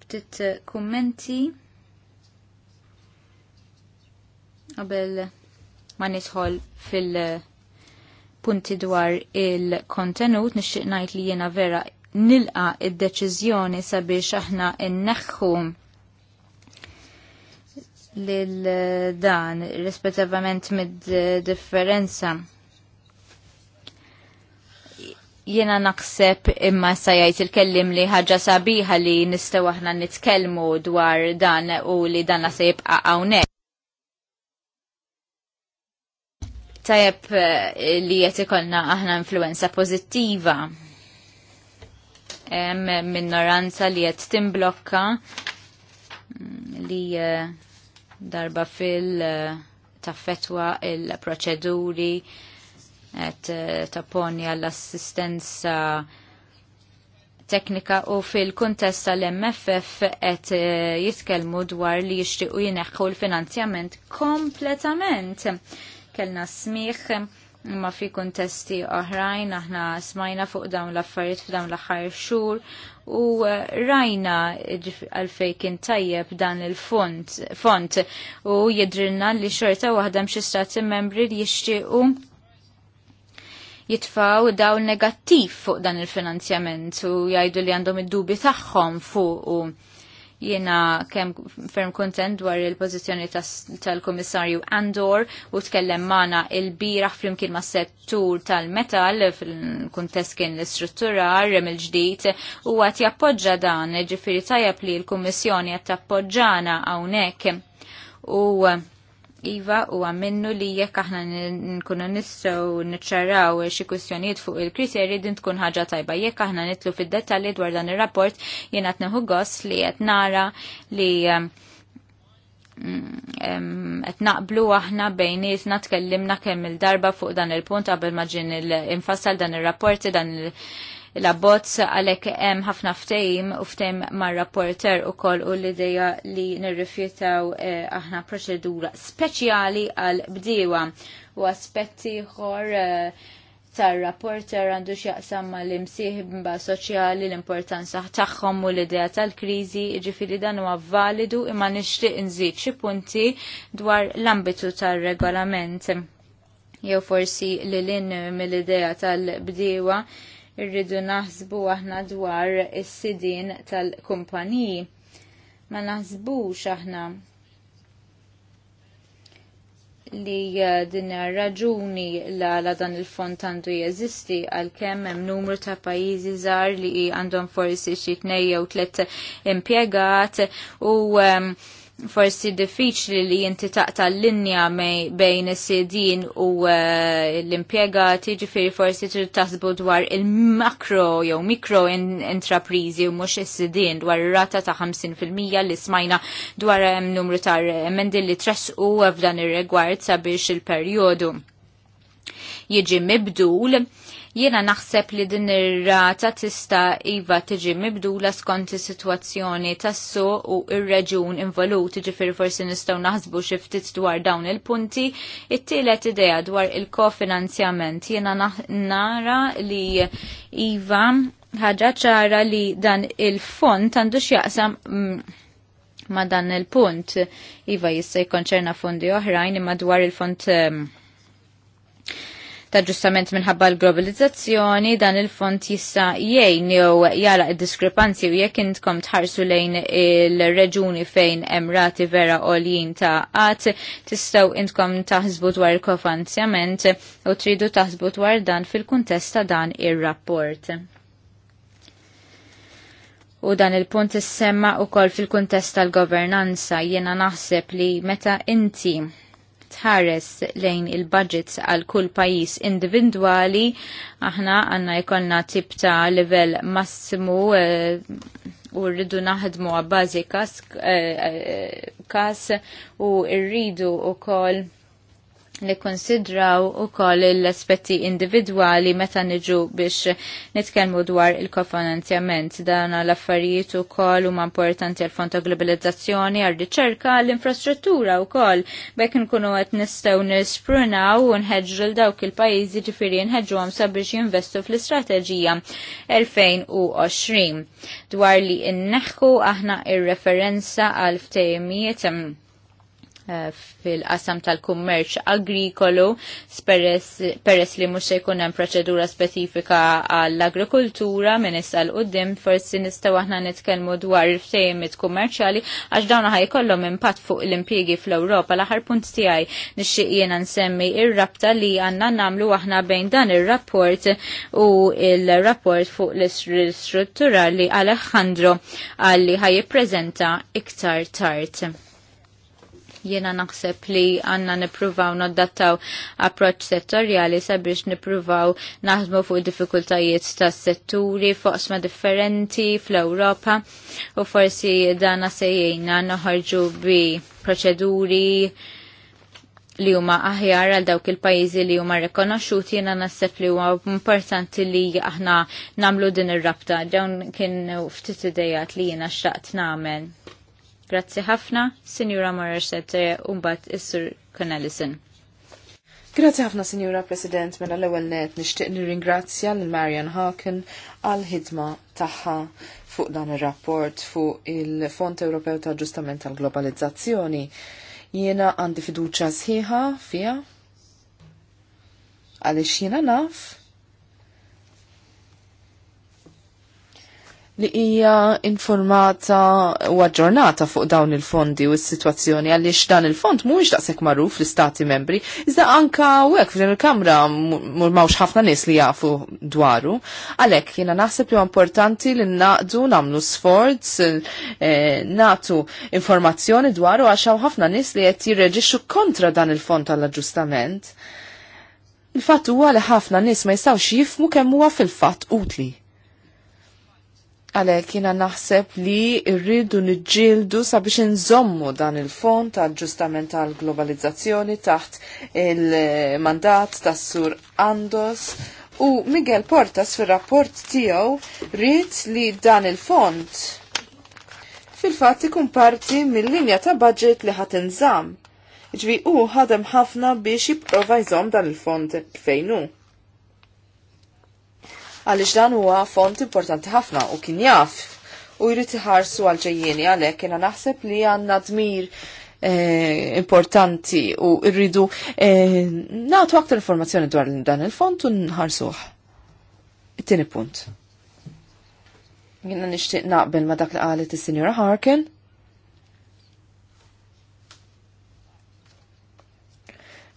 Ftit eh, kummenti qabel ma nidħol fil-punti dwar il-kontenut nixtieq ngħid li jiena vera nilqa id-deċiżjoni sabiex aħna nneħħu lil dan rispettivament mid-differenza Jena naħseb imma sajajt il-kellim li ħagġa sabiħa li nistaw aħna nitkellmu dwar dan u li dan se jibqa' hawnhekk. Tajab eh, li qed ikollna aħna influenza pożittiva hemm minoranza li qed timblokka mm, li eh, darba fil eh, taffetwa il-proċeduri et eh, tapponja għall assistenza teknika u fil-kuntest tal-MFF et eh, jitkelmu dwar li jixtiqu jineħħu l-finanzjament kompletament. Kellna smiħ imma fi kuntesti oħrajn aħna smajna fuq dawn l-affarijiet f'dawn l-aħħar xhur u eh, rajna għalfej kien tajjeb dan il-font u jidrinna li xorta waħda mxistati stati membri li jixtiequ jitfaw daw negattiv fuq dan il-finanzjament u jgħidu li għandhom id-dubi tagħhom fuq u jena kem ferm kontent dwar il-pozizjoni tal-komissarju Andor u tkellem mana il-bira flimkien ma' settur tal-metal fil kontest kien l-istrutturar istruttura il-ġdijt u għat jappoġġa dan ġifiri tajab li l-komissjoni għat tappoġġana għawnek u Iva u għamennu li jekk aħna nkunu nistgħu niċċaraw xi kwistjonijiet fuq il-kriterji jrid tkun ħaġa tajba. Jekk aħna nitlu fid-dettalji dwar dan ir-rapport jien qed neħu gost li qed nara li um, mm, um, qed naqblu aħna bejn bejnietna tkellimna kemm il-darba fuq dan il-punt qabel ma ġin il-infassal dan ir-rapporti dan il-, -rapporti, dan il la bozz għalhekk hemm ħafna ftehim u ftehim mar-rapporter ukoll u l-idea li nirrifjutaw eh, aħna proċedura speċjali għal bdiewa u aspetti ħor eh, tar-rapporter għandu x'jaqsam mal imsieħba soċjali l-importanza tagħhom u l-idea tal-kriżi, jiġifieri dan huwa validu imma nixtieq nżid xi punti dwar l-ambitu tar-regolament jew forsi li lin mill-idea tal-bdiewa irridu naħsbu aħna dwar is-sidin tal-kumpaniji. Ma naħsbux aħna li eh, din raġuni la, la dan il-fond għandu jeżisti għal kemm hemm numru ta' pajjiżi żgħar li għandhom forsi xi tnejn jew tliet impjegat u um, forsi diffiċli li jinti taqta l-linja bejn is-sidin u eh, l tiġi firri forsi t tasbu dwar il-makro jew mikro intraprizi u mhux is-sidin dwar ir-rata ta' 50% li smajna dwar hemm eh, numru ta' emendi li u f'dan ir-rigward sabiex il-perjodu jiġi mibdul Jiena naħseb li din ir-rata tista' iva tiġi mibdula skont is-sitwazzjoni tas-su u ir-reġun involuti ġifir forsi nistgħu naħsbu xi ftit dwar dawn il-punti. It-tielet idea dwar il-kofinanzjament jiena nara li iva ħaġa ċara li dan il fond għandu x'jaqsam mm, ma dan il-punt. Iva jista' jkonċerna fondi oħrajn imma dwar il fond mm, ta' ġustament minħabba l-globalizzazzjoni dan il-fond jista' jgħin jew jara id-diskrepanzi u jekk intkom tħarsu lejn il-reġuni fejn emrati vera għoljin ta' għat tistaw intkom taħsbu dwar il kofanzjament u tridu taħsbu dwar dan fil-kuntest ta' dan ir-rapport u dan il-punt is-semma u kol fil-kuntest tal-governanza jiena naħseb li meta inti tħares lejn il-budgets għal kull pajis individwali, aħna għanna jkollna tip ta' level massimu eh, u rridu naħdmu għabbażi kas, eh, eh, kas u rridu u koll nikkonsidraw ukoll l-aspetti individwali meta nġu biex nitkellmu dwar il-kofinanzjament. Dan l-affarijiet ukoll huma importanti għal fond ta' globalizzazzjoni, għal riċerka, l-infrastruttura wkoll bekk nkunu qed nistgħu nisprunaw u nħedġu l dawk il-pajjiżi ġifieri għam sabiex jinvestu fl-istrateġija 2020. Dwar li n-neħku aħna ir-referenza għal ftejmijiet Eh, fil-qasam tal-kummerċ agrikolu peress li mhux se jkun hemm proċedura speċifika għall-agrikoltura minn issa l qudiem forsi nistgħu aħna nitkellmu dwar il-ftehimiet kummerċjali għax dawn ħajkollhom impatt fuq l-impjiegi fl-Ewropa l-aħħar punt tiegħi nixtieq jiena nsemmi ir-rabta li għandna nagħmlu aħna bejn dan ir-rapport u il-rapport fuq l-istruttura li Alejandro għalli ħaj jippreżenta iktar tard. Jena naħseb li għanna nipruvaw noddattaw approċ settorjali sabiex nipruvaw naħdmu fuq diffikultajiet ta' setturi foqsma differenti fl-Ewropa u forsi dana sejjina noħarġu bi proċeduri li huma aħjar għal dawk il-pajjiżi li huma rikonoxxuti jiena naħseb li huwa importanti li aħna nagħmlu din ir-rabta. Dawn kienu ftit idejat li jiena xtaqt nagħmel. Grazzi ħafna, Sinjura Morerset, eh, umbat Issur Connellison. Grazzi ħafna, Sinjura President, mela l-ewel net nishtiq nirringrazzja l-Marian Hawken għal-ħidma taħħa fuq dan il-rapport fuq il-Fond Ewropew ta' Ġustament tal-Globalizzazzjoni. Jiena għandi fiduċa sħiħa fija għalix jiena naf li hija informata u aġġornata fuq dawn il-fondi u s-sitwazzjoni għaliex dan il-fond mhuwiex daqshekk magħruf fl-istati membri, iżda anka hekk f'din il-kamra mawx ħafna nies li jafu dwaru. Għalhekk jiena naħseb li importanti li naqdu nagħmlu sforz eh, nagħtu informazzjoni dwaru għax hawn ħafna nies li qed jirreġixxu kontra dan il-fond tal-aġġustament. Il-fatt huwa li ħafna nies ma jistgħux jifhmu kemm huwa fil-fatt utli għale kiena naħseb li rridu nġildu sabiex nżommu dan il-fond tal-ġustament tal-globalizzazzjoni taħt il-mandat tas-sur Andos U Miguel Portas fil-rapport tiegħu rrit li dan il fond fil-fatt ikun parti mill-linja ta' budget li ħat inżam. Ġvi u ħadem ħafna biex jipprova jżomm dan il fond fejnu għaliex dan huwa font importanti ħafna u kien jaf u jrid iħarsu għal ġejjieni għalhekk jiena naħseb li għandna dmir eh, importanti u rridu eh, nagħtu aktar informazzjoni dwar dan il-font u nħarsuh. It-tieni punt. Jiena nixtieq naqbel ma dak li qalet is-Sinjora Harkin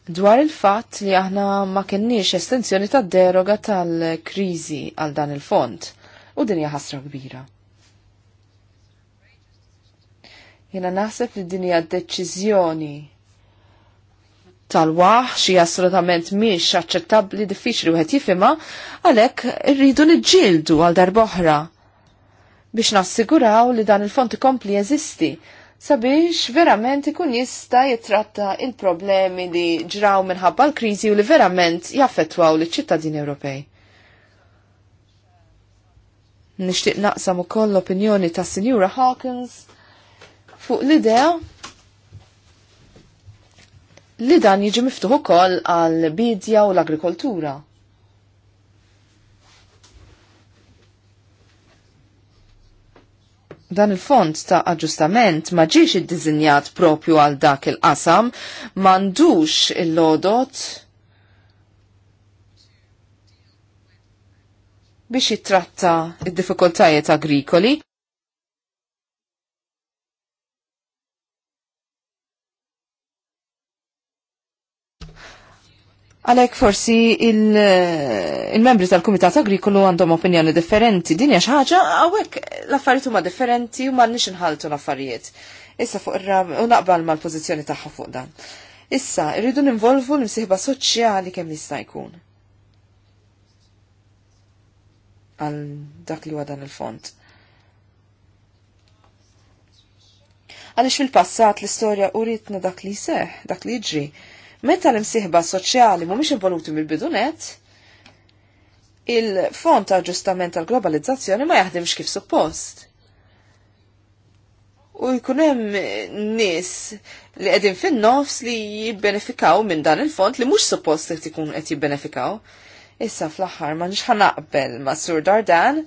dwar il-fatt li aħna ma kenniex estensjoni ta' deroga tal-krizi għal dan il-fond u din hija ħasra kbira. Jena naħseb li din hija deċiżjoni tal waħx xi assolutament mhix aċċettabbli diffiċli wieħed jifhimha għalhekk irridu niġġieldu għal oħra biex nassiguraw li dan il-fond ikompli jeżisti sabiex verament ikun jista jitratta il-problemi li ġraw minħabba l-krizi u li verament jaffettwaw li ċittadini Ewropej. Nishtiq naqsam ukoll l-opinjoni ta' Sinjura Hawkins fuq l-idea li dan jiġi miftuħ ukoll għal bidja u l-agrikoltura. dan il-fond ta' aġġustament ma ġiex id-dizinjat propju għal dak il-qasam, mandux il-lodot biex jitratta id-diffikultajiet agrikoli Għalek forsi eh, il-membri il membri tal kumitat Agrikolu għandhom opinjoni differenti. Din hija xi ħaġa hawnhekk l-affarijiet huma differenti u m'għandniex inħaltu l-affarijiet. Issa fuq u naqbal mal-pożizzjoni tagħha fuq dan. Issa irridu ninvolvu l-imsieħba soċjali kemm jista' jkun. Għal dak li huwa dan il-font. Għaliex fil-passat l-istorja uritna dak li seħ, dak li ġri Meta l-imsieħba soċjali mhumiex involuti mill-bidunet, il-fond ta' ġustament tal-globalizzazzjoni ma jaħdimx kif suppost u jkun hemm li qegħdin fin-nofs li jibbenefikaw minn dan il-fond li mhux suppost li tkun qed jibbenefikaw. Issa fl-aħħar ma nix naqbel ma' Sur Dardan,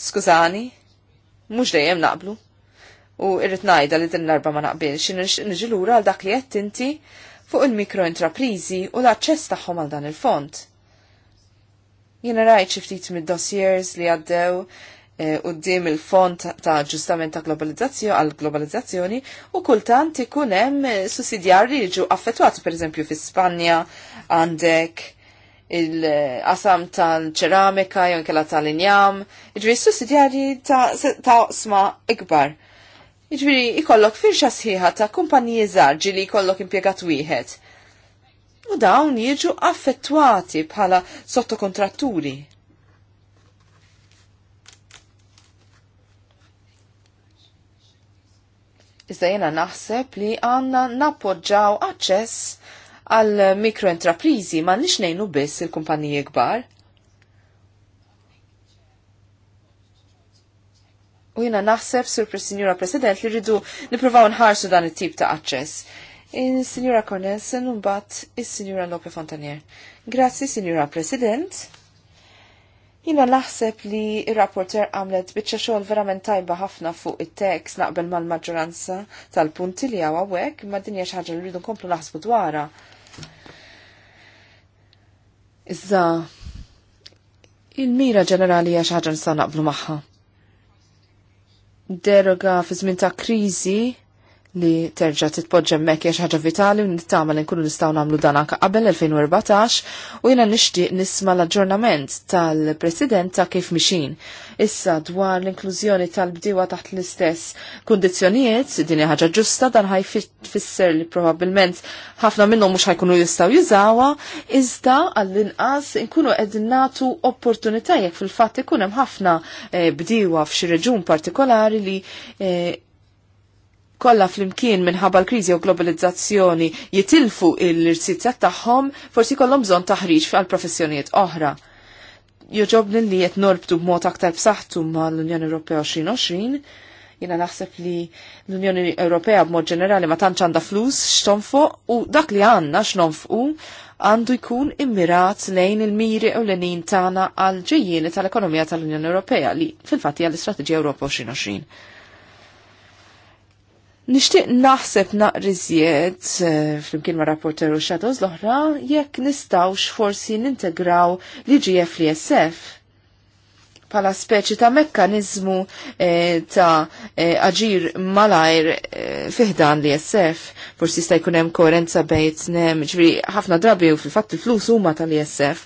skużani, mhux dejjem naqblu. U irrid ngħidha li din l-arba ma naqbilx, niġi lura għal dak li qed inti fuq il-mikroentreprizi u l-aċċess tagħhom għal dan il-fond. Jiena rajt xi ftit mid-dossiers li għaddew eh, qudiem il-fond ta' ġustament ta' globalizzazzjoni għal globalizzazzjoni u kultant ikun hemm eh, sussidjarji li ġew affettwati pereżempju fi Spanja għandek il-qasam tal-ċeramika, jew kella tal-injam, ġvi sussidjarji ta', ta sma ikbar. Iġviri, ikollok firxa sħiħa ta' kumpaniji zarġi li jkollok impiegat wieħed. U dawn jiġu affettwati bħala sottokontratturi. Iżda jena naħseb li għanna nappoġġaw aċċess għal mikroentreprizi ma nix nejnu biss il-kumpaniji kbar. U jina naħseb, Sur Signora President, li rridu niprofaw nħarsu dan it-tip ta' aċċess. In signora Cornelsen un bat is signora Lope Fontanier. Grazzi, Signora President. Jina naħseb li il-rapporter għamlet bieċa xogħol verament tajba ħafna fuq it teks naqbel mal-maġġoranza tal-punti li għaw għawek, ma dinja xaġa li rridu nkomplu naħsbu dwara. Iżda, il-mira ġenerali għax ħaġa naqblu maħħa deroga fi żmien ta' kriżi li terġa' titpoġġa mek hija ħaġa vitali u nittama li nkunu nistgħu nagħmlu dan anka qabel 2014 u jiena nixtieq nisma' l-aġġornament tal-President ta' kif mixin. Issa dwar l-inklużjoni tal bdiwa taħt l-istess kundizzjonijiet din ħagġa ħaġa ġusta dan ħajfisser li probabbilment ħafna minnhom mhux ħajkunu jistgħu jizawa, iżda għall-inqas nkunu ednatu nagħtu fil-fatt ikun hemm ħafna eh, bdiewa f'xi reġun partikolari li eh, kollha flimkien minħabba l-kriżi u globalizzazzjoni jitilfu l-irsizzat tagħhom, forsi kollhom bżonn taħriġ għal professjonijiet oħra. Joġobni li qed norbtu b'mod aktar b'saħħtu mal-Unjoni Ewropea 2020, jina naħseb li l-Unjoni Ewropea b'mod ġenerali ma tantx għandha flus x'tonfoq u dak li għandna x'nonfqu għandu jkun immirat lejn il-miri u l-enin tagħna għal ġejjieni tal-ekonomija tal-Unjoni Ewropea li fil-fatt hija l-Istrateġija Ewropa 2020. Nishtiq naħseb fl eh, flimkien ma' rapporter u shadows l-oħra jekk nistaw forsi nintegraw l-IGF li SF pala speċi ta' mekkanizmu eh, ta' eh, aġir malajr fiħdan li jessef. Forsi sta' jkunem koerenza bejt nem, ġviri ħafna drabi u fil-fatt il-flus huma tal jessef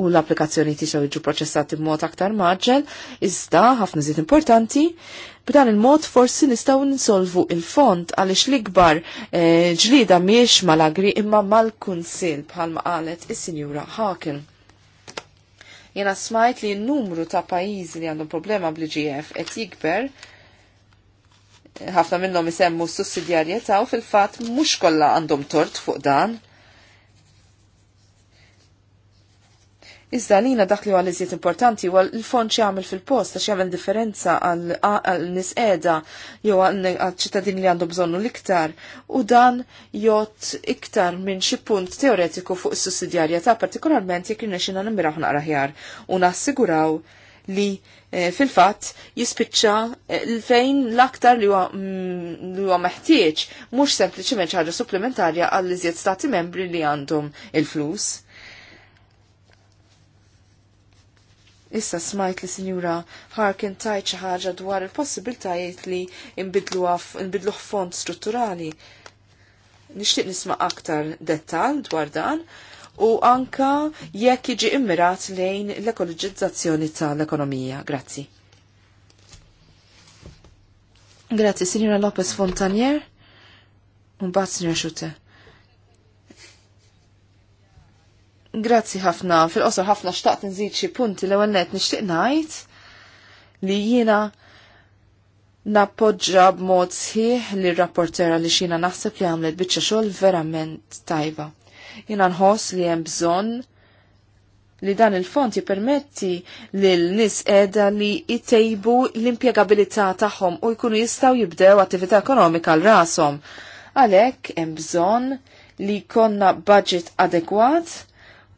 u l-applikazzjoni tisaw iġu proċessati b'mod aktar maġġel, iżda ħafna zit importanti B'dan il-mod forsi nistaw ninsolvu il-font għaliex l-ikbar eh, ġlida miex mal-agri imma mal-kunsil bħalma qalet is-Sinjura Haken. Jena smajt li n-numru ta' pajizi li għandhom problema bl-GF qed jikber ħafna minnhom isemmu s sussidjarjetà u fil-fatt mhux kollha għandhom tort fuq dan Iżda lina dak li għal iżjed importanti għal il-fond xjamil fil-post, għax jagħmel differenza għal nis edha jew għal ċittadini li għandu bżonnu l-iktar u dan jot iktar minn xi punt teoretiku fuq is-sussidjarjetà partikolarment jekk xina nimbiraħ naqra u nassiguraw li eh, fil-fatt jispiċċa eh, fejn l-aktar mm, li huwa meħtieġ mhux sempliċiment ħaġa supplementarja għall iżjed stati membri li għandhom il-flus. Issa smajt li sinjura Harkin tajt xi ħaġa dwar il-possibiltajiet li nbidluh fond strutturali. Nixtieq nisma' aktar dettal dwar dan u anka jekk jiġi immirat lejn l-ekoloġizzazzjoni tal-ekonomija. Grazzi. Grazzi, Signora Lopez Fontanier. Un bat, Signora Xute. Grazzi ħafna, fil-qosor ħafna xtaqt nżid xi punti l-ewwel nett nixtieq ngħid li jiena nappoġġa b'mod sħiħ li rapportera li xina naħseb li għamlet biċċa xogħol verament tajba. Jiena nħoss li hemm bżonn li dan il-fond jipermetti li l-nis edha li jitejbu l-impiegabilità tagħhom u jkunu jistaw jibdew attività ekonomika l rasom Għalhekk hemm bżonn li konna budget adekwat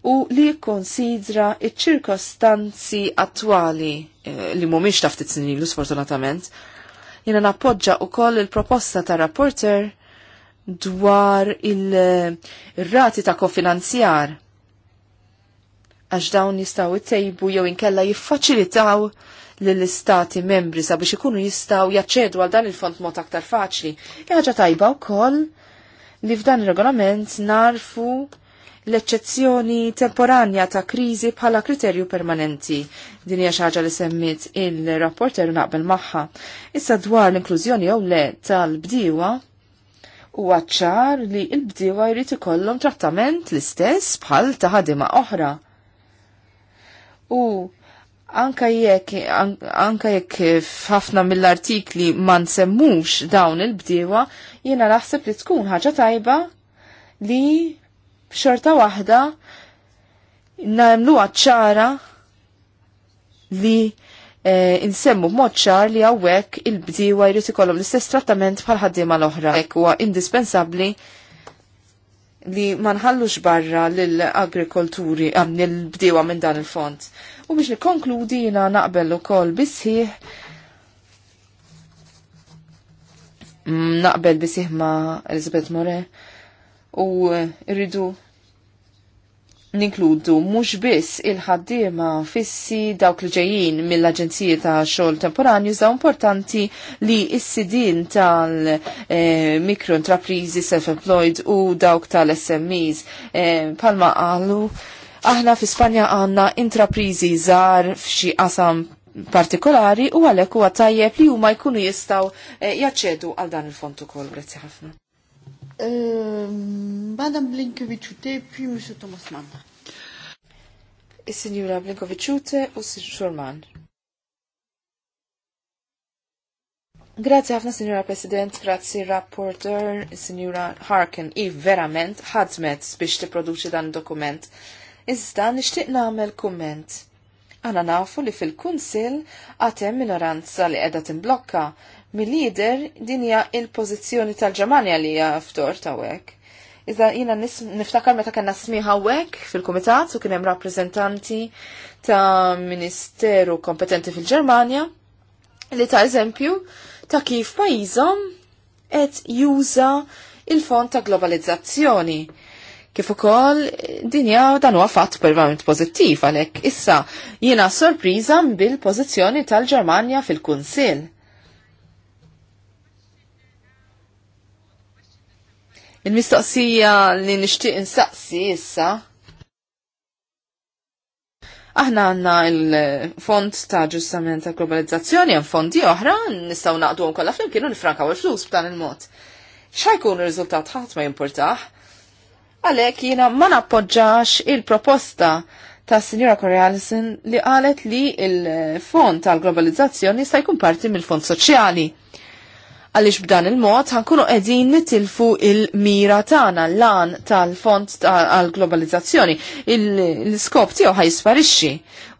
u li konsidra iċ-ċirkostanzi attwali eh, li mumiex taftit snilu sfortunatament. jina nappoġġa u koll il-proposta ta' rapporter dwar il-rati ta' kofinanzjar għax dawn jistaw it-tejbu jew inkella jiffaċilitaw lill-istati membri sabiex ikunu jistaw jaċċedu għal dan il-font mod aktar faċli. Ħaġa tajba wkoll li f'dan ir regolament narfu l-eċċezzjoni temporanja ta' kriżi bħala kriterju permanenti. Din hija xaġa li semmit il-rapporter naqbel magħha. Issa dwar l-inklużjoni jew le tal-bdiewa huwa ċar li l-bdiewa jrid ikollhom trattament l-istess bħal ta' ħadima oħra. U anka jekk anka jekk f'ħafna mill-artikli ma nsemmux dawn il-bdiewa, jiena naħseb li tkun ħaġa tajba li xorta waħda namluha ċara li eh, insemmu b'mod ċar li hawnhekk il-bdiewa jrid ikollhom l-istess trattament bħal ħaddiema l-oħra. Hekk huwa indispensabbli li ma nħallux barra lill-agrikolturi għam lill-bdiewa minn dan il-fond. U biex nikkonkludi jiena naqbel ukoll bisħiħ mm, naqbel bisħiħ ma Elizabeth More u eh, rridu ninkludu mhux biss il-ħaddiema fissi dawk li ġejjin mill aġenzija ta' xogħol temporanju iżda importanti li s-sidin tal mikroentrapriżi eh, self-employed u dawk tal-SMEs eh, palma qalu aħna fi Spanja għandna intrapriżi żgħar f'xi qasam partikolari u għalhekk huwa tajjeb li huma jkunu jistgħu eh, jaċċedu għal dan il-fond ukoll. Grazzi ħafna. Euh, Madame Blinkovic-Ute, puis Monsieur Thomas Mann. Is-Sinjura Blinkovic-Ute u Sir Mann. Grazie ħafna, Signora President, grazie Rapporteur, Signora Harkin, i verament ħadmet biex tipproduċi dan dokument. Iżda nixtieq nagħmel kumment. Għana nafu li fil-Kunsil għatem minoranza li qiegħda timblokka mill-lider din hija il-pożizzjoni tal-Ġermanja li hija ftor hekk. Iżda jina niftakar meta kellna smiħa wek fil-komitat u kienem rappresentanti ta' ministeru kompetenti fil-Ġermanja li ta' eżempju ta' kif pajizom et juża il-fond ta' globalizzazzjoni. Kif ukoll dinja dan huwa fatt pervament pożittiv għalhekk issa jiena sorpriża bil-pożizzjoni tal-Ġermanja fil-Kunsill Il-mistoqsija li nixtieq insaqsi issa. Aħna għanna il-fond ta' ġustament ta' globalizzazzjoni, għan fondi oħra, nistaw naqdu kollha flimkien nifranka nifrankaw il-flus b'dan il-mod. ċajkun il-rizultat ħadd ma jimportax? Għalek jina ma nappoġġax il-proposta ta' Signora Correalison li qalet li il-fond tal-globalizzazzjoni sta' jkun parti mill-fond soċjali għaliex b'dan il-mod ħankunu qegħdin nitilfu il-mira tagħna lan tal-fond għall-globalizzazzjoni. Il-skop tiegħu ħajsparixxi.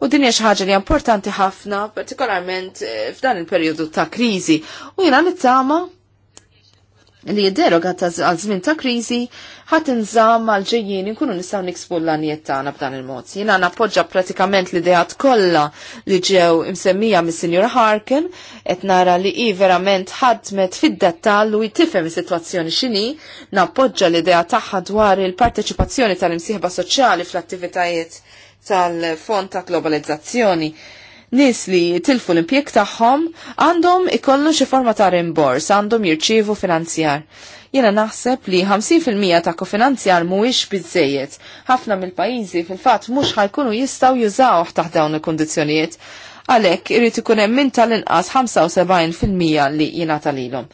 U din hija xi ħaġa li importanti ħafna, partikolarment eh, f'dan il-perjodu ta' kriżi. U jiena nittama li d-deroga għal żmien ta' kriżi ħadd nżam għal ġejjin nkunu nistgħu niksbu l-għanijiet tagħna b'dan il-mod. Jiena nappoġġa pratikament l-ideat kollha li ġew imsemmija mis-Sinjur Harkin qed nara li hi verament ħadmet fid-dettall u jitifhem is-sitwazzjoni x'inhi, nappoġġa l-idea tagħha dwar il-parteċipazzjoni tal-imsieħba soċjali fl-attivitajiet tal-Fond ta' Globalizzazzjoni nis li tilfu l-impjek tagħhom għandhom ikollu xi forma ta' rimbors, għandhom jirċievu finanzjar. Jena naħseb li 50% ta' kofinanzjar mhuwiex biżejjed. Ħafna mill-pajjiżi fil-fatt mhux ħajkunu jistgħu jużawh taħt dawn il-kundizzjonijiet. Għalhekk irid ikun hemm min tal-inqas 75% li jingħata lilhom.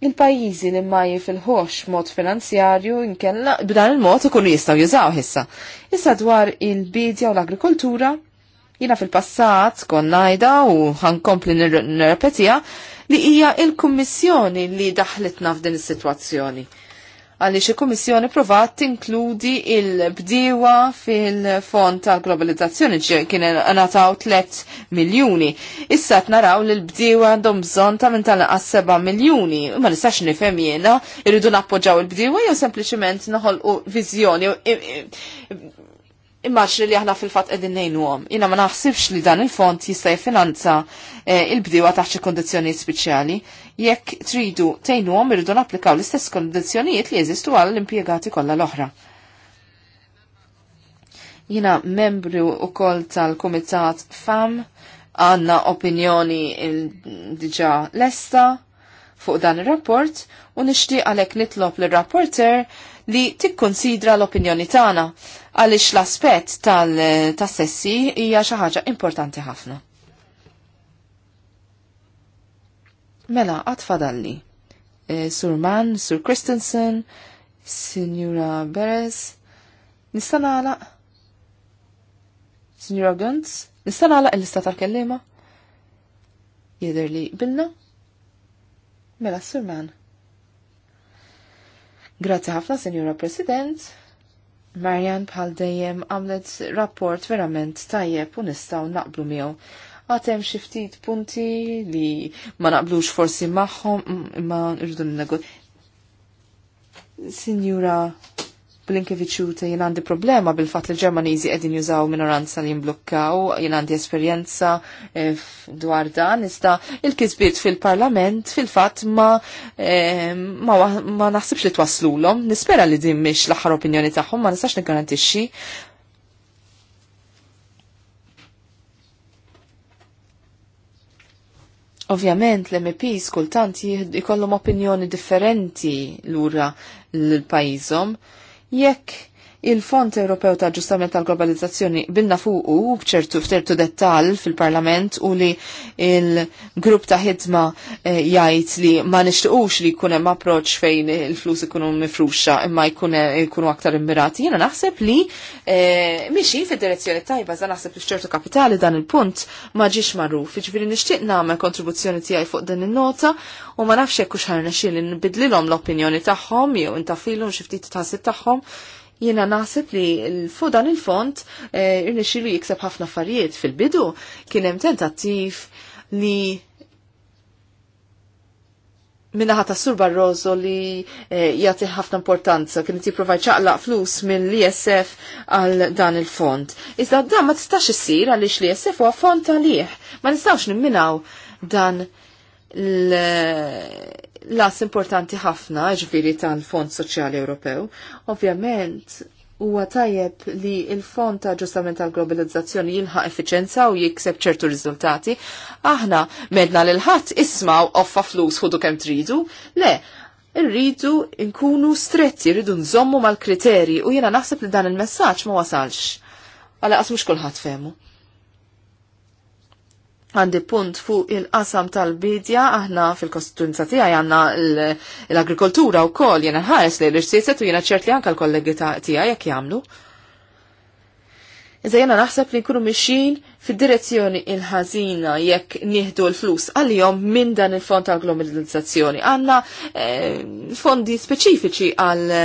Il-pajjiżi li ma jifilħux mod finanzjarju inkella b'dan il-mod ikunu jistgħu jużaw issa. Issa dwar il-bidja u l-agrikoltura, Jina fil-passat kon najda u ħankompli nirrepetija li hija il-Kummissjoni li daħletna f'din is-sitwazzjoni. Għaliex il-Kummissjoni provat tinkludi il-bdiewa fil-fond tal-globalizzazzjoni kien nataw 3 miljuni. Issa qed naraw li l-bdiewa għandhom bżonn ta' minn tal 7 miljuni. Ma nistax nifhem jiena irridu nappoġġaw il-bdiewa jew sempliċiment noħolqu viżjoni immaċ li aħna fil-fat edin nejnu għom. Jina ma naħsibx li dan il-font jista' jfinanza eh, il-bdiwa taħċi kondizjoni speċjali. Jekk tridu tejnu għom irridu napplikaw l-istess kondizjonijiet li jeżistu għal l-impiegati kollha l-oħra. Jina membru u koll tal-Kumitat FAM għanna opinjoni l lesta fuq dan il-rapport u nishtiq għalek nitlob l-rapporter li tikkonsidra l-opinjoni tagħna għaliex l-aspett tal tassessi hija xi ħaġa importanti ħafna. Mela, għad fadalli. E, Sur Mann, Sur Christensen, Signora Beres, nistanala. Signora Guns, nistanala il-lista tal-kellima. Jeder li bilna? Mela, Sur Mann. Grazzi ħafna, Senjora President. Marjan bħal dejjem għamlet rapport verament tajjeb u nistaw naqblu miegħu. Għatem xiftit punti li ma naqblux forsi maħħom imma rridu n Signora ta' jien għandi problema bil-fat li ġermaniżi qegħdin jużaw minoranza li jimblukkaw, jien għandi esperjenza eh, dwar dan, iżda il-kisbiet fil-parlament fil-fatt ma, eh, ma, ma naħsibx li twaslulhom, nispera li din mhix l-aħħar opinjoni tagħhom, ma nistax niggarantixxi. Ovvjament l-MPs kultant jikollhom opinjoni differenti lura l-pajjiżhom. l pajjiżhom l jekk Il-Fond Ewropew ta' ġustament tal-globalizzazzjoni bilna fuqu u bċertu f'tertu dettal fil-Parlament u li il-grupp ta' ħidma eh, jgħid li ma nixtiqux li jkun hemm approċċ fejn il-flus ikunu mifruxa imma eh, jkunu aktar immirati. Jiena naħseb li eh, miexi fil fid-direzzjoni tajba za naħseb li f'ċertu kapitali dan il-punt ma ġiex marruf. Jiġifieri nixtieq nagħmel kontribuzzjoni tiegħi fuq din in-nota u ma nafx hekk hux ħarna xi li nbidlilhom l-opinjoni tagħhom jew intafilhom xi ftit tħassib tagħhom Jiena naħseb li l-fudan il-font eh, irnexilu jikseb ħafna affarijiet fil-bidu kien hemm tentattiv li minnaħat ta' Sur Barroso li jati eh, jagħti ħafna importanza kien jipprovaj ċaqla flus minn l-ISF għal dan il-fond. Iżda dan ma tistax issir għaliex l-ISF huwa fond għalih. Ma nistgħux nimminaw dan l-as importanti ħafna ġviri tal-Fond Soċjali Ewropew. Ovvjament, huwa tajjeb li il-fond ta' ġustament tal-globalizzazzjoni jilħaq effiċenza u jikseb ċertu riżultati, aħna medna lil ħadd ismaw offa flus ħudu kemm tridu, le, rridu nkunu stretti, rridu nżommu mal-kriteri u jiena naħseb li dan il-messaġġ ma wasalx. Għala qas mhux kulħadd femu għandi punt fuq il-qasam tal-bidja, aħna fil-kostituenza tiegħi għandna l-agrikoltura wkoll jiena ħares li l-irsiset u jiena ċert li anke l-kollegi tiegħi jekk jagħmlu. Iżda jiena naħseb li nkunu mixin fid-direzzjoni il-ħażina jekk nieħdu l-flus għalihom minn dan il-fond tal-globalizzazzjoni. Għandna eh, fondi speċifiċi għal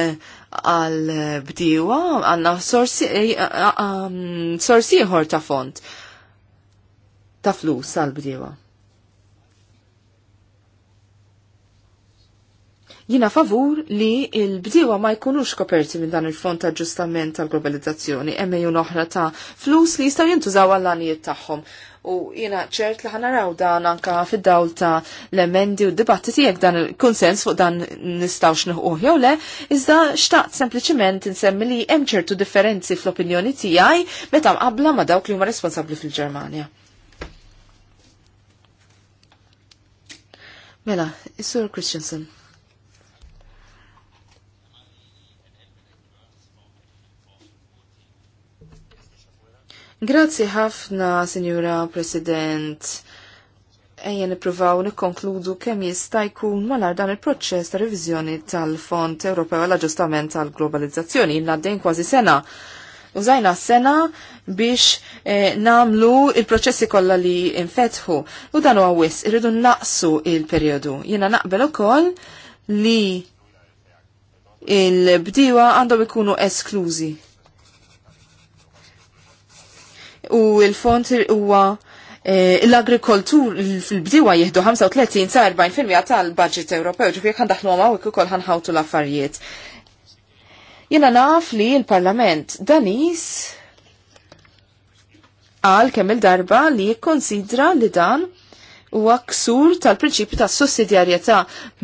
għal bdiewa, għandna sorsi eh, eh, ieħor ta' fond ta' flus għal-bdiewa. Jina favur li il-bdiewa ma jkunux koperti minn dan il-fond ta' ġustament tal-globalizzazzjoni, jun oħra ta' flus li jistaw jintużaw għall-għanijiet tagħhom. U jina ċert li ħanaraw dan anka fid-dawl ta' l-emendi u d-dibattiti jek dan il-konsens fuq dan nistawx nħuħ jew le, iżda xtaqt sempliciment insemmi li hemm ċertu differenzi fl-opinjoni tiegħi meta mqabla ma dawk li huma responsabbli fil-Ġermanja. Mela, Sir Christensen. Grazzi ħafna, Signora President. Ejja nipruvaw nikkonkludu kemm jista' jkun malar dan il-proċess ta' reviżjoni tal-Fond Ewropew għall aġġustament tal-Globalizzazzjoni Naddejn kważi sena Użajna s-sena biex eh, namlu il-proċessi kollha li infetħu. U dan huwa wis, irridu naqsu il-perjodu. Jiena naqbel ukoll li il bdiwa għandhom ikunu esklużi. U il-font huwa eh, l-agrikoltur fil-bdiwa jihdu 35 sa 40% tal-budget Ewropew, ġifier kan daħlu għamaw ikkoll ħanħawtu l-affarijiet. Jena naf li il-Parlament Danis għal kemm il-darba li jikkonsidra li dan huwa ksur tal-prinċipju ta' sussidjarjetà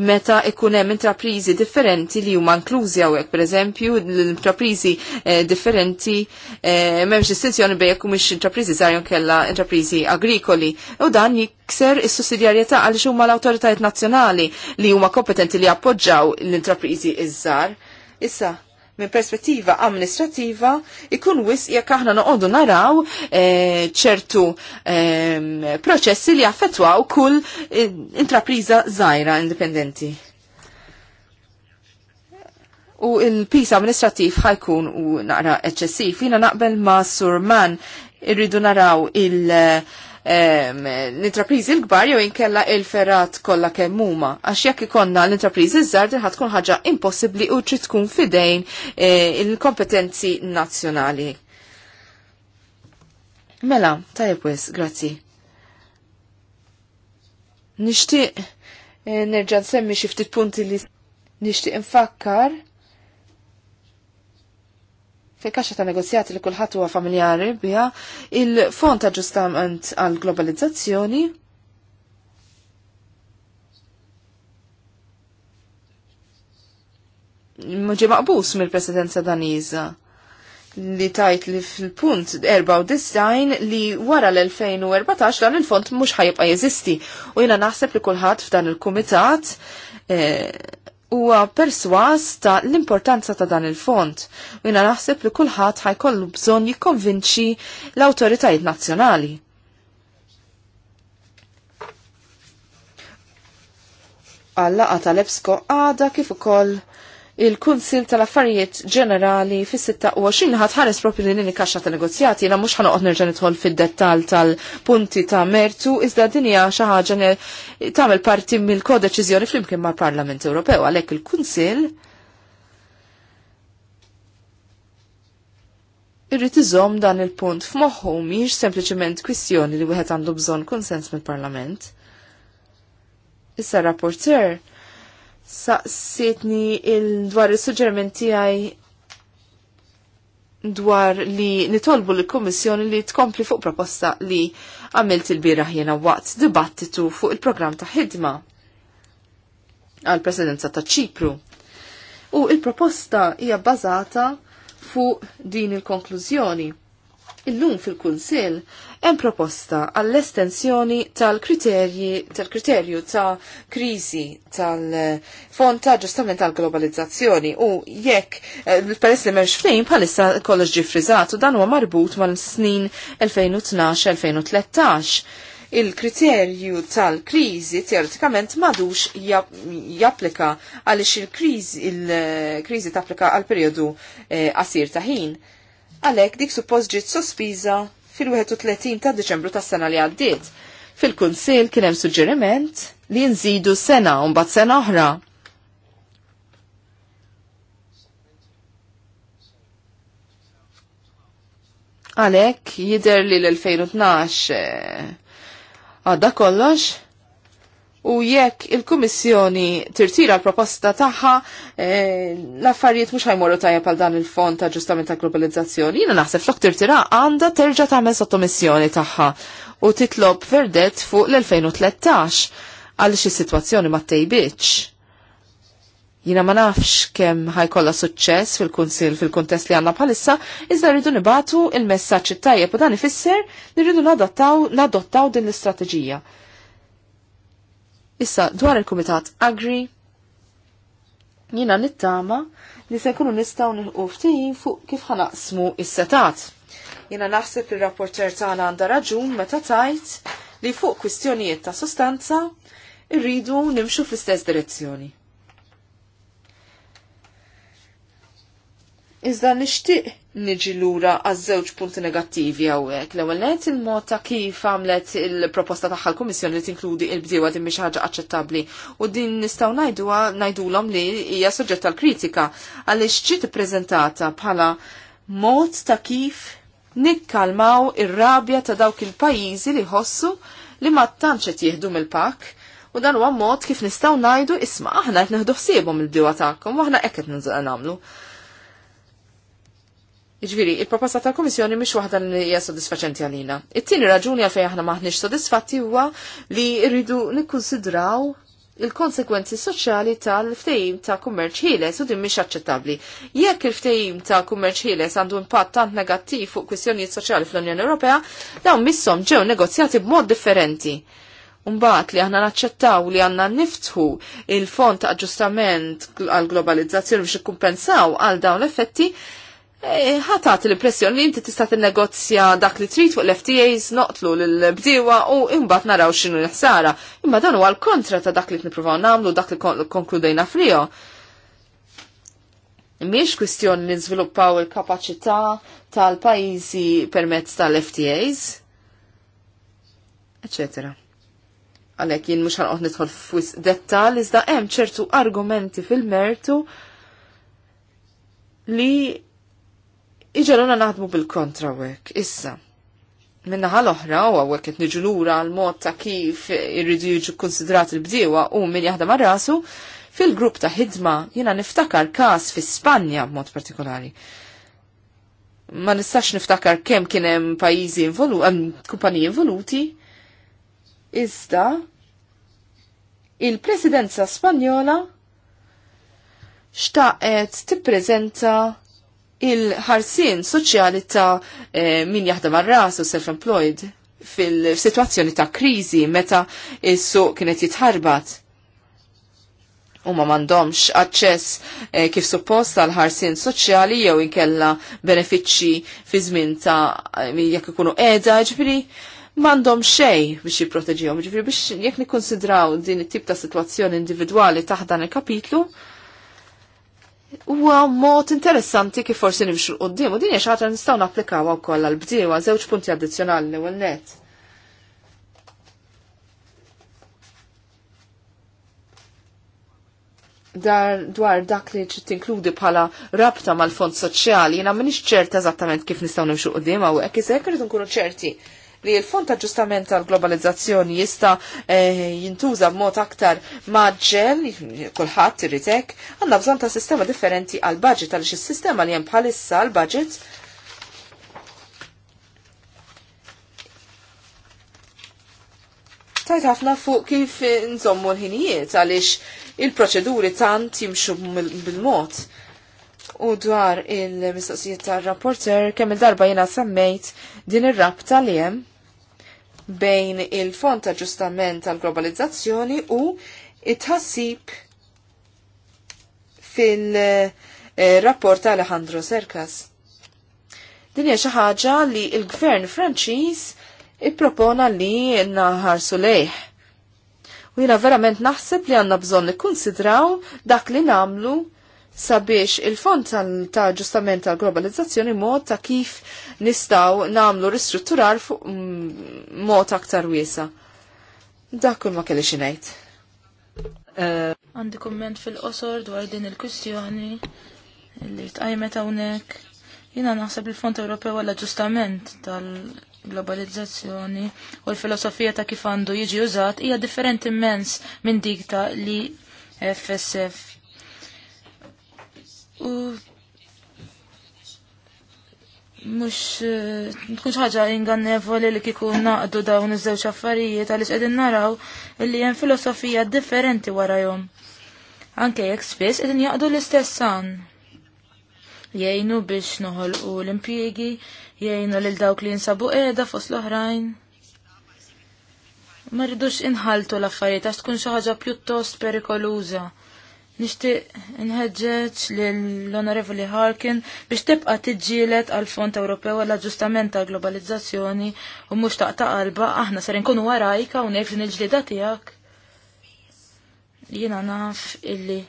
meta ikun hemm intrapriżi differenti li huma inklużi hawnhekk pereżempju l-intrapriżi eh, differenti eh, m'hemmx distinzjoni bejn jekk mhux intrapriżi żgħar jew kellha intrapriżi agrikoli. U dan jikser is-sussidjarjetà għaliex huma l-awtoritajiet nazzjonali li huma kompetenti li appoġġaw l-intrapriżi iż-żgħar. Issa, minn perspettiva amministrativa ikun wis jekk aħna noqogħdu naraw eh, ċertu e, proċessi li affettwaw kull eh, intrapriża żgħira indipendenti. U il-pis amministrativ ħajkun u naqra eċċessiv. Jina naqbel ma' Surman irridu naraw il- uh, l-intrapriżi l-kbar jew inkella il-ferrat kollha kemm huma. Għax jekk ikonna l-intrapriżi żgħar din tkun ħaġa impossibbli u trid tkun fidejn e, il-kompetenzi nazzjonali. Mela, tajjeb wis, grazzi. Nixtieq e, nerġa' nsemmi xi ftit punti li nixtieq infakkar fil-kaxa ta' negozjati li kullħat huwa familjari biha, il-fond ta' ġustament għal globalizzazzjoni ġi maqbus mill-presidenza Daniża li tajt li fil-punt 94 li wara l-2014 dan il-font mhux ħajibqa' jeżisti. U jiena naħseb li kulħadd f'dan il-kumitat eh, huwa perswas ta' l-importanza ta' dan il-font. Jina naħseb li kulħadd ħajkollu bżonn jikkonvinċi l-awtoritajiet nazzjonali. Għallaqa tal epsko għada kif ukoll il-Kunsil tal-Affarijiet Ġenerali fis-26 ħadd ħares propri nini kaxxa ta' negozjati jiena mhux ħanoqgħod nerġa' nidħol fid-dettall tal-punti ta' mertu iżda din hija xi ħaġa tagħmel parti mill-kodeċiżjoni flimkien mal-Parlament Ewropew għalhekk il-Kunsil irrid iżomm dan il-punt f'moħħu mhijiex sempliċement kwistjoni li wieħed għandu bżonn konsens mill-Parlament. Issa rapporter saqsitni il-dwar il-suġġerimenti għaj dwar li nitolbu l-Kommissjoni li tkompli fuq proposta li għamilt il-biraħ jena waqt dibattitu fuq il-programm ta' ħidma għal-presidenza ta' ċipru. U il-proposta hija bazata fuq din il-konklużjoni illum fil-Kunsill hemm proposta għall-estensjoni tal-kriterji tal-kriterju ta' kriżi tal-Fond ta' Ġustament tal-Globalizzazzjoni u jekk eh, peress li m'hemmx fejn bħalissa kollox ġifriżat u dan huwa marbut mal-snin 2012-2013 il-kriterju tal-krizi teoretikament madux japplika għaliex il-krizi il-krizi eh, tapplika għal periodu eh, qasir ta' ħin għalhekk dik suppost ġiet sospiża fil-31 ta' Deċembru tas-sena li għaddiet. fil kunsil kien hemm suġġeriment li nżidu sena u mbagħad sena oħra. Għalhekk jidher li l-2012 eh, għadda kollox u jekk il-Kummissjoni tirtira l-proposta tagħha eh, l-affarijiet mhux ħajmorru tajjeb għal dan il-fond ta' ġustament ta' globalizzazzjoni, jiena naħseb flok tirtira għandha terġa' tagħmel sottomissjoni tagħha u titlob verdett fuq l-2013 għaliex is-sitwazzjoni ma tejbitx. Jina ma nafx kemm ħajkolla suċċess fil-kunsil fil-kuntest li għandna bħalissa, iżda rridu nibatu il-messaċ tajjeb u dan ifisser li rridu nadottaw din l-istrateġija. Issa dwar il-Kumitat Agri jina nittama li se nkunu nistgħu nilqu ftehim fuq kif ħanaqsmu is-setat. Jina naħseb li rapporter tagħna għandha raġun meta tajt li fuq kwistjonijiet ta' sostanza irridu nimxu fl-istess direzzjoni. Iżda nixtieq niġi lura għaż-żewġ punti negattivi hawnhekk. L-ewwel net il-mod ta' kif għamlet il-proposta tagħha l-Kummissjoni li tinkludi l-bdiewa din mhix ħaġa aċċettabbli u din nistgħu ngħiduha ngħidulhom li hija soġġett tal-kritika għaliex ġiet ippreżentata bħala mod ta' kif nikkalmaw ir-rabja ta' dawk il-pajjiżi li ħossu li ma tantx qed jieħdu mill-pakk u dan huwa mod kif nistgħu ngħidu isma' aħna qed neħdu ħsiebhom il-bdiewa tagħkom u aħna hekk qed nagħmlu. Ġviri, il-proposta tal-Komissjoni mhix waħda li hija sodisfaċenti għalina. It-tieni raġuni għalfejn aħna maħniex sodisfatti huwa li rridu nikkunsidraw il-konsekwenzi soċjali tal ftejim ta' kummerċ ħieles u din mhix aċċettabbli. Jekk il ftejim ta' kummerċ ħieles għandu impatt tant negattiv fuq kwistjonijiet soċjali fl-Unjoni Ewropea, dawn misshom ġew negozjati b'mod differenti. Umbat li aħna naċċettaw li għanna niftħu il-fond ta' aġġustament għal globalizzazzjoni biex ikkumpensaw għal dawn l-effetti, Eh, ħatat l-impressjoni li inti tista' tinnegozja dak li trid fuq l-FTAs noqtlu l-bdiewa u imbagħad naraw x'inhu l-ħsara. Imma dan huwa l-kontra ta' dak li nippruvaw nagħmlu dak li konkludejna frio. Mhiex kwistjoni li nżviluppaw il-kapaċità tal-pajjiżi permezz tal-FTAs, eċetera. Għalhekk jien mhux ħanqod nidħol f'wis dettal iżda hemm ċertu argumenti fil-mertu li iġaluna naħdmu bil-kontra wek, issa. Minna ħal oħra u għawek qed niġu lura għal mod ta' kif irridu jiġu konsidrat il-bdiewa u min jaħdem marrasu, rasu, fil-grupp ta' ħidma jina niftakar kas fi Spanja b'mod partikolari. Ma nistax niftakar kemm kien hemm pajjiżi involu, hemm kumpaniji involuti, iżda il-Presidenza Spanjola xtaqet tippreżenta il-ħarsin soċjali ta' eh, min jaħdem għar-ras u self-employed fil-situazzjoni ta' krizi meta il suq kienet jitħarbat. U ma mandomx aċċess eh, kif suppost għal ħarsin soċjali jew inkella benefiċċji fi żmien ta' eh, jekk ikunu qiegħda ġifieri m'għandhom xejn biex jipproteġihom. Ġifieri biex jekk nikkonsidraw din it-tip ta' sitwazzjoni individwali taħt dan il-kapitlu, huwa mod interessanti kif forsi nimxu l-qoddim u din hija xi nistgħu napplikaw wkoll għall-bdiewa żewġ punti addizzjonali l-ewwel net. dar dwar dak li ċi tinkludi bħala rabta mal-fond soċjali, jena minix ċerta eżattament kif nistaw nimxu qoddim għaw, se ekk rridu nkunu ċerti li l-fond ta' ġustament tal-globalizzazzjoni jista eh, jintuża b'mod aktar maġġel, kulħadd irritek, għandna bżonn ta' sistema differenti għal budget għaliex is-sistema li hemm bħalissa l budget tajt ħafna fuq kif nżommu l-ħinijiet għaliex il-proċeduri tant jimxu bil-mod. U dwar il-mistoqsijiet tar rapporter kemm il-darba jena semmejt din ir-rabta li hemm bejn il-Fond aġustament tal-globalizzazzjoni u it-ħassib fil-rapport ta' Alejandro Serkas. Din hija xi ħaġa li l-Gvern Franċiż ippropona li naħarsu lejh. U jiena verament naħseb li għandna bżonn nikkunsidraw dak li nagħmlu sabiex il-fond ta' ġustament tal globalizzazzjoni mod ta' kif nistaw namlu ristrutturar fuq mm, mod aktar wiesa. Dak ma kelli xinajt. Eh, għandi komment fil-qosor dwar din il kustjoni li tqajmet hawnhekk. Jiena naħseb il-Fond Ewropew għal aġġustament tal-globalizzazzjoni u l-filosofija ta' kif għandu jiġi użat hija differenti immens minn dik ta' li FSF u mux eh, tkunx ħaġa ingannevoli li kiku naqdu dawn iż-żewġ affarijiet għaliex qegħdin naraw illi hemm filosofija differenti warahom. Anke jekk spiss qegħdin jaqdu l-istess san. Jgħinu biex noħolqu l-impjiegi, jgħinu lil dawk li jinsabu qiegħda fost l-oħrajn. Ma rridux inħaltu l-affarijiet għax tkun xi ħaġa pjuttost perikoluża Nixtieq nħedġeċ lill-Onorevoli Harkin biex tibqa' tiġġielet għal Fond Ewropew għal aġġustament tal globalizzazzjoni u mhux taqta' qalba aħna ser inkunu għarajka hawnhekk din il-ġlieda tiegħek. Jiena naf illi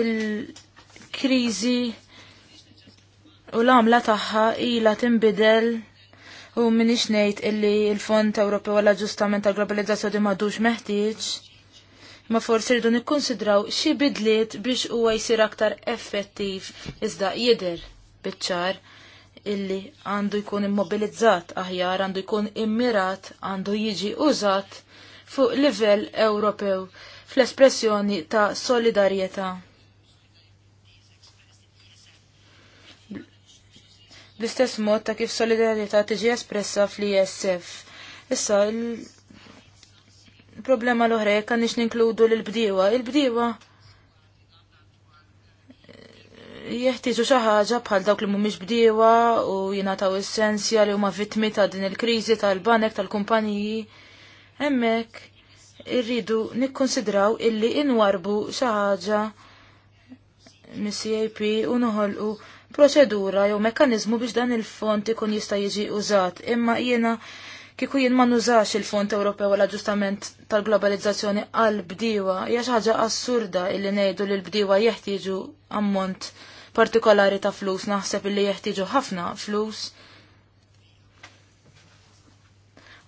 il-kriżi u l-għamla tagħha ilha tinbidel U minix nejt illi il-Fond Ewropew għal ġustament tal globalizzazzjoni madux meħtieġ ma forsi rridu nikkonsidraw xi bidliet biex huwa jsir aktar effettiv iżda jidher biċ-ċar illi għandu jkun immobilizzat aħjar, għandu jkun immirat, għandu jiġi użat fuq livell Ewropew fl-espressjoni ta' solidarjetà. bl istess mod ta' kif solidarjetà tiġi espressa fl-ISF. Issa problema l-oħra jekk għandix ninkludu l-bdiewa. Il-bdiewa jeħtieġu xi ħaġa bħal dawk li mhumiex bdiewa u jingħataw essenzja li huma vittmi ta' din il-kriżi tal-banek tal-kumpaniji. Hemmhekk irridu nikkonsidraw illi inwarbu xi ħaġa mis-CAP u noħolqu proċedura jew mekkaniżmu biex dan il-fond ikun jista' jiġi użat. Imma jiena Kiku jien ma użax il-Fond Ewropew għal aġġustament tal-globalizzazzjoni għal bdiewa hija xi ħaġa assurda illi ngħidu li l-bdiewa jeħtieġu ammont partikolari ta' flus naħseb illi jeħtieġu ħafna flus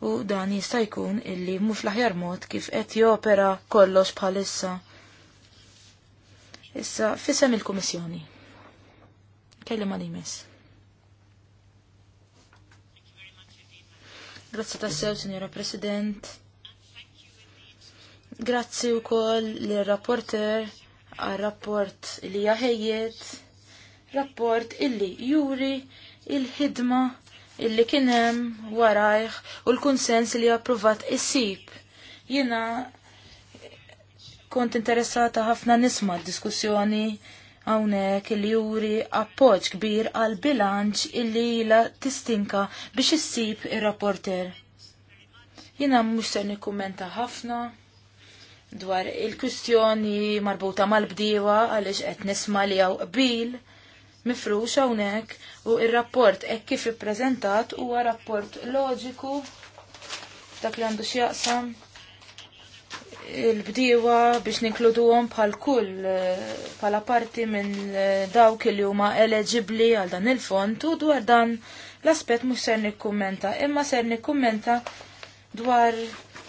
u dan jista' jkun illi mhux l-aħjar mod kif qed jopera kollox bħalissa. Issa fisem il-Kummissjoni. Kelli ma' imess. Grazzi tassew, Signora President. Grazzi u koll l-rapporter għal-rapport li jaħejiet, rapport illi juri il-ħidma illi kienem warajħ u l-konsens li approvat is sip Jina kont interessata ħafna nisma diskussjoni hawnhekk li juri appoġġ kbir għal bilanċ illi ilha tistinka biex issib ir-rapporter. Jiena mhux se nikkumenta ħafna dwar il kustjoni marbuta mal-bdiewa għaliex qed nisma' li hawn qbil mifrux hawnhekk u ir-rapport hekk kif ippreżentat huwa rapport loġiku dak li għandu x'jaqsam il bdiwa biex ninkluduhom bħal kull bħala parti minn eh, dawk li huma eligibbli għal dan il-fond u dwar dan l-aspett mhux ser nikkumenta imma ser nikkumenta dwar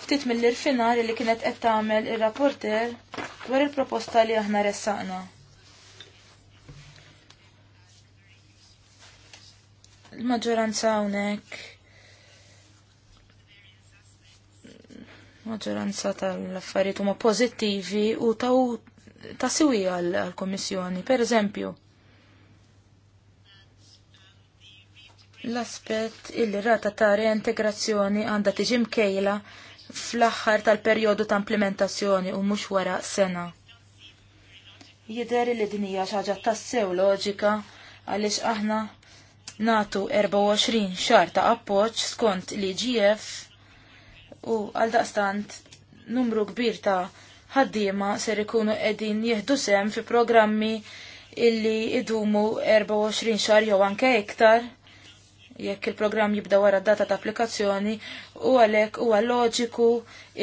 ftit mill-irfinar li kienet qed tagħmel ir-rapporter dwar il-proposta li aħna ressaqna. Il-maġġoranza hawnhekk maġġoranza tal-affarijiet huma pożittivi u taw ta' siwi għal-Komissjoni. Per eżempju, l-aspett illi rata ta' reintegrazzjoni għandha tiġi mkejla fl-aħħar tal-perjodu ta' implementazzjoni u mhux wara sena. Jidher li din hija xi ħaġa tassew loġika għaliex aħna natu 24 xar ta' appoġġ skont l-IGF u għal daqstant numru kbir ta' ħaddiema ser ikunu qegħdin jieħdu sem fi programmi illi idumu 24 xar jew anke iktar jekk il-programm jibda wara data ta' applikazzjoni u għalhekk huwa loġiku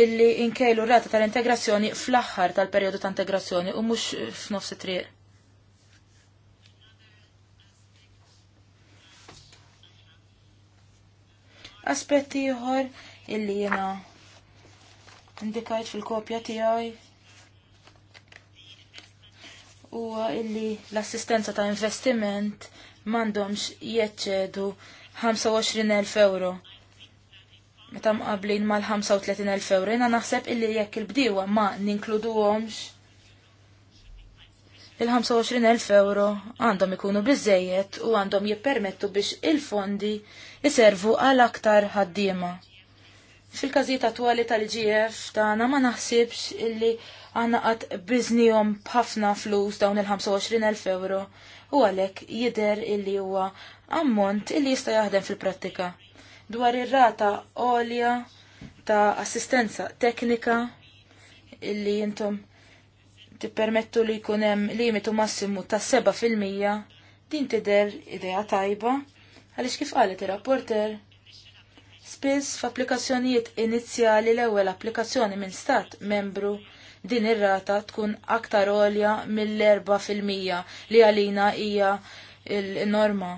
illi inkejlu rata tal-integrazzjoni fl-aħħar tal-perjodu ta' integrazzjoni u mhux f'nofs it-triq. Aspetti ieħor illi jena indikajt fil-kopja tiegħi huwa illi l-assistenza ta' investiment m'għandhomx jeċċedu 25,000 euro. Meta mqablin mal-35,000 euro, jena naħseb illi jekk il-bdiewa ma ninkluduhomx il-25.000 euro għandhom ikunu bizzejiet u għandhom jippermettu biex il-fondi jiservu għal aktar ħaddiema. Fil-każijiet attuali tal-GF tagħna ma naħsibx illi għandna qatt biżnihom b'ħafna flus dawn il-25,000 euro u għalhekk jidher illi huwa ammont illi jista' jaħdem fil-prattika. Dwar ir-rata għolja ta' assistenza teknika illi jintom tippermettu li jkun hemm limitu massimu ta' 7% din tidher idea tajba għaliex kif qalet ir-rapporter Spiss f'applikazzjonijiet inizjali l-ewwel applikazzjoni minn stat membru din ir-rata tkun aktar għolja mill-4 fil-mija li għalina hija l norma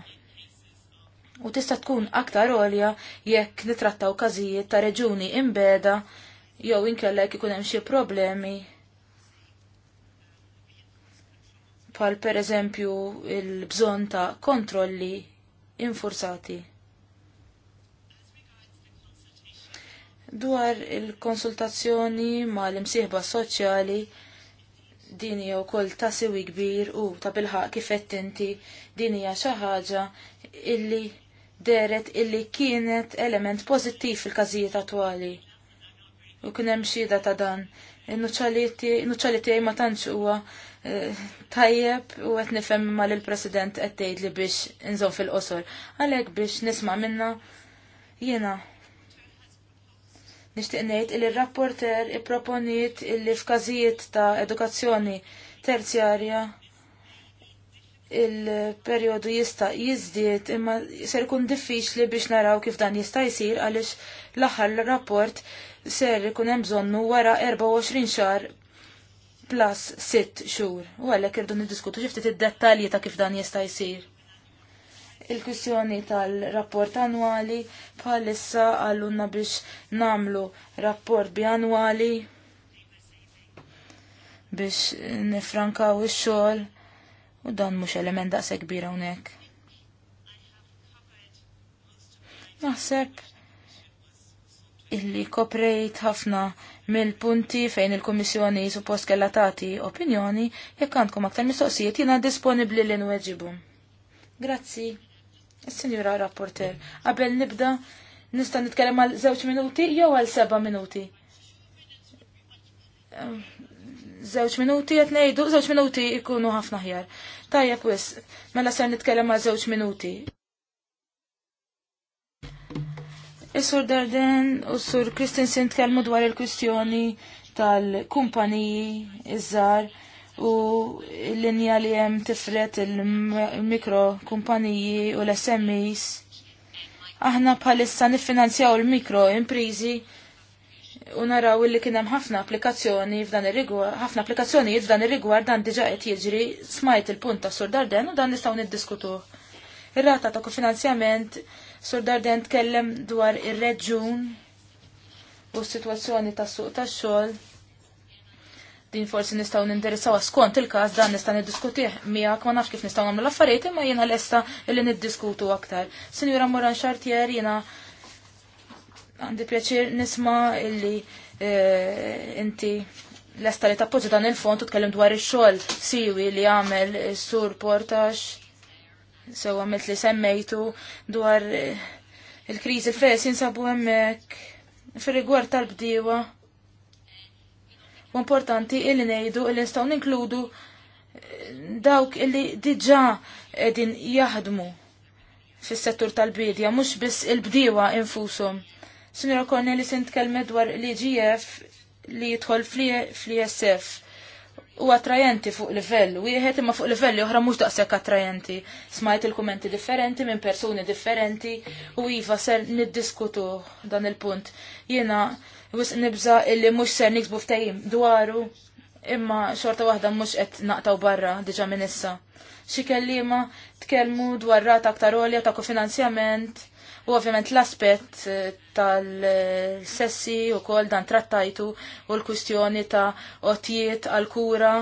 U tista' tkun aktar għolja jekk nitrattaw każijiet ta' reġuni imbeda jew inkella jekk ikun hemm xi problemi bħal pereżempju il-bżonn ta' kontrolli infurzati. Dwar il-konsultazzjoni ma l-imsieħba soċjali din hija wkoll ta' siwi kbir u ta' bilħaq kif inti din hija xi ħaġa illi deret illi kienet element pożittiv fil-każijiet attuali. U kien hemm xhieda ta' dan. Nuċċaliti ma tantx huwa eh, tajjeb u qed nifhem ma l president qed tgħidli li biex inżomm fil-qosor. Għalhekk biex nisma' minna jiena Nixtieq ngħid li rapporter ipproponiet illi f'każijiet ta' edukazzjoni terzjarja il-perjodu jista' jiżdied imma ser ikun diffiċli biex naraw kif dan jista' jsir għaliex l-aħħar rapport ser ikun hemm bżonnu wara 24 xahar plus 6 xhur. U għalhekk irdu niddiskutu xi ftit id-dettalji ta' kif dan jista' jsir il-kwissjoni tal-rapport annwali bħalissa għallunna biex namlu rapport bianwali biex nifrankaw ix-xogħol u dan mhux element daqse kbira hawnhekk. Naħseb illi koprejt ħafna mill-punti fejn il-Kummissjoni suppost kella tagħti opinjoni jekk għandkom aktar mistoqsijiet jiena disponibbli li nweġibhom. Grazzi is Rapporter, qabel nibda nista' nitkellem għal żewġ minuti jew għal seba' minuti. Żewġ minuti qed ngħidu, żewġ minuti jkunu ħafna ħjar. Tajjeb wis, mela se nitkellem għal żewġ minuti. Is-Sur Darden u s-Sur Kristinsen tkellmu dwar il-kwistjoni tal-kumpaniji iż-żar. Il u l-linja li hemm tifret il-mikro kumpaniji u l-SMEs. Aħna bħalissa niffinanzjaw il-mikro imprizi u naraw li kien hemm ħafna applikazzjoni f'dan ir-rigward, ħafna applikazzjoni f'dan ir-rigward dan diġà qed jiġri smajt il-punt ta' Sur Darden u dan nistgħu niddiskutuh. Ir-rata ta' kofinanzjament Sur Darden tkellem dwar ir-reġun u s-sitwazzjoni tas-suq tax-xogħol din forsi nistgħu nindirizzaw skont il-każ dan nista' niddiskutih miegħek ma nafx kif nistgħu nagħmlu l-affarijiet imma jiena lesta illi niddiskutu aktar. Sinjura Moran Xartier jiena għandi pjaċir nisma' illi eh, inti l-esta li tappoġġi dan il-fond u tkellem dwar ix-xogħol siwi li għamel sur portax sewa li semmejtu dwar eh, il-kriżi il-fejs jinsabu hemmhekk fir-rigward tal-bdiewa U importanti illi nejdu illi nistaw ninkludu eh, dawk illi diġa edin jaħdmu fis-settur tal-bidja, mhux biss il-bdiewa infushom. Sinjora Corneli se nitkellmet dwar l-IGF li jidħol fl-ISF u attrajenti fuq livell, wieħed imma fuq livelli oħra mhux daqshekk attrajenti. Smajt il-kumenti differenti minn persuni differenti u iva ser niddiskutu dan il-punt. Jiena għus nibza illi mhux ser niksbu ftehim dwaru imma xorta waħda mhux qed naqtaw barra diġà minn issa. Xi kelliema tkellmu dwar rata aktar olja ta' kofinanzjament u ovvjament l-aspett eh, tal-sessi u kol dan trattajtu u l-kustjoni ta' otjiet għal-kura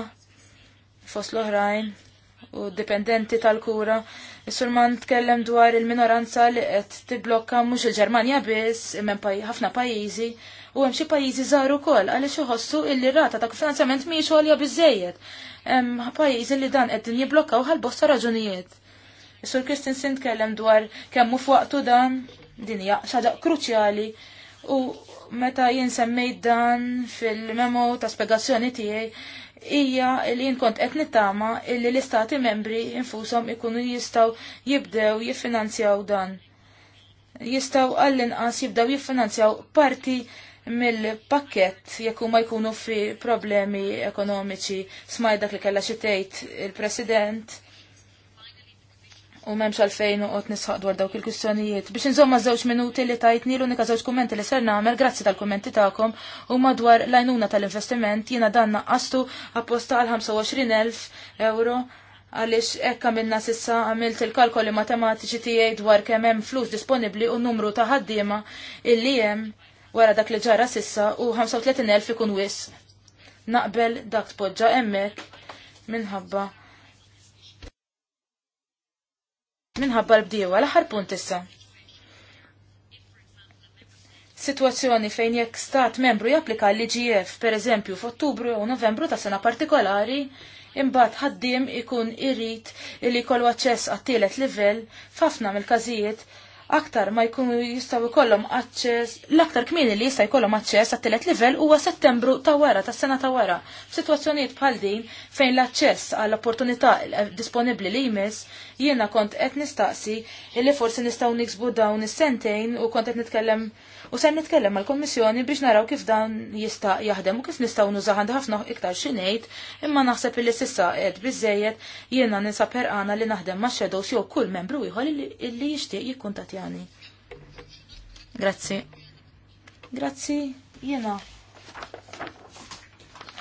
fost l-oħrajn u dipendenti tal-kura. Is-Sulman tkellem dwar il-minoranza li qed tibblokka mhux il-Ġermanja biss, imma ħafna pajjiżi u hemm xi pajjiżi żaru wkoll għaliex iħossu illi rata ta' finanzjament mhijiex għolja biżejjed. Hemm pajjiżi li dan qegħdin għal ħalbosta raġunijiet. Sur Kristin tkellem dwar kemm hu dan din hija xaġa kruċjali u meta jien semmejt dan fil-memo ta' spjegazzjoni tiegħi hija li jien kont qed nittama illi l-istati membri infushom ikunu jistgħu jibdew jiffinanzjaw dan. Jistgħu għall-inqas jibdew jiffinanzjaw parti mill-pakket jekk huma jkunu fi problemi ekonomiċi smaj dak li kellha xi tgħid il-President u memx għalfejn uqot nisħaq dwar dawk il-kustjonijiet. Biex nżomma żewġ minuti li tajtni l-unika żewġ kummenti li ser nagħmel grazzi tal-kummenti tagħkom u madwar l-għajnuna tal-investiment jiena dan naqqastu apposta għal 25,000 euro għalix hekk għamilna sissa għamilt il-kalkoli matematiċi tiegħi dwar kemm hemm flus disponibbli u numru ta' ħaddiema illi hemm wara dak li ġara sissa u 35.000 ikun wis. Naqbel dak tpoġġa emmek minħabba. Minħabba l-bdiewa l-aħħar punt issa. Situazzjoni fejn jekk stat membru japplika l-IGF, per eżempju, f'Ottubru u Novembru ta' sena partikolari, imbagħad ħaddiem ikun irrid li jkollu aċċess għat-tielet livell f'ħafna mill-każijiet aktar ma jkunu jistaw ikollhom aċċess, l-aktar kmini li jista' jkollhom aċċess għat-tielet livell huwa Settembru ta' wara tas-sena ta' wara. F'sitwazzjonijiet bħal din fejn l-aċċess għall opportunità disponibbli li jmiss jiena kont qed nistaqsi illi forsi nistgħu niksbu dawn is-sentejn u kont qed nitkellem u se nitkellem mal-Kommissjoni biex naraw kif dan jista' jaħdem u kif nistgħu nużaw għand ħafna iktar xi ngħid, imma naħseb illi s'issa qed biżejjed jiena ninsa perqana li naħdem ma' shadows jew kull membru ieħor li jixtieq jikkuntatjani. Grazzi. Grazzi jiena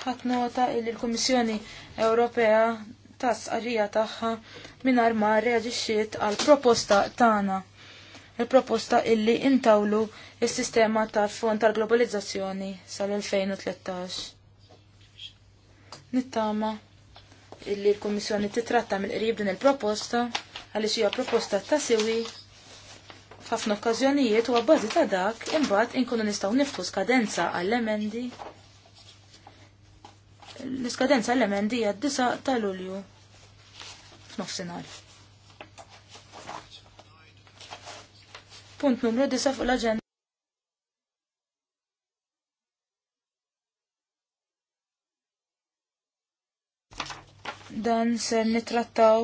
ħadd nota illi l kommissjoni Ewropea tas qarrija tagħha mingħajr ma reaġixxiet għal proposta tagħna il-proposta illi intawlu il-sistema ta' fond tal-globalizzazzjoni sal-2013. Nittama illi l-Komissjoni titratta mill-qrib din il-proposta għaliex hija proposta ta' siwi f'ħafna okkażjonijiet u għabbażi ta' dak imbagħad inkunu nistgħu niftu skadenza għall-emendi l-iskadenza għall emendi hija d-disa ta' Lulju f'nofsinhar. Punt numru 9 fuq l-agenda. Dan se nitrattaw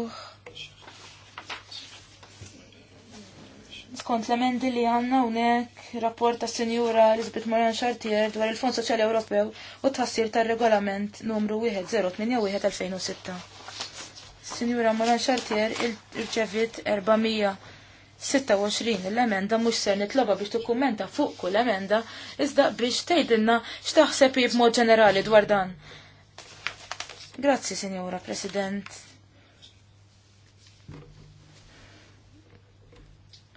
skont l-emendi li għanna unek rapport ta' Sinjura Elizabeth Moran Chartier dwar il-Fond Soċjali Ewropew u tħassir tar regolament numru 1081-2006. Senjura Moran Chartier irċevit 400 26 l-emenda mhux ser nitloba biex dokumenta fuq kull emenda iżda biex tgħidilna x'taħseb b'mod ġenerali dwar dan. Grazzi, Sinjora President.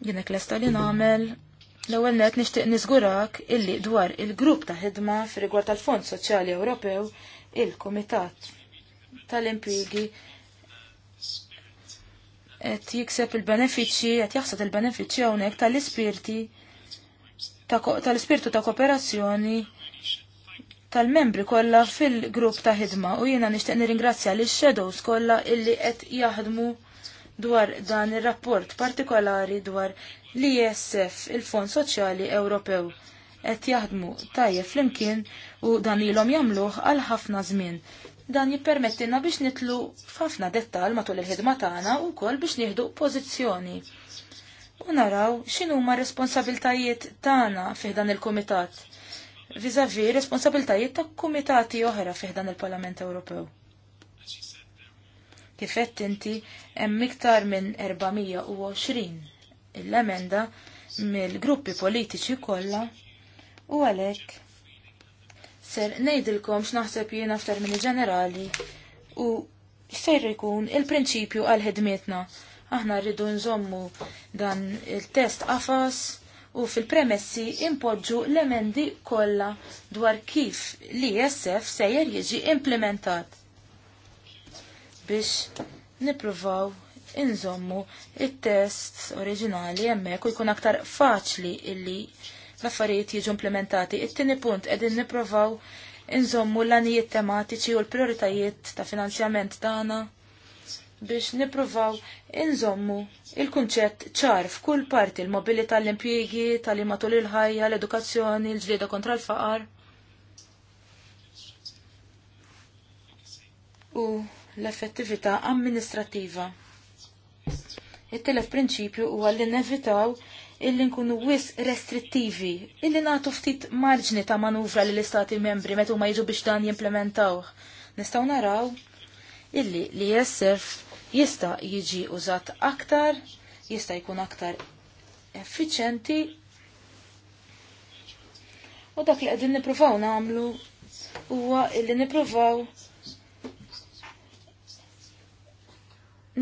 l lesta li nagħmel l-ewwel net nixtieq niżgurak illi dwar il-grupp ta' ħidma fir-rigward tal-Fond Soċjali Ewropew il-Kumitat tal impigi qed jikseb il-benefiċċji, qed jaħseb il-benefiċċji hawnhekk tal-ispirti tal-ispirtu ta' kooperazzjoni tal-membri kollha fil-grupp ta' ħidma u jiena nixtieq nirringrazzja lix shadows kollha illi qed jaħdmu dwar dan ir-rapport partikolari dwar l-ISF il-Fond Soċjali Ewropew qed jaħdmu tajjeb flimkien u dan ilhom jagħmluh għal ħafna żmien. Dan jippermettilna biex nitlu f'ħafna dettal matul il-ħidma tagħna wkoll biex nieħdu pożizzjoni. U naraw x'inhuma responsabiltajiet tagħna fiħdan il-kumitat. Viżavi responsabiltajiet ta' kumitati oħra fiħdan il-Parlament Ewropew. Kif qed inti hemm iktar minn 420 l-emenda mill-gruppi politiċi kollha u għalhekk ser nejdilkom x'naħseb jiena f'termini ġenerali u ser jkun il-prinċipju għal ħidmietna. Aħna rridu nżommu dan il-test qafas u fil-premessi impoġġu l-emendi kollha dwar kif l-ISF sejjer jiġi implementat biex nipruvaw inżommu il-test oriġinali jemmek u jkun aktar faċli illi l-affarijiet jiġu implementati. It-tieni punt qegħdin nipprovaw inżommu l għanijiet tematiċi u l-prioritajiet ta' finanzjament tagħna biex nippruvaw inżommu il-kunċett ċar f'kull parti l-mobilità l-impjiegi, tal-matul il-ħajja, l-edukazzjoni, l-ġlieda kontra l-faqar. U l-effettività amministrativa. It-telef prinċipju huwa li nevitaw illi nkunu wis restrittivi, illi nagħtu ftit marġni ta' manuvra li l-istati membri meta ma jiġu biex dan jimplementaw. Nistgħu naraw illi li jessef jista' jiġi użat aktar, jista' jkun aktar effiċenti U dak li għedin niprofaw namlu huwa illi niprofaw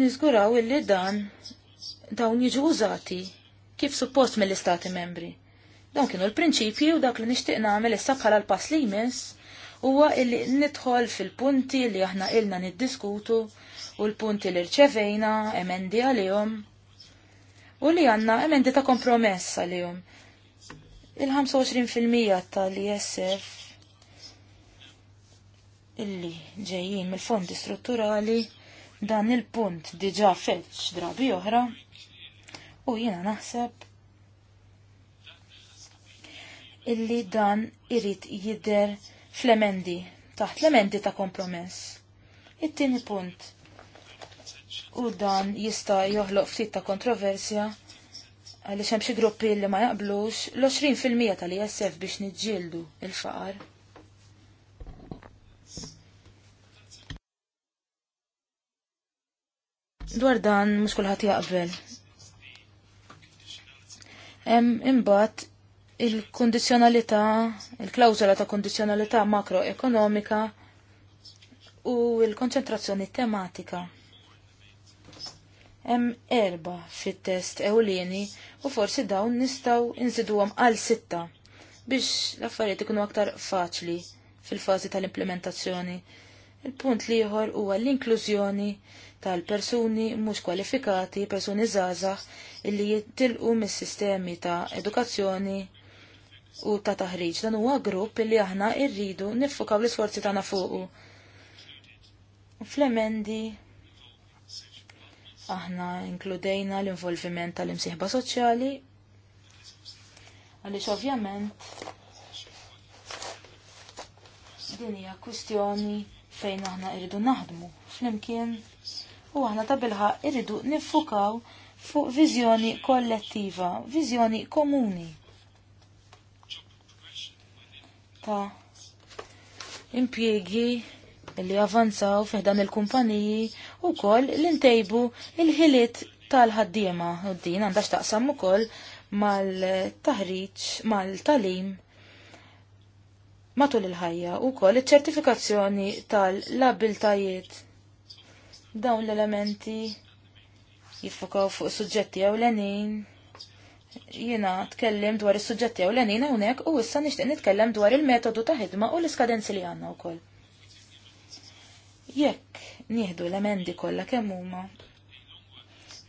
nizguraw illi dan dawn jiġu użati kif suppost mill-istati membri. Dawn kienu l-prinċipji u dak li nixtieq nagħmel issa bħala l-pass li jmiss huwa illi nidħol fil-punti li aħna ilna niddiskutu u l-punti li rċevejna emendi għalihom u li għandna emendi ta' kompromess għalihom. Il-25% tal-ISF illi ġejjin mill-fondi strutturali dan il-punt diġa feċ drabi oħra u jiena naħseb illi dan irrit jidder fl-emendi, taħt l-emendi ta' kompromess. It-tieni punt. U dan jista' joħloq ftit ta' kontroversja għaliex hemm xi gruppi li ma jaqblux l-20% tal-ISF biex niġġieldu il-faqar. Dwar dan mhux kulħadd jaqbel. Hemm imbagħad il kondizjonalità il-klawżola ta' kondizjonalità makroekonomika u l-konċentrazzjoni tematika. Hemm erba fit-test ewlieni u forsi dawn nistgħu inżiduhom għal sitta biex l-affarijiet ikunu aktar faċli fil-fażi tal-implementazzjoni. Il-punt liħor huwa l-inklużjoni tal-persuni mhux kwalifikati, persuni żgħażagħ illi jitilqu mis-sistemi ta' edukazzjoni u ta' taħriġ. Dan huwa grupp illi aħna rridu niffukaw l-isforzi tagħna fuqu. Flemendi aħna inkludejna l-involviment tal-imsieħba soċjali għaliex ovvjament din hija kwistjoni fejn aħna irridu naħdmu flimkien u aħna ta' bilħa irridu nifukaw fuq viżjoni kollettiva, viżjoni komuni. Ta' impjiegi li avanzaw fiħdan il-kumpaniji u koll l-intejbu il-ħiliet tal-ħaddiema u din għandax taqsam u koll mal-taħriċ, mal-talim matul il-ħajja u koll il-ċertifikazzjoni tal-labiltajiet Dawn l-elementi jiffokaw fuq suġġetti ewlenin. Jiena tkellim dwar is-suġġetti ewlenin hawnhekk u issa nixtieq nitkellem dwar il-metodu ta' ħidma u l-iskadenzi li għandna wkoll. Jekk nieħdu l-emendi kollha kemm huma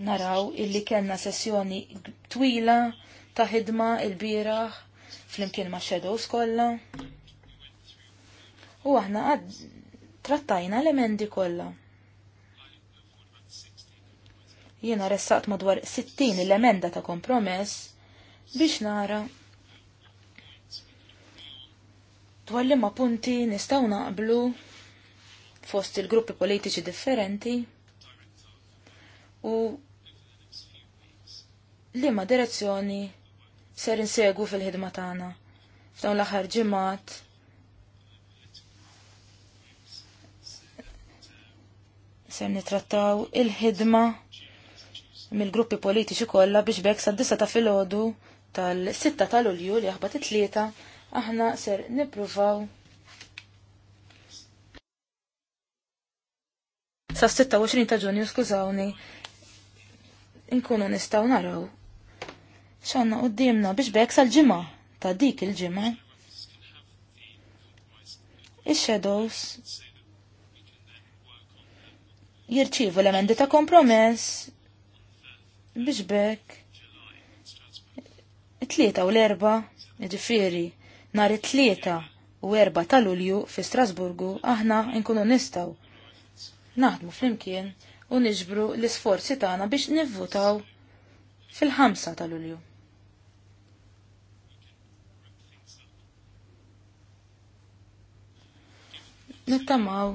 naraw illi kellna sessjoni twila ta' ħidma il-bieraħ flimkien ma' shadows kollha. U aħna għad trattajna l-emendi kollha. Jiena ressaqt madwar 60 l-emenda ta' kompromess biex nara dwar ma punti nistaw naqblu fost il-gruppi politiċi differenti u li ma direzzjoni ser insegu fil-ħidma tagħna. F'dawn l-aħħar ġimgħat ser nitrattaw il-ħidma mill-gruppi politiċi kollha biex bekk sa' disa ta' filgħodu tal 6 tal-Ulju li aħbat it-tlieta aħna ser nippruvaw sa' 26 ta' Ġunju skużawni inkunu nistgħu naraw x'għandna quddiemna biex bekk sal-ġimgħa ta' dik il-ġimgħa ix-shadows jirċivu l-emendi ta' kompromess biex bekk it-tlieta u l-erba, ġifiri, nar it-tlieta u erba tal-ulju fi Strasburgu aħna nkunu nistaw naħdmu flimkien u niġbru l-isforzi tagħna biex nivvutaw fil-ħamsa tal-ulju. Nittamaw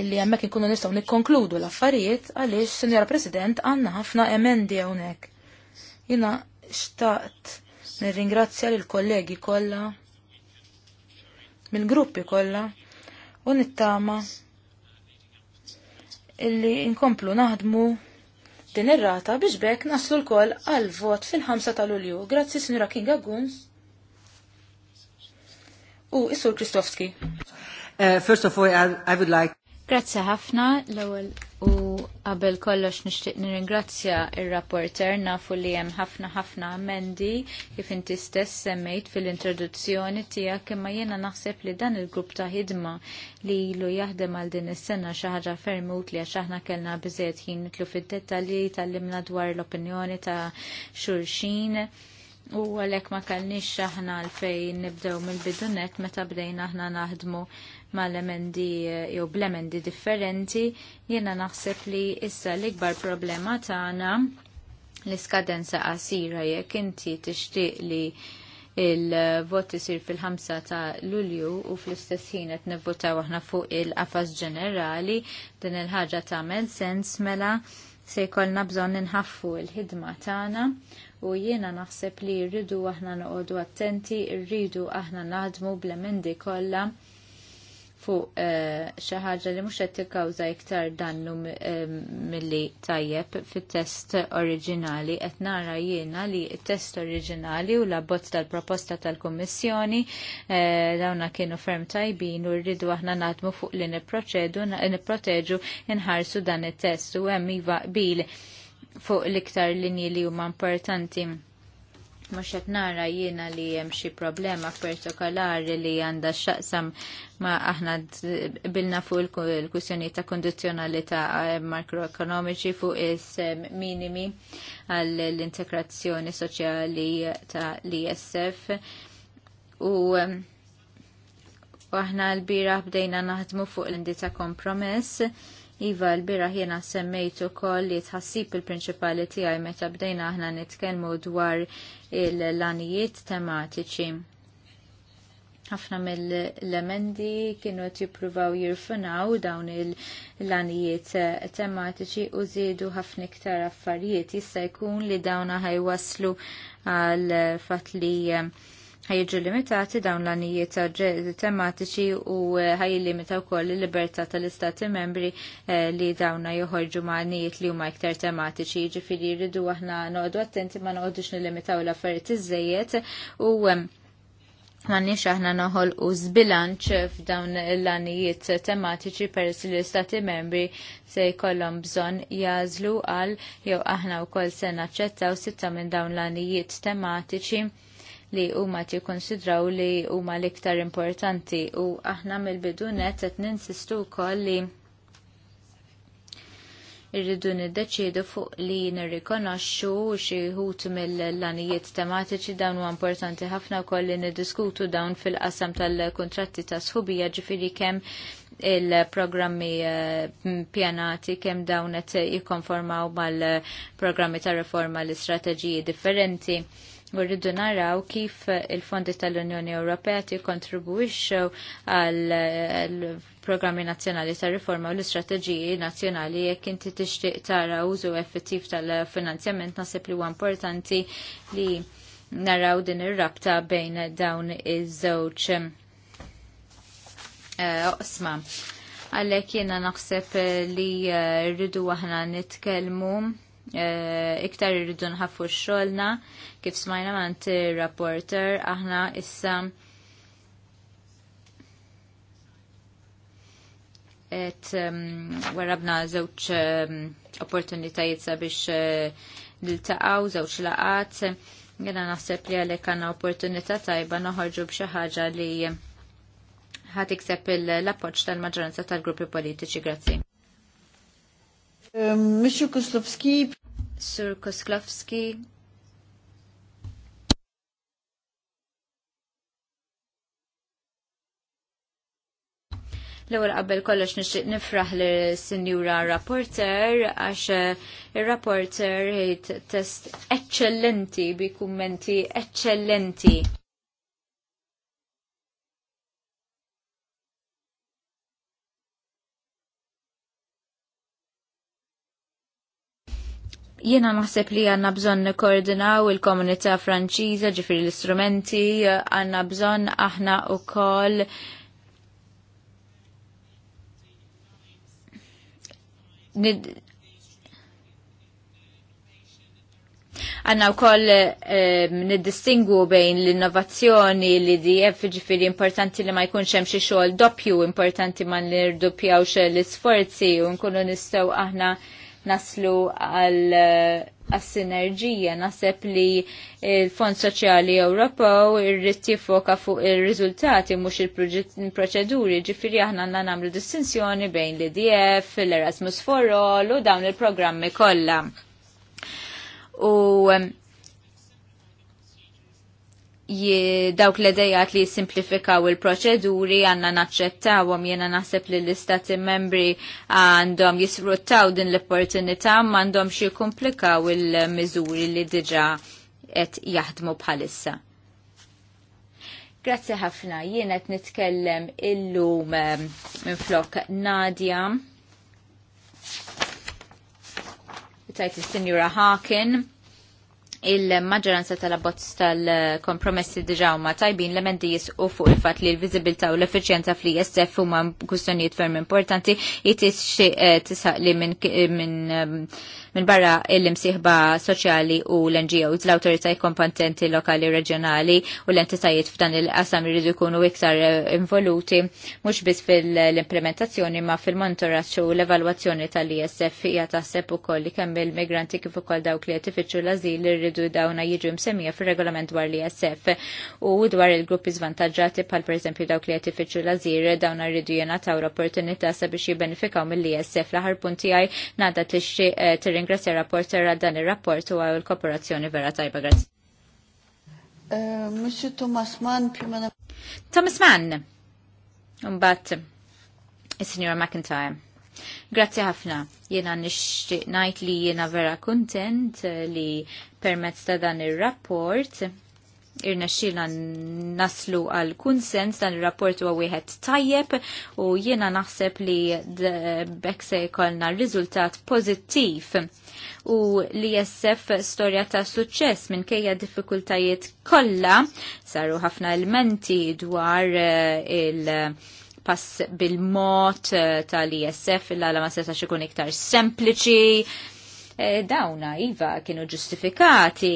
illi hemmhekk inkunu nistgħu nikkonkludu l-affarijiet għaliex, senjora President, għandna ħafna emendi hawnhekk. Jina xtaqt nirringrazzja l kollegi kollha mill-gruppi kollha u nittama illi inkomplu naħdmu din ir-rata biex bekk naslu l-koll għal vot fil-5 ta' Lulju. Grazzi Sinjura Kinga Guns. U Isur Kristofski. Uh, first of all, I, I would like Grazzi ħafna l-ewwel u qabel kollox nixtieq nirringrazzja ir-rapporter nafu li hemm ħafna ħafna ammendi kif inti stess semmejt fil-introduzzjoni tiegħek imma jiena naħseb li dan il-grupp ta' ħidma li ilu jaħdem għal din is-sena xi ħaġa fermut li għax aħna kellna biżejjed ħin nitlu fid-dettalji tal-limna dwar l-opinjoni ta' xulxin. U għalek ma kellniex aħna għalfejn nibdew mill-bidunet meta bdejna aħna naħdmu mal-emendi eh, jew blemendi differenti, jiena naħseb li issa l-ikbar problema tagħna l-iskadenza qasira jekk inti tixtieq li il-vot isir fil-5 ta' Lulju u fl-istess ħin qed nivvotaw aħna fuq il-qafas ġenerali din il-ħaġa tagħmel sens mela se jkollna bżonn inħaffu l-ħidma tagħna u jiena naħseb li rridu aħna noqogħdu attenti, rridu aħna naħdmu bl-emendi kollha fuq eh, xi ħaġa li mhux qed tikkawża iktar dannu eh, milli tajjeb fit-test oriġinali qed nara jiena li t-test oriġinali u l-abbozz tal-proposta tal-Kummissjoni eh, dawna kienu ferm tajbin u rridu aħna naħdmu fuq li nipproċedu nipproteġu nħarsu dan it-test u hemm iva qbil fuq l-iktar linji li huma importanti mhux qed nara jiena li hemm xi problema partikolari li għandha x'aqsam ma aħna bilna fuq il-kwistjoni ta' kondizjonalità eh, makroekonomiċi fuq is-minimi eh, għall-integrazzjoni soċjali ta' l-ISF eh, u aħna l-bira bdejna naħdmu fuq l-indi ta' kompromess Iva, l-bira jena semmejtu kol li tħassib il-prinċipali tijaj meta bdejna aħna nitkelmu dwar il-lanijiet tematiċi. ħafna mill-lemendi kienu tippruvaw jirfunaw dawn il-lanijiet tematiċi u zidu ħafna iktar affarijiet. Jista' jkun li dawna ħajwaslu għal fat li eh, ħajġu limitati dawn l-anijiet tematiċi u u eh, wkoll il-libertà tal-istati membri eh, li dawna joħorġu ma' anijiet li huma iktar tematiċi, ġifiri jridu aħna noqogħdu attenti ma noqogħdux limitaw l-affarijiet iżejjed u eh, Mannix aħna noħol u zbilanċ f'dawn l-anijiet tematiċi peress li l-istati membri se jkollhom bżonn jażlu għal jew aħna wkoll se naċċettaw sitta minn dawn l-anijiet tematiċi li huma tikkonsidraw li huma l-iktar importanti u aħna mill-bidunet qed ninsistu wkoll li irridu niddeċiedu fuq li nirrikonoxxu xi wħud mill-lanijiet tematiċi dawn huwa importanti ħafna wkoll li niddiskutu dawn fil-qasam tal-kuntratti ta' sħubija ġifieri kemm il-programmi eh, pjanati kemm dawn qed jikkonformaw mal-programmi ta' riforma l-istrateġiji differenti u rridu naraw kif il-fondi tal-Unjoni Ewropea tikkontribwixxew għal programmi nazzjonali ta' riforma u l-istrateġiji nazzjonali jekk inti tixtieq tara użu effettiv tal-finanzjament naħseb li huwa importanti li naraw din ir-rabta bejn dawn iż-żewġ eh, oqsma. Għalhekk jiena naħseb li eh, rridu aħna nitkellmu Eh, iktar irridu nħaffu xolna kif smajna mant rapporter aħna issa et warabna zewċ opportunitajiet sabiex dil-taqaw, eh, zewċ laqat jena naħseb li għalek għanna opportunita tajba noħorġu bxi ħaġa li ħat ikseb l-appoċ tal-maġġoranza tal-gruppi politiċi. Grazzi. Mr um, Koslovski, Sir Koslowski. L-ewwel qabel kollox nixtieq nifraħ li sinjura rapporter għax uh, ir-rapporter test eċċellenti bi kummenti eċċellenti. Jiena naħseb li għanna bżon nikoordinaw il-komunità franċiża ġifir l-istrumenti, għanna bżon aħna u koll Għanna u koll ehm, niddistingu bejn l-innovazzjoni li di ġifiri importanti li ma jkunx hemm xi xogħol doppju importanti ma nirdupjawx l-isforzi u nkunu nistgħu aħna naslu għal eh, għas-sinerġija naseb li il-Fond Soċjali Ewropew irrid jiffoka fuq ir-riżultati mhux il-proċeduri, ġifieri aħna għandna nagħmlu distinzjoni bejn l-IDF, l-Erasmus for All u dawn il-programmi kollha. U dawk l dejjat li simplifikaw il-proċeduri għanna naċċettawhom jiena naħseb li l-istati membri għandhom jisruttaw din l-opportunità għandhom xie komplikaw il-miżuri li diġà qed jaħdmu bħalissa. Grazzi ħafna, jena qed nitkellem illum eh, minn flok Nadja. Tajt il-Sinjura Hawkin il-maġġoranza tal-abbozz tal-kompromessi diġa huma tajbin l-emendi jisqu fuq il-fatt li l vizibilta u l-effiċjenza fl-ISF huma kwistjonijiet ferm importanti jitixxi eh, tisħaq li ehm, minn barra l-imsieħba soċjali u l-NGOs, l autorita kompetenti lokali u reġjonali u l-entitajiet f'dan il-qasam jridu jkunu iktar eh, involuti, mhux biss fil-implementazzjoni ma fil monitoraċ u l-evalwazzjoni tal-ISF hija u ukoll li kemm il-migranti kif ukoll dawk li qed l-azil irridu dawna jiġu msemmija fil-regolament dwar l-ISF u dwar il-gruppi zvantagġati pal per dawk li ifittxu l-azir dawna rridu jingħataw l-opportunità sabiex jibbenifikaw mill-ISF laħar punti għaj nada t-ixti eh, t-ringrazzja rapporter għal dan il-rapport u għal il kooperazzjoni vera tajba grazzi. Eh, Mr. Thomas Mann, pimana. Thomas Mann, unbat, signora McIntyre. Grazie ħafna. Jena nishtiq najt li jena vera kontent eh, li Permezz ta' dan ir-rapport xilna naslu għal kunsens dan ir-rapport huwa wieħed tajjeb u jiena naħseb li bekk se jkollna riżultat pożittiv u li jessef storja ta' suċċess kejja diffikultajiet kollha saru ħafna elementi dwar eh, il- pass bil-mot eh, tal-ISF il għala ma setax ikun iktar sempliċi, E, dawna iva kienu ġustifikati.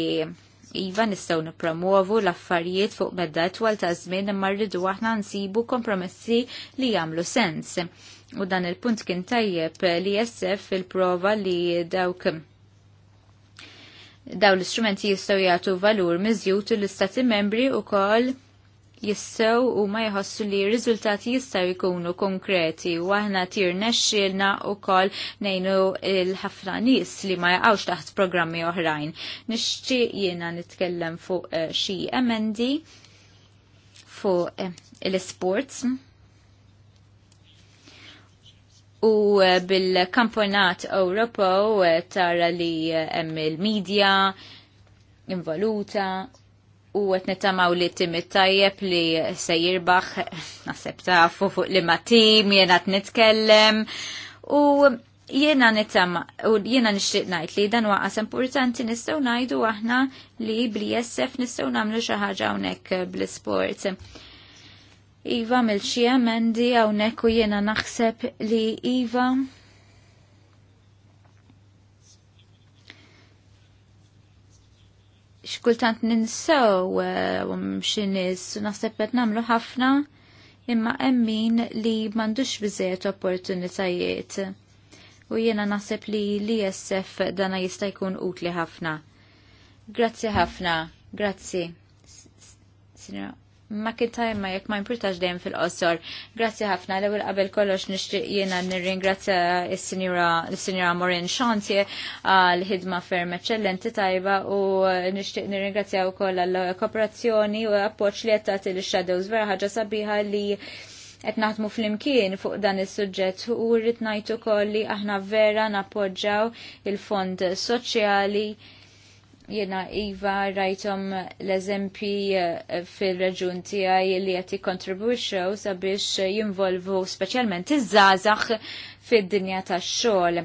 Iva nistaw nipromuovu l-affarijiet fuq medda twal ta' żmien imma rridu aħna nsibu kompromessi li jagħmlu sens. U dan il-punt kien tajjeb li jessef il-prova li dawk daw l-istrumenti jistaw jagħtu valur miżjut l-istati membri u kol jissew u ma jħossu li rizultati jistaw jkunu konkreti u aħna tir nexxilna u kol nejnu l-ħafna nis li ma jgħawx taħt programmi oħrajn. Nixċi jiena nitkellem fuq xie eh, xi emendi fuq eh, l-sports u eh, bil kampjonat Ewropew tara li hemm il-medja involuta u għet nitamaw li timit tajjeb li se jirbaħ, nasib fuq li ma tim, jena t-nitkellem u jena nitama, u jena nishtiq najt li dan waqas importanti nistaw najdu aħna li bl-jessef nistaw namlu xaħġa unek bl-sport. Iva mil xie emendi għawnek u jena naħseb li Iva xkultant ninsew eh, xinis naħseb qed nagħmlu ħafna imma emmin li m'għandux biżejjed opportunitajiet. U jiena naħseb li l-ISF dana jista' jkun utli ħafna. Grazzi ħafna, grazzi. Sinra Ma' kien tajma jekk ma jimpurtax dejjem fil-qosor. Grazzi ħafna l ewwel qabel kollox nixtieq jiena nirringrazzja s-sinjura Morin Xantje għal ħidma ferm eċċellenti tajba u nixtieq nirringrazzja wkoll għall kooperazzjoni u appoġġ li qed tagħti lix-shadows vera ħaġa sabiħa li qed naħdmu flimkien fuq dan is-suġġett u rrid ngħid ukoll li aħna vera nappoġġjaw il-fond soċjali Jena Iva rajtom l-eżempji eh, fil-reġun tijaj li jati kontribuċew sabiex jinvolvu specialment iż-żazax fil-dinja ta' xol.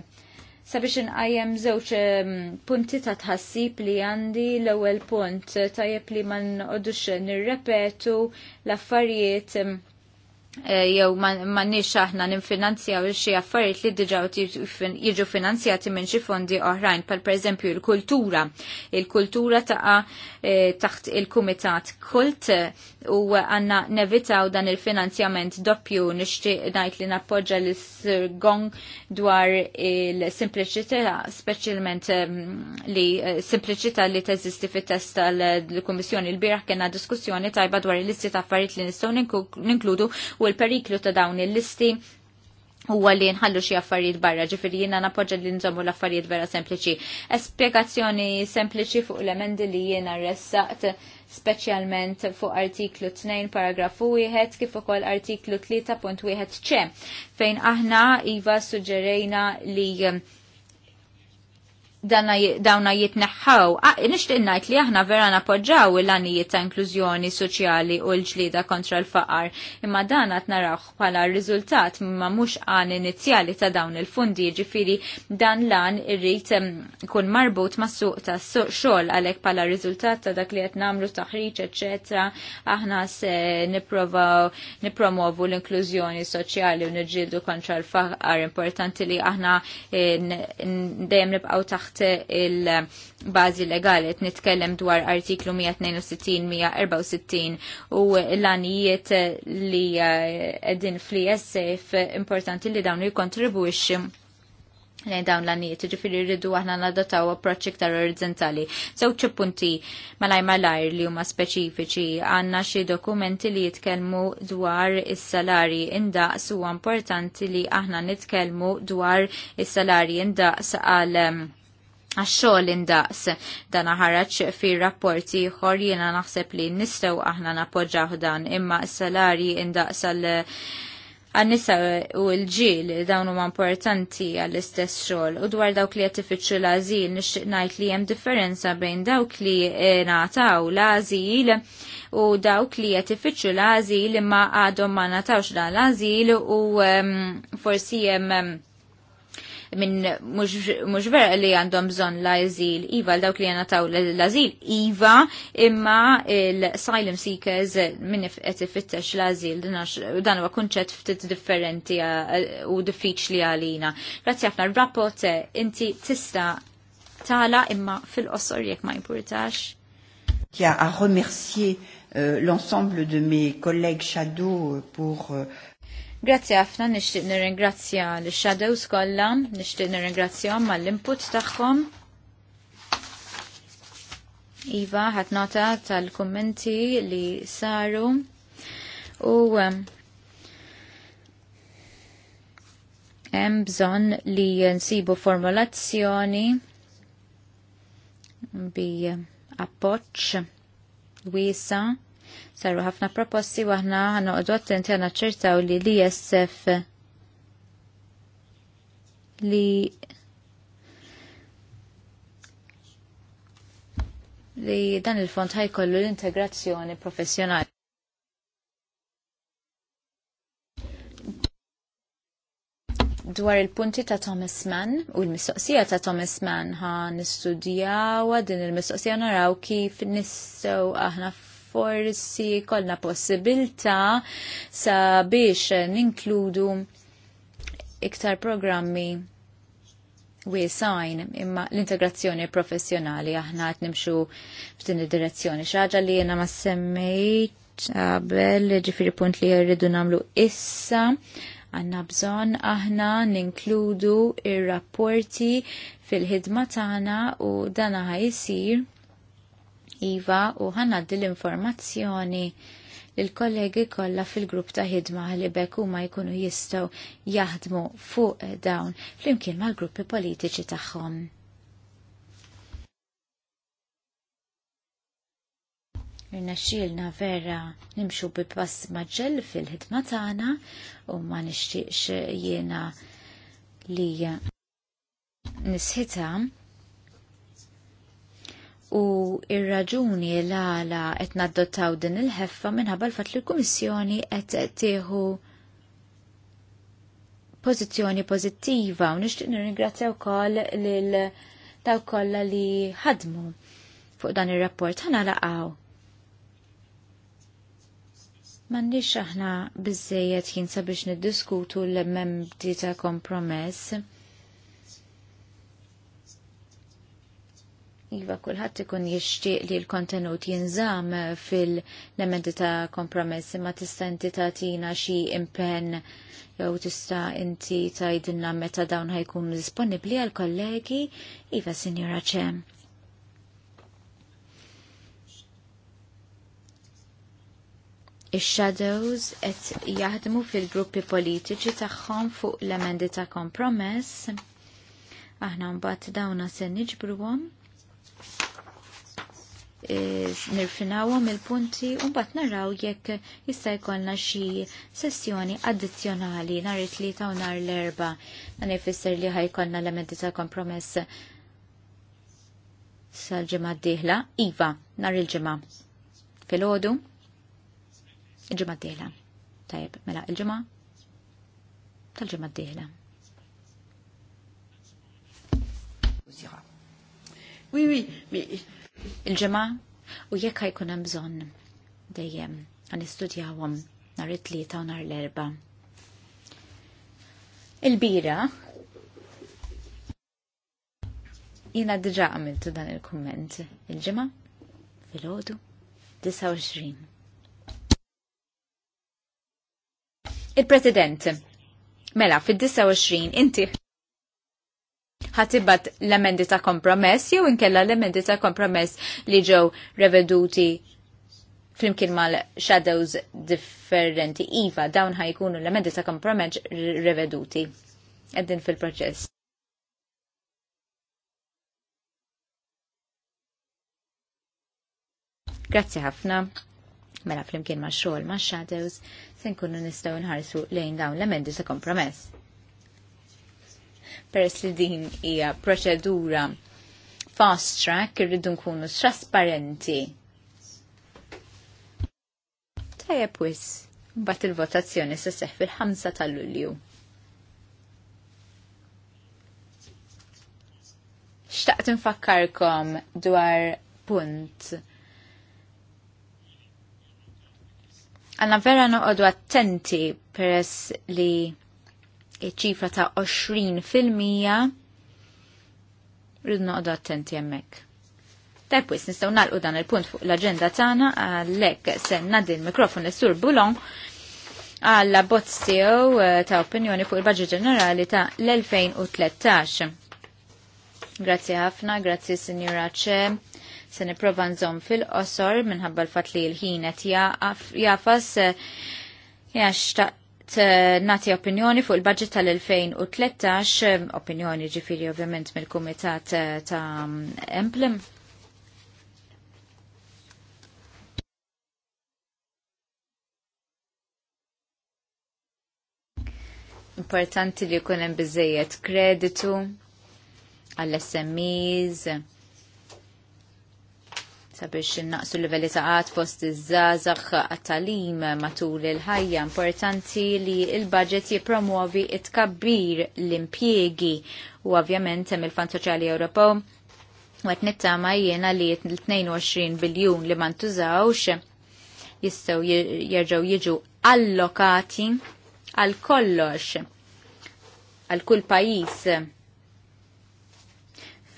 Sabiex nqajjem żewġ eh, punti ta' tħassib li għandi l-ewwel punt tajjeb li ma nqodux nirrepetu l-affarijiet eh, Eh, jew m'għandniex aħna ninfinanzjaw xi affarijiet li diġà jiġu finanzjati minn xi fondi oħrajn, pal pereżempju il-kultura. Il-kultura taqa eh, taħt il-kumitat kult eh, u għanna nevitaw dan il-finanzjament doppju nixtieq ngħid li nappoġġa l gong dwar il-simpliċità, speċjalment ehm, li simpliċità li teżisti fit-test tal-Kummissjoni l-bieraħ kena diskussjoni tajba dwar il-listi ta' affarijiet li nistgħu ninkludu u l-periklu ta' dawn il-listi huwa li nħallu xi affarijiet barra, ġifieri jiena napoġġa li nżommu l-affarijiet vera sempliċi. Espjegazzjoni sempliċi fuq l-emendi li jiena ressaqt speċjalment fuq artiklu 2 paragrafu 1 kif ukoll artiklu 3.1 ċe fejn aħna iva suġġerejna li dawna jitneħħaw. Nishtiq najt li aħna vera napoġġaw il-għanijiet ta' inklużjoni soċjali u l-ġlida kontra l-faqar. Imma dan għat narawħ pala rizultat ma mux għan inizjali ta' dawn il-fundi ġifiri dan lan irrit kun marbut ma' suq ta' xol għalek pala riżultat ta' dak li għat namlu taħriċ, ecc. Aħna se nipromovu l-inklużjoni soċjali u nġildu kontra l-faqar. Importanti li aħna eh, dejjem nibqaw taħt taħt il-bazi legali nitkellem dwar artiklu 162-164 u l-anijiet li edin eh, fl-ISF importanti li dawn jikontribuixi lejn dawn l-għaniet, ġifiri rridu għahna nadotaw approċ iktar orizzontali. Sewċi punti malaj malajr li huma speċifiċi għanna xi dokumenti li jitkellmu dwar is-salari indaqs u importanti li aħna nitkellmu dwar is-salari indaqs għal ehm, għaxxol indaqs dan ħaraċ fi rapporti ħor jiena naħseb li nistaw aħna napoġġaw dan imma s-salari indaqs għal għannisa u l-ġil dawn huma importanti għall-istess xogħol u dwar dawk li qed tifittxu l-għażil nixtieq ngħid li hemm differenza bejn dawk li eh, ngħataw l-għażil u dawk li qed ifittxu l-għażil imma għadhom ma ngħatawx dan l-għażil u ehm, forsi hemm ehm, minn mhux vera li għandhom bżonn la azil iva l dawk li għana taw l-azil iva imma l-asylum seekers minn qed ifittex l-azil dan huwa kunċett ftit differenti eh, u diffiċli għalina. Grazzi ħafna r-rapport eh, inti tista' tala imma fil-qosor jekk ma importax. Tiens, à remercier euh, l'ensemble de mes collègues shadow pour euh, Grazzi ħafna nixtieq nirringrazzja l-Shadows kollha, nixtieq nirringrazzjahom l input tagħhom. Iva, ħat nota tal-kummenti li saru u hemm bżonn li nsibu formulazzjoni bi appoġġ wiesa' saru ħafna proposti waħna ħanoqdu attenti għana ċertaw li l-ISF li li dan il-fond ħajkollu l-integrazzjoni professjonali. dwar il-punti ta' Thomas Mann u l-mistoqsija ta' Thomas Mann ħa nistudjawa din il-mistoqsija naraw kif nistgħu aħna forsi kollna possibilità sabiex ninkludu iktar programmi sign imma l-integrazzjoni professjonali aħna qed nimxu f'din id-direzzjoni. Xaġa li jiena ma semmejt qabel ġifieri punt li jridu nagħmlu issa għanna bżonn aħna ninkludu ir-rapporti fil-ħidma tagħna u dan jsir. Iva u ħanaddi l-informazzjoni l-kollegi kollha fil-grupp ta' ħidma li bekk huma jkunu jistgħu jaħdmu fuq dawn flimkien mal-gruppi politiċi tagħhom. Irnexxielna vera nimxu bi pass maġġel fil-ħidma tagħna u ma nixtieqx jiena li nisħitam. U ir-raġuni l-għala qed naddottaw din il-ħeffa minħabba l-fatt li l-Kummissjoni qed tieħu pożizzjoni pożittiva u nixtieq nirringrazzja wkoll lil daw kollha li ħadmu fuq dan ir-rapport ħana laqgħu. M'għandix aħna biżejjed ħin sabiex niddiskutu l-memdi ta' kompromess Iva, kullħat ikun jixtieq li l-kontenut jinżam fil-elementi ta' kompromess ma tista' inti tina xi impenn jew tista' inti tgħidilna meta dawn ħajkun disponibbli għal kollegi Iva, Sinjura Ċem. Ix-shadows qed jaħdmu fil-gruppi politiċi tagħhom fuq l-emendi ta' kompromess. Aħna mbagħad dawna se niġbruhom E, nirfinawhom il-punti u mbagħad naraw jekk jista' jkollna xi sessjoni addizzjonali nhar it-tlieta u nhar l-erba. Dan jfisser li ħajkollna elementi ta' kompromess sal-ġimgħa d-dieħla. Iva, nhar il-ġimgħa. Filgħodu? Il-ġimgħa d-dieħla. Tajjeb, mela il-ġimgħa tal-ġimgħa d-dieħla. Oui, oui, il-ġemma u jekk ħajkun hemm bżonn dejjem nistudjawhom nhar it-tlieta u nhar l-erba. Il-bira jina diġa għamiltu dan il-komment il ġimgħa fil-ħodu 29. Il-President, mela, fil-29 inti ħatibat l-emendi ta' kompromess jew inkella l-emendi ta' kompromess li ġew reveduti flimkien mal shadows differenti. Iva, dawn ħajkunu l-emendi ta' kompromess reveduti. Eddin fil-proċess. Grazzi ħafna. Mela flimkien ma' xogħol ma' shadows se nkunu nistgħu nħarsu lejn dawn l-emendi ta' kompromess. Peress li din hija proċedura fast track irridu nkunu trasparenti. Tajjeb wis, mbagħad il-votazzjoni se seħħ fil-5 ta' Lulju. Xtaqt infakkarkom dwar punt għanna vera noqodu attenti peress li ċifra ta' 20 fil-mija rridu noqdu attenti hemmhekk. Tajb wis nistgħu nagħlqu dan il-punt fuq l-aġenda tagħna għalhekk sen ngħaddi l-mikrofon l sur Bulon għalla bozz tiegħu eh, ta' opinjoni fuq il-Baġġet Ġenerali ta' l-2013. Grazzi ħafna, grazie Signora Ċe. Se nipprova nżomm fil-qosor minħabba l-fatt li l-ħin qed jafas. Eh, Jax Eh, nati opinjoni fuq il-budget tal-2013, eh, opinjoni ġifiri ovvjament mill-Kumitat eh, ta' Emplem. Importanti li jkun hemm kreditu għall-SMEs, sabiex innaqsu livelli ta' għad fost iż-żazax għat-talim matul il-ħajja importanti li il-budget jipromuovi it-kabbir l-impjiegi u ovvjament hemm il-Fond Soċjali Ewropew għet nittama jiena li 22 biljun li tużawx jistaw jirġaw jiġu allokati għal kollox għal kull pajis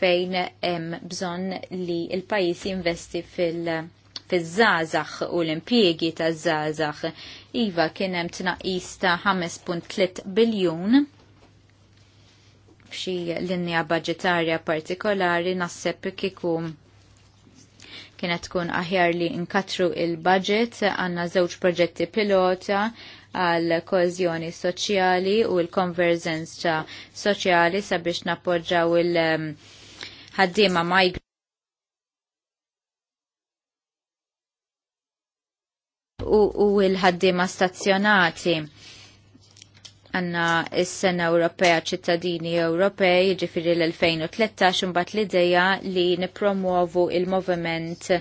fejn hemm bżonn li l-pajjiż jinvesti fil- fiż-żazax u l-impjiegi taż-żazax. Iva kien hemm tnaqqis ta' 5.3 biljun f'xi linja budgetarja partikolari naħseb. kieku kienet tkun aħjar li nkatru il-budget għanna żewġ proġetti pilota għal kozjoni soċjali u l-konverżenza soċjali sabiex nappoġġaw il- ħaddiema ma u, u l-ħaddiema stazzjonati għanna s-sena Ewropea ċittadini Ewropej, ġifiri l-2013, mbat l-ideja li nipromuovu il-moviment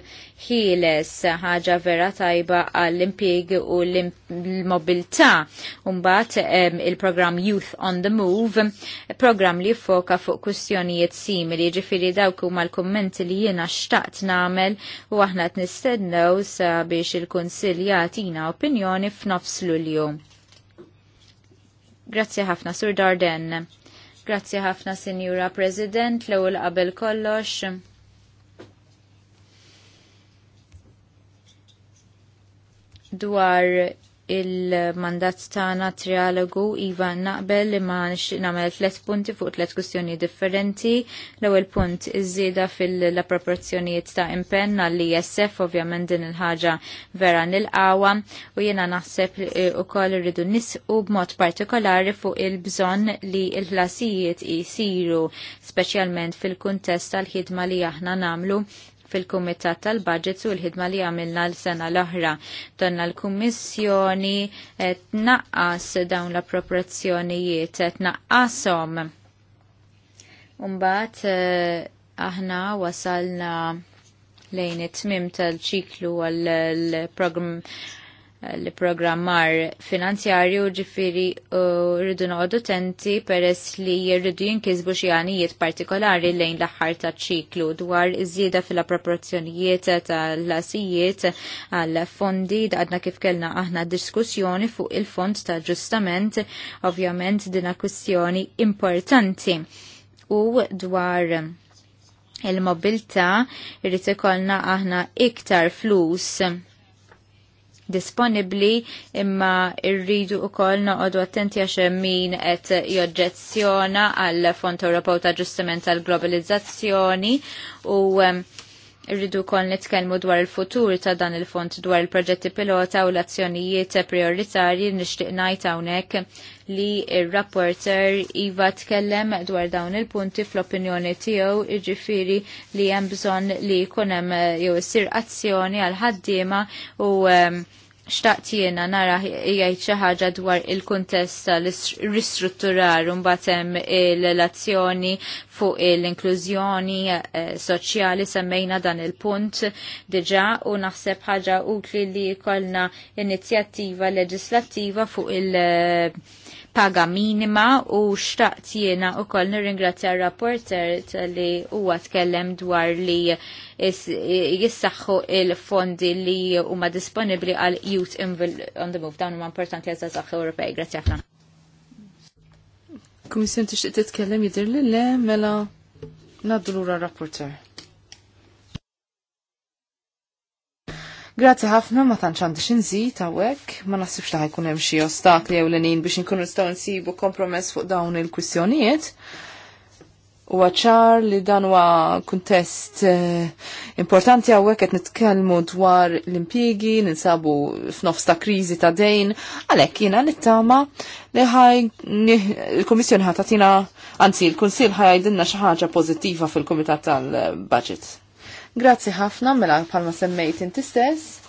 Hiles, ħaġa vera tajba għall-impieg u l-mobilta. Mbat il-program Youth on the Move, program li foka fuq kustjonijiet simili, ġifiri dawk huma l-kommenti li jiena xtaqt namel u aħna t-nistednew sabiex il-konsiljatina opinjoni f'nofs lulju. Grazzi ħafna, Sur Darden. Grazzi ħafna, Signora President, l-ewwel qabel kollox. Dwar il-mandat tagħna trialogu iva naqbel li ma nagħmel tliet punti fuq tliet kwistjoni differenti. L-ewwel punt iż-żieda fil-approporzjonijiet ta' impenn għall ISF ovvjament din il-ħaġa vera nilqawa u jiena naħseb eh, ukoll irridu nisqu b'mod partikolari fuq il-bżonn li l-ħlasijiet jisiru speċjalment fil-kuntest tal-ħidma li aħna nagħmlu fil-Kumitat tal-Budget u l-ħidma li għamilna l-sena l-oħra. Donna l-Kummissjoni tnaqqas dawn l-appropriazzjonijiet naqqasom. Umbat eh, aħna wasalna lejn it-tmim tal-ċiklu għal-program l-programmar finanzjarju ġifiri rridu noqdu tenti peress li jirridu jinkisbu xi għanijiet partikolari lejn l-aħħar ta' ċiklu dwar iż-żieda fil approporzjonijiet tal-lasijiet għal fondi għadna kif kellna aħna diskussjoni fuq il-fond ta' ġustament, ovvjament din kwistjoni importanti u dwar il-mobilta irrid ikollna aħna iktar flus disponibli imma irridu u koll noqodu attenti għax min et joġġezzjona għal Fond Ewropew ta' ġustiment għal globalizzazzjoni u irridu koll nitkellmu dwar il-futur ta' dan il-fond dwar il-proġetti pilota u l-azzjonijiet prioritarji nixtieq ngħid hawnhekk li ir-rapporter Iva tkellem dwar dawn il-punti fl-opinjoni tiegħu jiġifieri li hemm bżonn li jkun hemm eh, jew issir azzjoni għal ħaddiema u um, xtaqt jiena nara jgħid xi ħaġa dwar il-kuntest tal-ristrutturar mbagħad hemm il-relazzjoni fuq l-inklużjoni eh, soċjali semmejna dan il-punt diġà u naħseb ħaġa utli li jkollna inizjattiva leġislattiva fuq il- paga minima u xtaqt jiena u koll nirringrazzja rapporter li huwa tkellem dwar li jissaxħu il-fondi li huma disponibli għal Youth on the Move. Dawn huma importanti għal żgħażagħ Ewropej. Grazzi ħafna. Kummissjon tixtieq titkellem jidher li le mela nadrura lura rapporter. Grazzi ħafna ma tantx għandix inżid hawnhekk, ma nasibx li ħajkun hemm xi ostakli jew lenin biex inkunu nistgħu nsibu kompromess fuq dawn il-kwistjonijiet. U ċar li dan huwa kuntest eh, importanti hawnhekk qed nitkellmu dwar l-impjigi, ninsabu f'nofs ta' kriżi ta' dejn, għalhekk jiena nittama li ħaj il-Kummissjoni ħatatina, anzi l-Kunsill ħajdilna xi ħaġa pożittiva fil-Kumitat tal-Budget. Grazzi ħafna mela palma semmejt inti stess.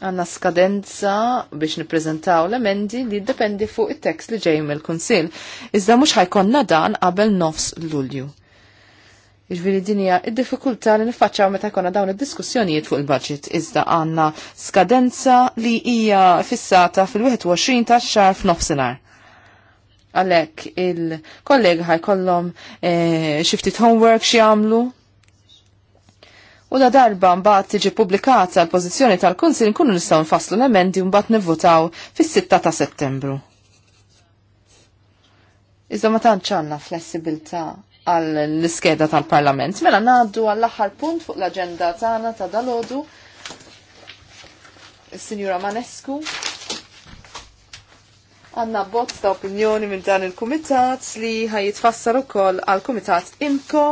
Għanna skadenza biex niprezentaw l-emendi li jiddependi fuq it-tekst li ġej mill-Kunsill. Iżda mhux ħajkonna dan qabel nofs Lulju. Iġviri dinja id-difikulta li nifacċaw meta jkonna dawn id-diskussjonijiet fuq il-budget iżda għandna skadenza li hija fissata fil-21 ta' xar f'nofsinhar. Għalek il-kollega ħajkollhom eh, xiftit homework xi U da darba mbagħad tiġi pubblikata l-pożizzjoni tal-Kunsil nkunu nistgħu nfasslu l-emendi u mbagħad nivvotaw fis-6 ta' Settembru. Iżda ma tantx għandna flessibilità għal l-iskeda tal-Parlament. Mela ngħaddu għall-aħħar punt fuq l-aġenda tagħna ta' dalodu. Is-Sinjura Manescu għanna bozz ta' opinjoni minn dan il-kumitat li ħajitfassar ukoll għal kumitat IMCO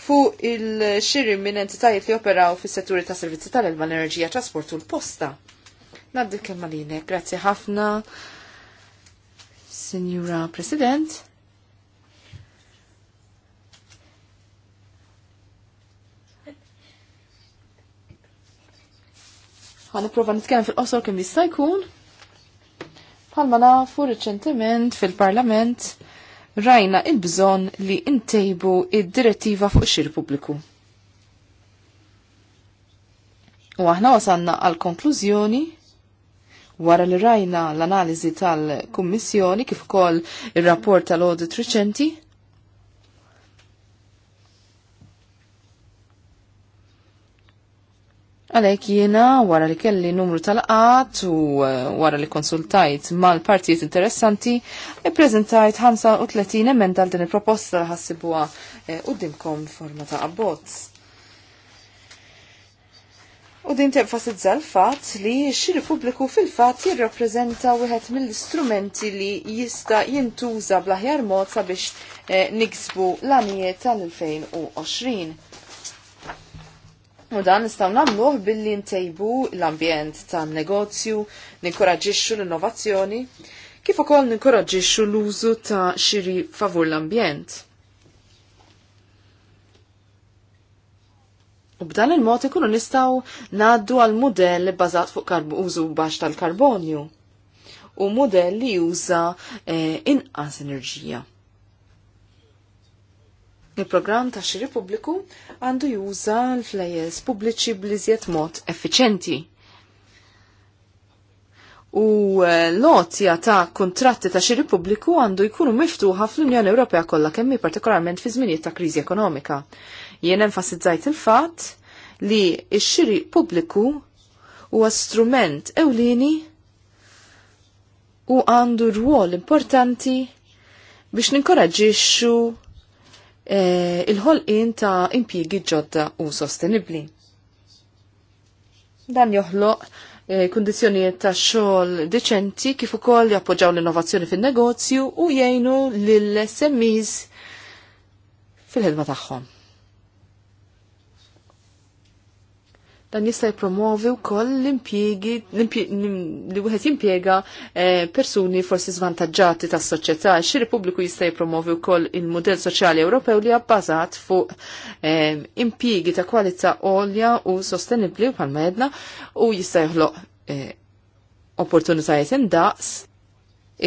fuq il-xiri minn entitajiet li operaw fis setturi ta' servizzi tal-elma l-enerġija, trasportu l-posta. Naddi kemm linek, grazzi ħafna, Signora President. Għan prova nitkellem fil-qosor kemm jista' jkun. Palma nafu reċentement fil-Parlament rajna il-bżon li intejbu id-direttiva fuq xir pubbliku. U aħna wasanna għal konklużjoni wara li rajna l-analiżi tal-Kummissjoni kif ukoll ir-rapport tal-Audit reċenti. Għalek jiena wara li kelli numru tal-qat u eh, wara li konsultajt mal-partijiet interessanti, prezentajt 35 emenda għal din il-proposta li ħassibuha eh, u dimkom forma ta' abbozz. U din tenfasizza l-fat li xiri pubbliku fil-fat jirrapprezenta wieħed mill-istrumenti li jista' jintuża bl-aħjar mod sabiex eh, niksbu l-għanijiet tal-2020 U dan nistaw namluħ billi ntejbu l-ambjent tan negozju, ninkoraġixxu l-innovazzjoni, kif ukoll ninkoraġixxu l-użu ta' xiri favur l-ambjent. U b'dan il-mod ikunu nistaw naddu għal modell bbażat fuq użu baxx tal-karbonju u modell li juża eh, inqas enerġija. Il-programm ta' xiri pubbliku għandu juża l-flejes pubbliċi bliżjed mod effiċenti. U eh, lotja ta' kontratti ta' xiri pubbliku għandu jkunu miftuħa fl-Unjoni Ewropea kollha kemmi partikolarment fi żminijiet ta' kriżi ekonomika. Jien enfasizzajt il-fatt li x-xiri pubbliku huwa strument ewlieni u għandu rwol importanti biex ninkoraġġixxu Eh, il-ħolqien ta' impjiegi ġodda u sostenibli. Dan joħloq eh, kondizjonijiet ta' xogħol deċenti kif ukoll jappoġġaw l-innovazzjoni fin-negozju u jgħinu lill-SMEs fil-ħidma tagħhom. dan jista' jippromovi wkoll l-impjiegi li wieħed jimpjega eh, persuni forsi svantaġġati tas-soċjetà. xi repubbliku jista' jippromovi wkoll il-mudell soċjali Ewropew li bbażat fuq eh, impjiegi ta' kwalità għolja u sostenibbli bħalma jedna u jista' joħloq eh, opportunitajiet indaqs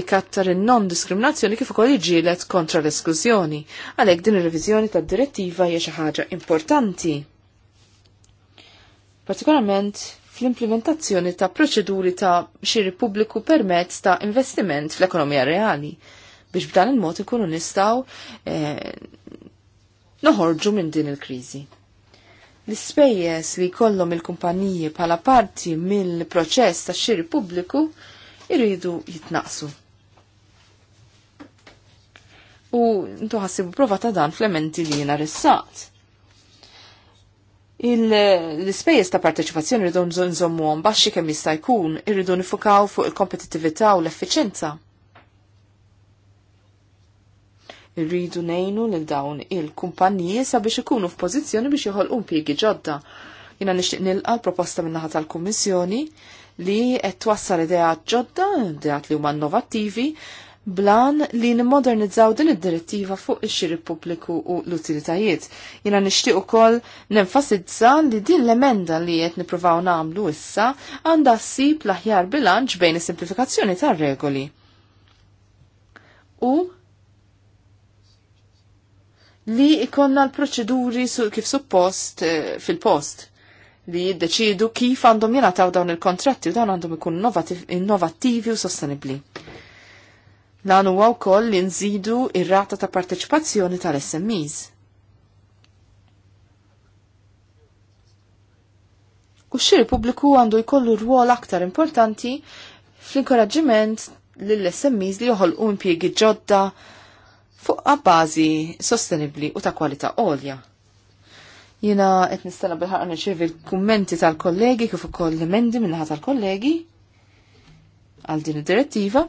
ikattar il-non-diskriminazzjoni kif ukoll iġielet kontra l-esklużjoni. Għalhekk din ir-reviżjoni tad-direttiva hija xi ħaġa importanti partikolarment fl-implementazzjoni ta' proċeduri ta' xiri pubbliku permezz ta' investiment fl-ekonomija reali biex b'dan il-mod ikunu nistaw eh, noħorġu minn din il-kriżi. L-ispejjeż li jkollhom il-kumpaniji bħala parti mill-proċess ta' xiri pubbliku irridu jitnaqsu. U ntu ħassibu prova ta' dan fl-elementi li jena rissaqt. L-ispejjeż ta' parteċipazzjoni rridu nżommuhom baxxi kemm jista' jkun, irridu nifukaw fuq il-kompetittività u l-effiċenza. Irridu nejnu lil dawn il kumpanniji sabiex ikunu f'pożizzjoni biex joħolqu impjiegi ġodda. Jiena nixtieq nilqa l-proposta min-naħa tal-Kummissjoni li qed twassal idea ġodda, ideat li huma innovattivi blan li nimmodernizzaw din id-direttiva fuq ix-xiri pubbliku u l-utilitajiet. Jiena nixtieq ukoll nenfasizza li din l-emenda li qed nippruvaw nagħmlu issa għandha ssib l-aħjar bilanċ bejn is-simplifikazzjoni tar-regoli. U li ikonna l-proċeduri su kif suppost eh, fil-post li jiddeċidu kif għandhom jenataw dawn il-kontratti u dawn għandhom ikun innovattivi u sostenibli. Lan huwa wkoll li nżidu ir-rata ta' parteċipazzjoni tal-SMEs. U xir pubbliku għandu jkollu rwol aktar importanti fl-inkoraġġiment lill-SMEs li joħolqu impjiegi ġodda fuq bażi sostenibbli u ta' kwalità għolja. Jina qed nistenna bil-ħarqa nirċievi l-kummenti tal-kollegi kif ukoll l-emendi minnaħa tal-kollegi għal din id-direttiva.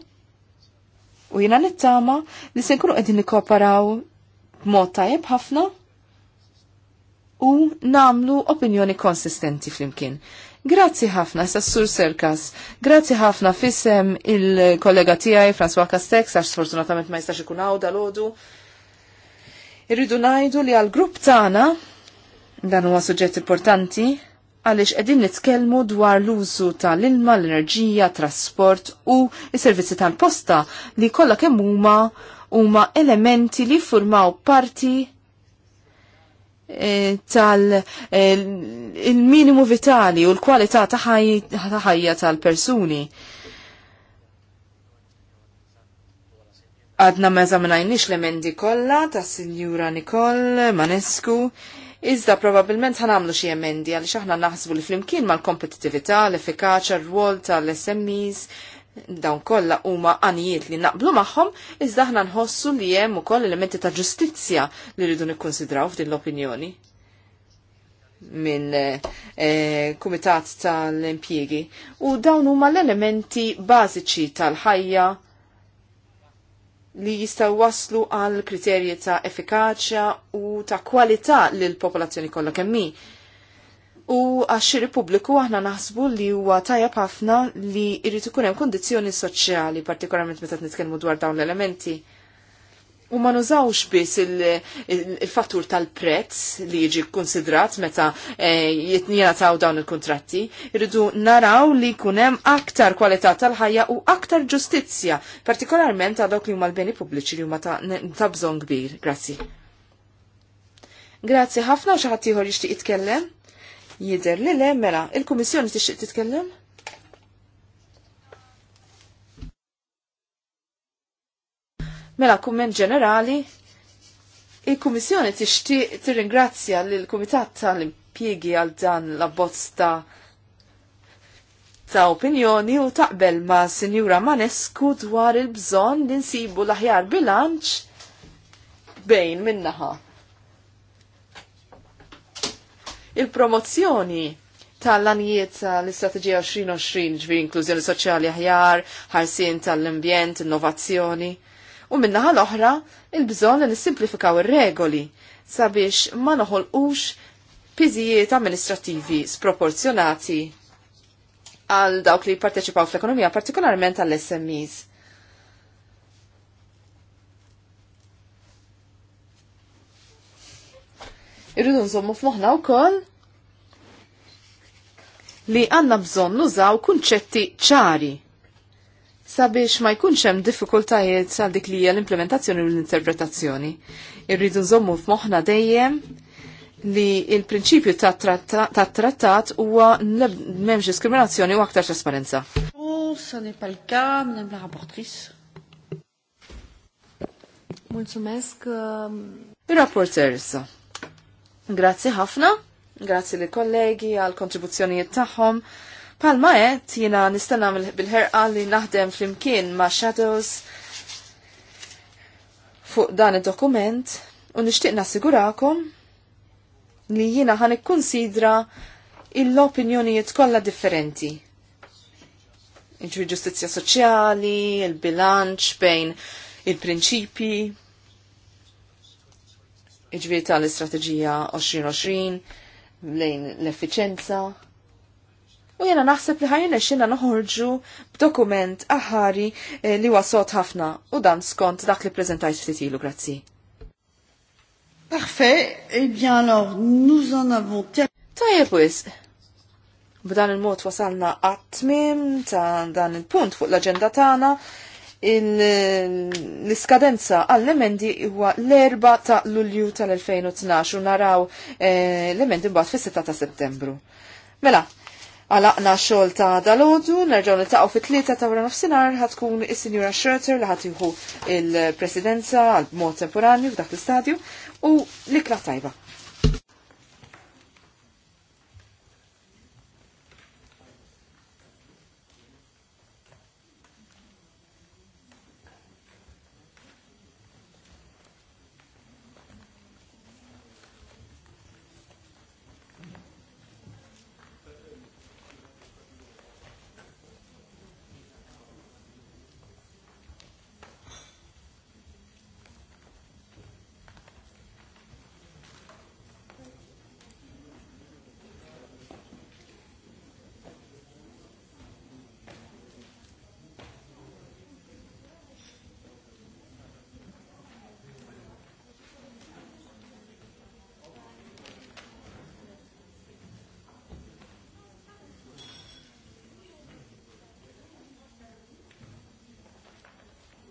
U jina nittama li se nkunu qegħdin nikoparaw b'mod tajjeb ħafna u namlu opinjoni konsistenti flimkien. Grazzi ħafna, Sur Serkas. Grazzi ħafna fissem il-kollega tijaj, François Castex, għax sfortunatament ma jistax ikun għawda l-ħodu. Irridu najdu li għal-grupp tana, dan huwa suġġett importanti, għalix edin nitkelmu dwar l-użu tal-ilma, l-enerġija, trasport u s-servizzi tal-posta li kollha kemm huma huma elementi li formaw parti eh, tal-minimu eh, vitali u l-kwalità ta' ħajja tal-persuni. Għadna meżaminajnix l-emendi kollha ta' Sinjura Nikol Manescu Iżda probabilment ħanamlu xie emendi għaliex aħna naħsbu li flimkien mal-kompetitività, l-effikaċa, r-rwol tal-SMEs, dawn kollha huma għanijiet li naqblu magħhom iżda aħna nħossu li hemm ukoll elementi ta' ġustizzja li rridu nikkonsidraw f'din l-opinjoni minn eh, eh, kumitat tal-impjiegi. U dawn huma l-elementi bażiċi tal-ħajja li jistaw waslu għal kriterji ta' effikaċja u ta' kwalità lil popolazzjoni kollha kemm U għax pubbliku aħna naħsbu li huwa tajab ħafna li jrid ikun hemm kondizzjoni soċjali partikolarment meta nitkellmu dwar dawn l-elementi u ma nużawx biss il-fattur tal-prezz li jiġi konsidrat meta eh, taw dawn il-kontratti, irridu naraw li kunem aktar kwalità tal-ħajja u aktar ġustizzja, partikolarment ta' dawk li huma l-beni pubbliċi li huma ta' bżonn kbir. Grazzi. Grazzi ħafna u xi ħadd ieħor jixtieq jitkellem? Jider li le mela, il-Kummissjoni tixtieq titkellem? Mela kumment ġenerali, il-Kummissjoni tixtieq tirringrazzja lill kumitat tal-impjiegi għal dan l-abbozz ta' opinjoni u taqbel ma' Sinjura Manesku dwar il-bżonn li nsibu l-aħjar bilanċ bejn minnaħa. Il-promozzjoni tal-lanijiet l istrateġija 2020 ġvi inklużjoni soċjali aħjar, ħarsien tal-ambjent, innovazzjoni u minnaħa l-oħra il-bżon li nissimplifikaw ir-regoli sabiex ma noħolqux piżijiet amministrativi sproporzjonati għal dawk li jipparteċipaw fl-ekonomija, partikolarment għall smes Irridu nżommu f'moħna wkoll li għandna bżonn nużaw kunċetti ċari sabiex ma jkunx hemm diffikultajiet għal dik li hija l-implementazzjoni u l-interpretazzjoni. Irridu nżommu f'moħħna dejjem li il-prinċipju ta' trattat huwa m'hemmx diskriminazzjoni u aktar trasparenza. Oh, Mulțumesc. Um, Il-rapporter issa. grazie ħafna, grazie li kollegi għal kontribuzzjonijiet tagħhom. Palma qed jiena nista' nagħmel bil-ħerqa li naħdem flimkien ma' Shadows fuq dan id-dokument u nixtieq nassigurakom li jiena ħan ikkunsidra l-opinjonijiet kollha differenti. Iġri ġustizzja soċjali, il-bilanċ bejn il-prinċipi, iġri tal-istrateġija 2020 lejn l efficienza u jena naħseb li ħajna xina noħorġu b'dokument aħari eh, li wasot ħafna u dan skont dak li prezentajt ftit ilu, grazzi. Parfait, eh bien alors, nous en avons Tajjeb wis. B'dan il-mod wasalna għatmim ta' dan il-punt fuq l-agenda tagħna eh, l-iskadenza għall-emendi huwa l-4 ta' lulju tal-2012 u naraw eh, l-emendi mbagħad fis-6 ta' settembru. Mela, għalaqna xol ta' dalodu, nerġaw nitaqaw fit tlieta ta' wara nofsinhar ħatkun is-Sinjura Schroeter li ħatiħu il-presidenza għal mod temporanju f'dak l-istadju u l-ikla tajba.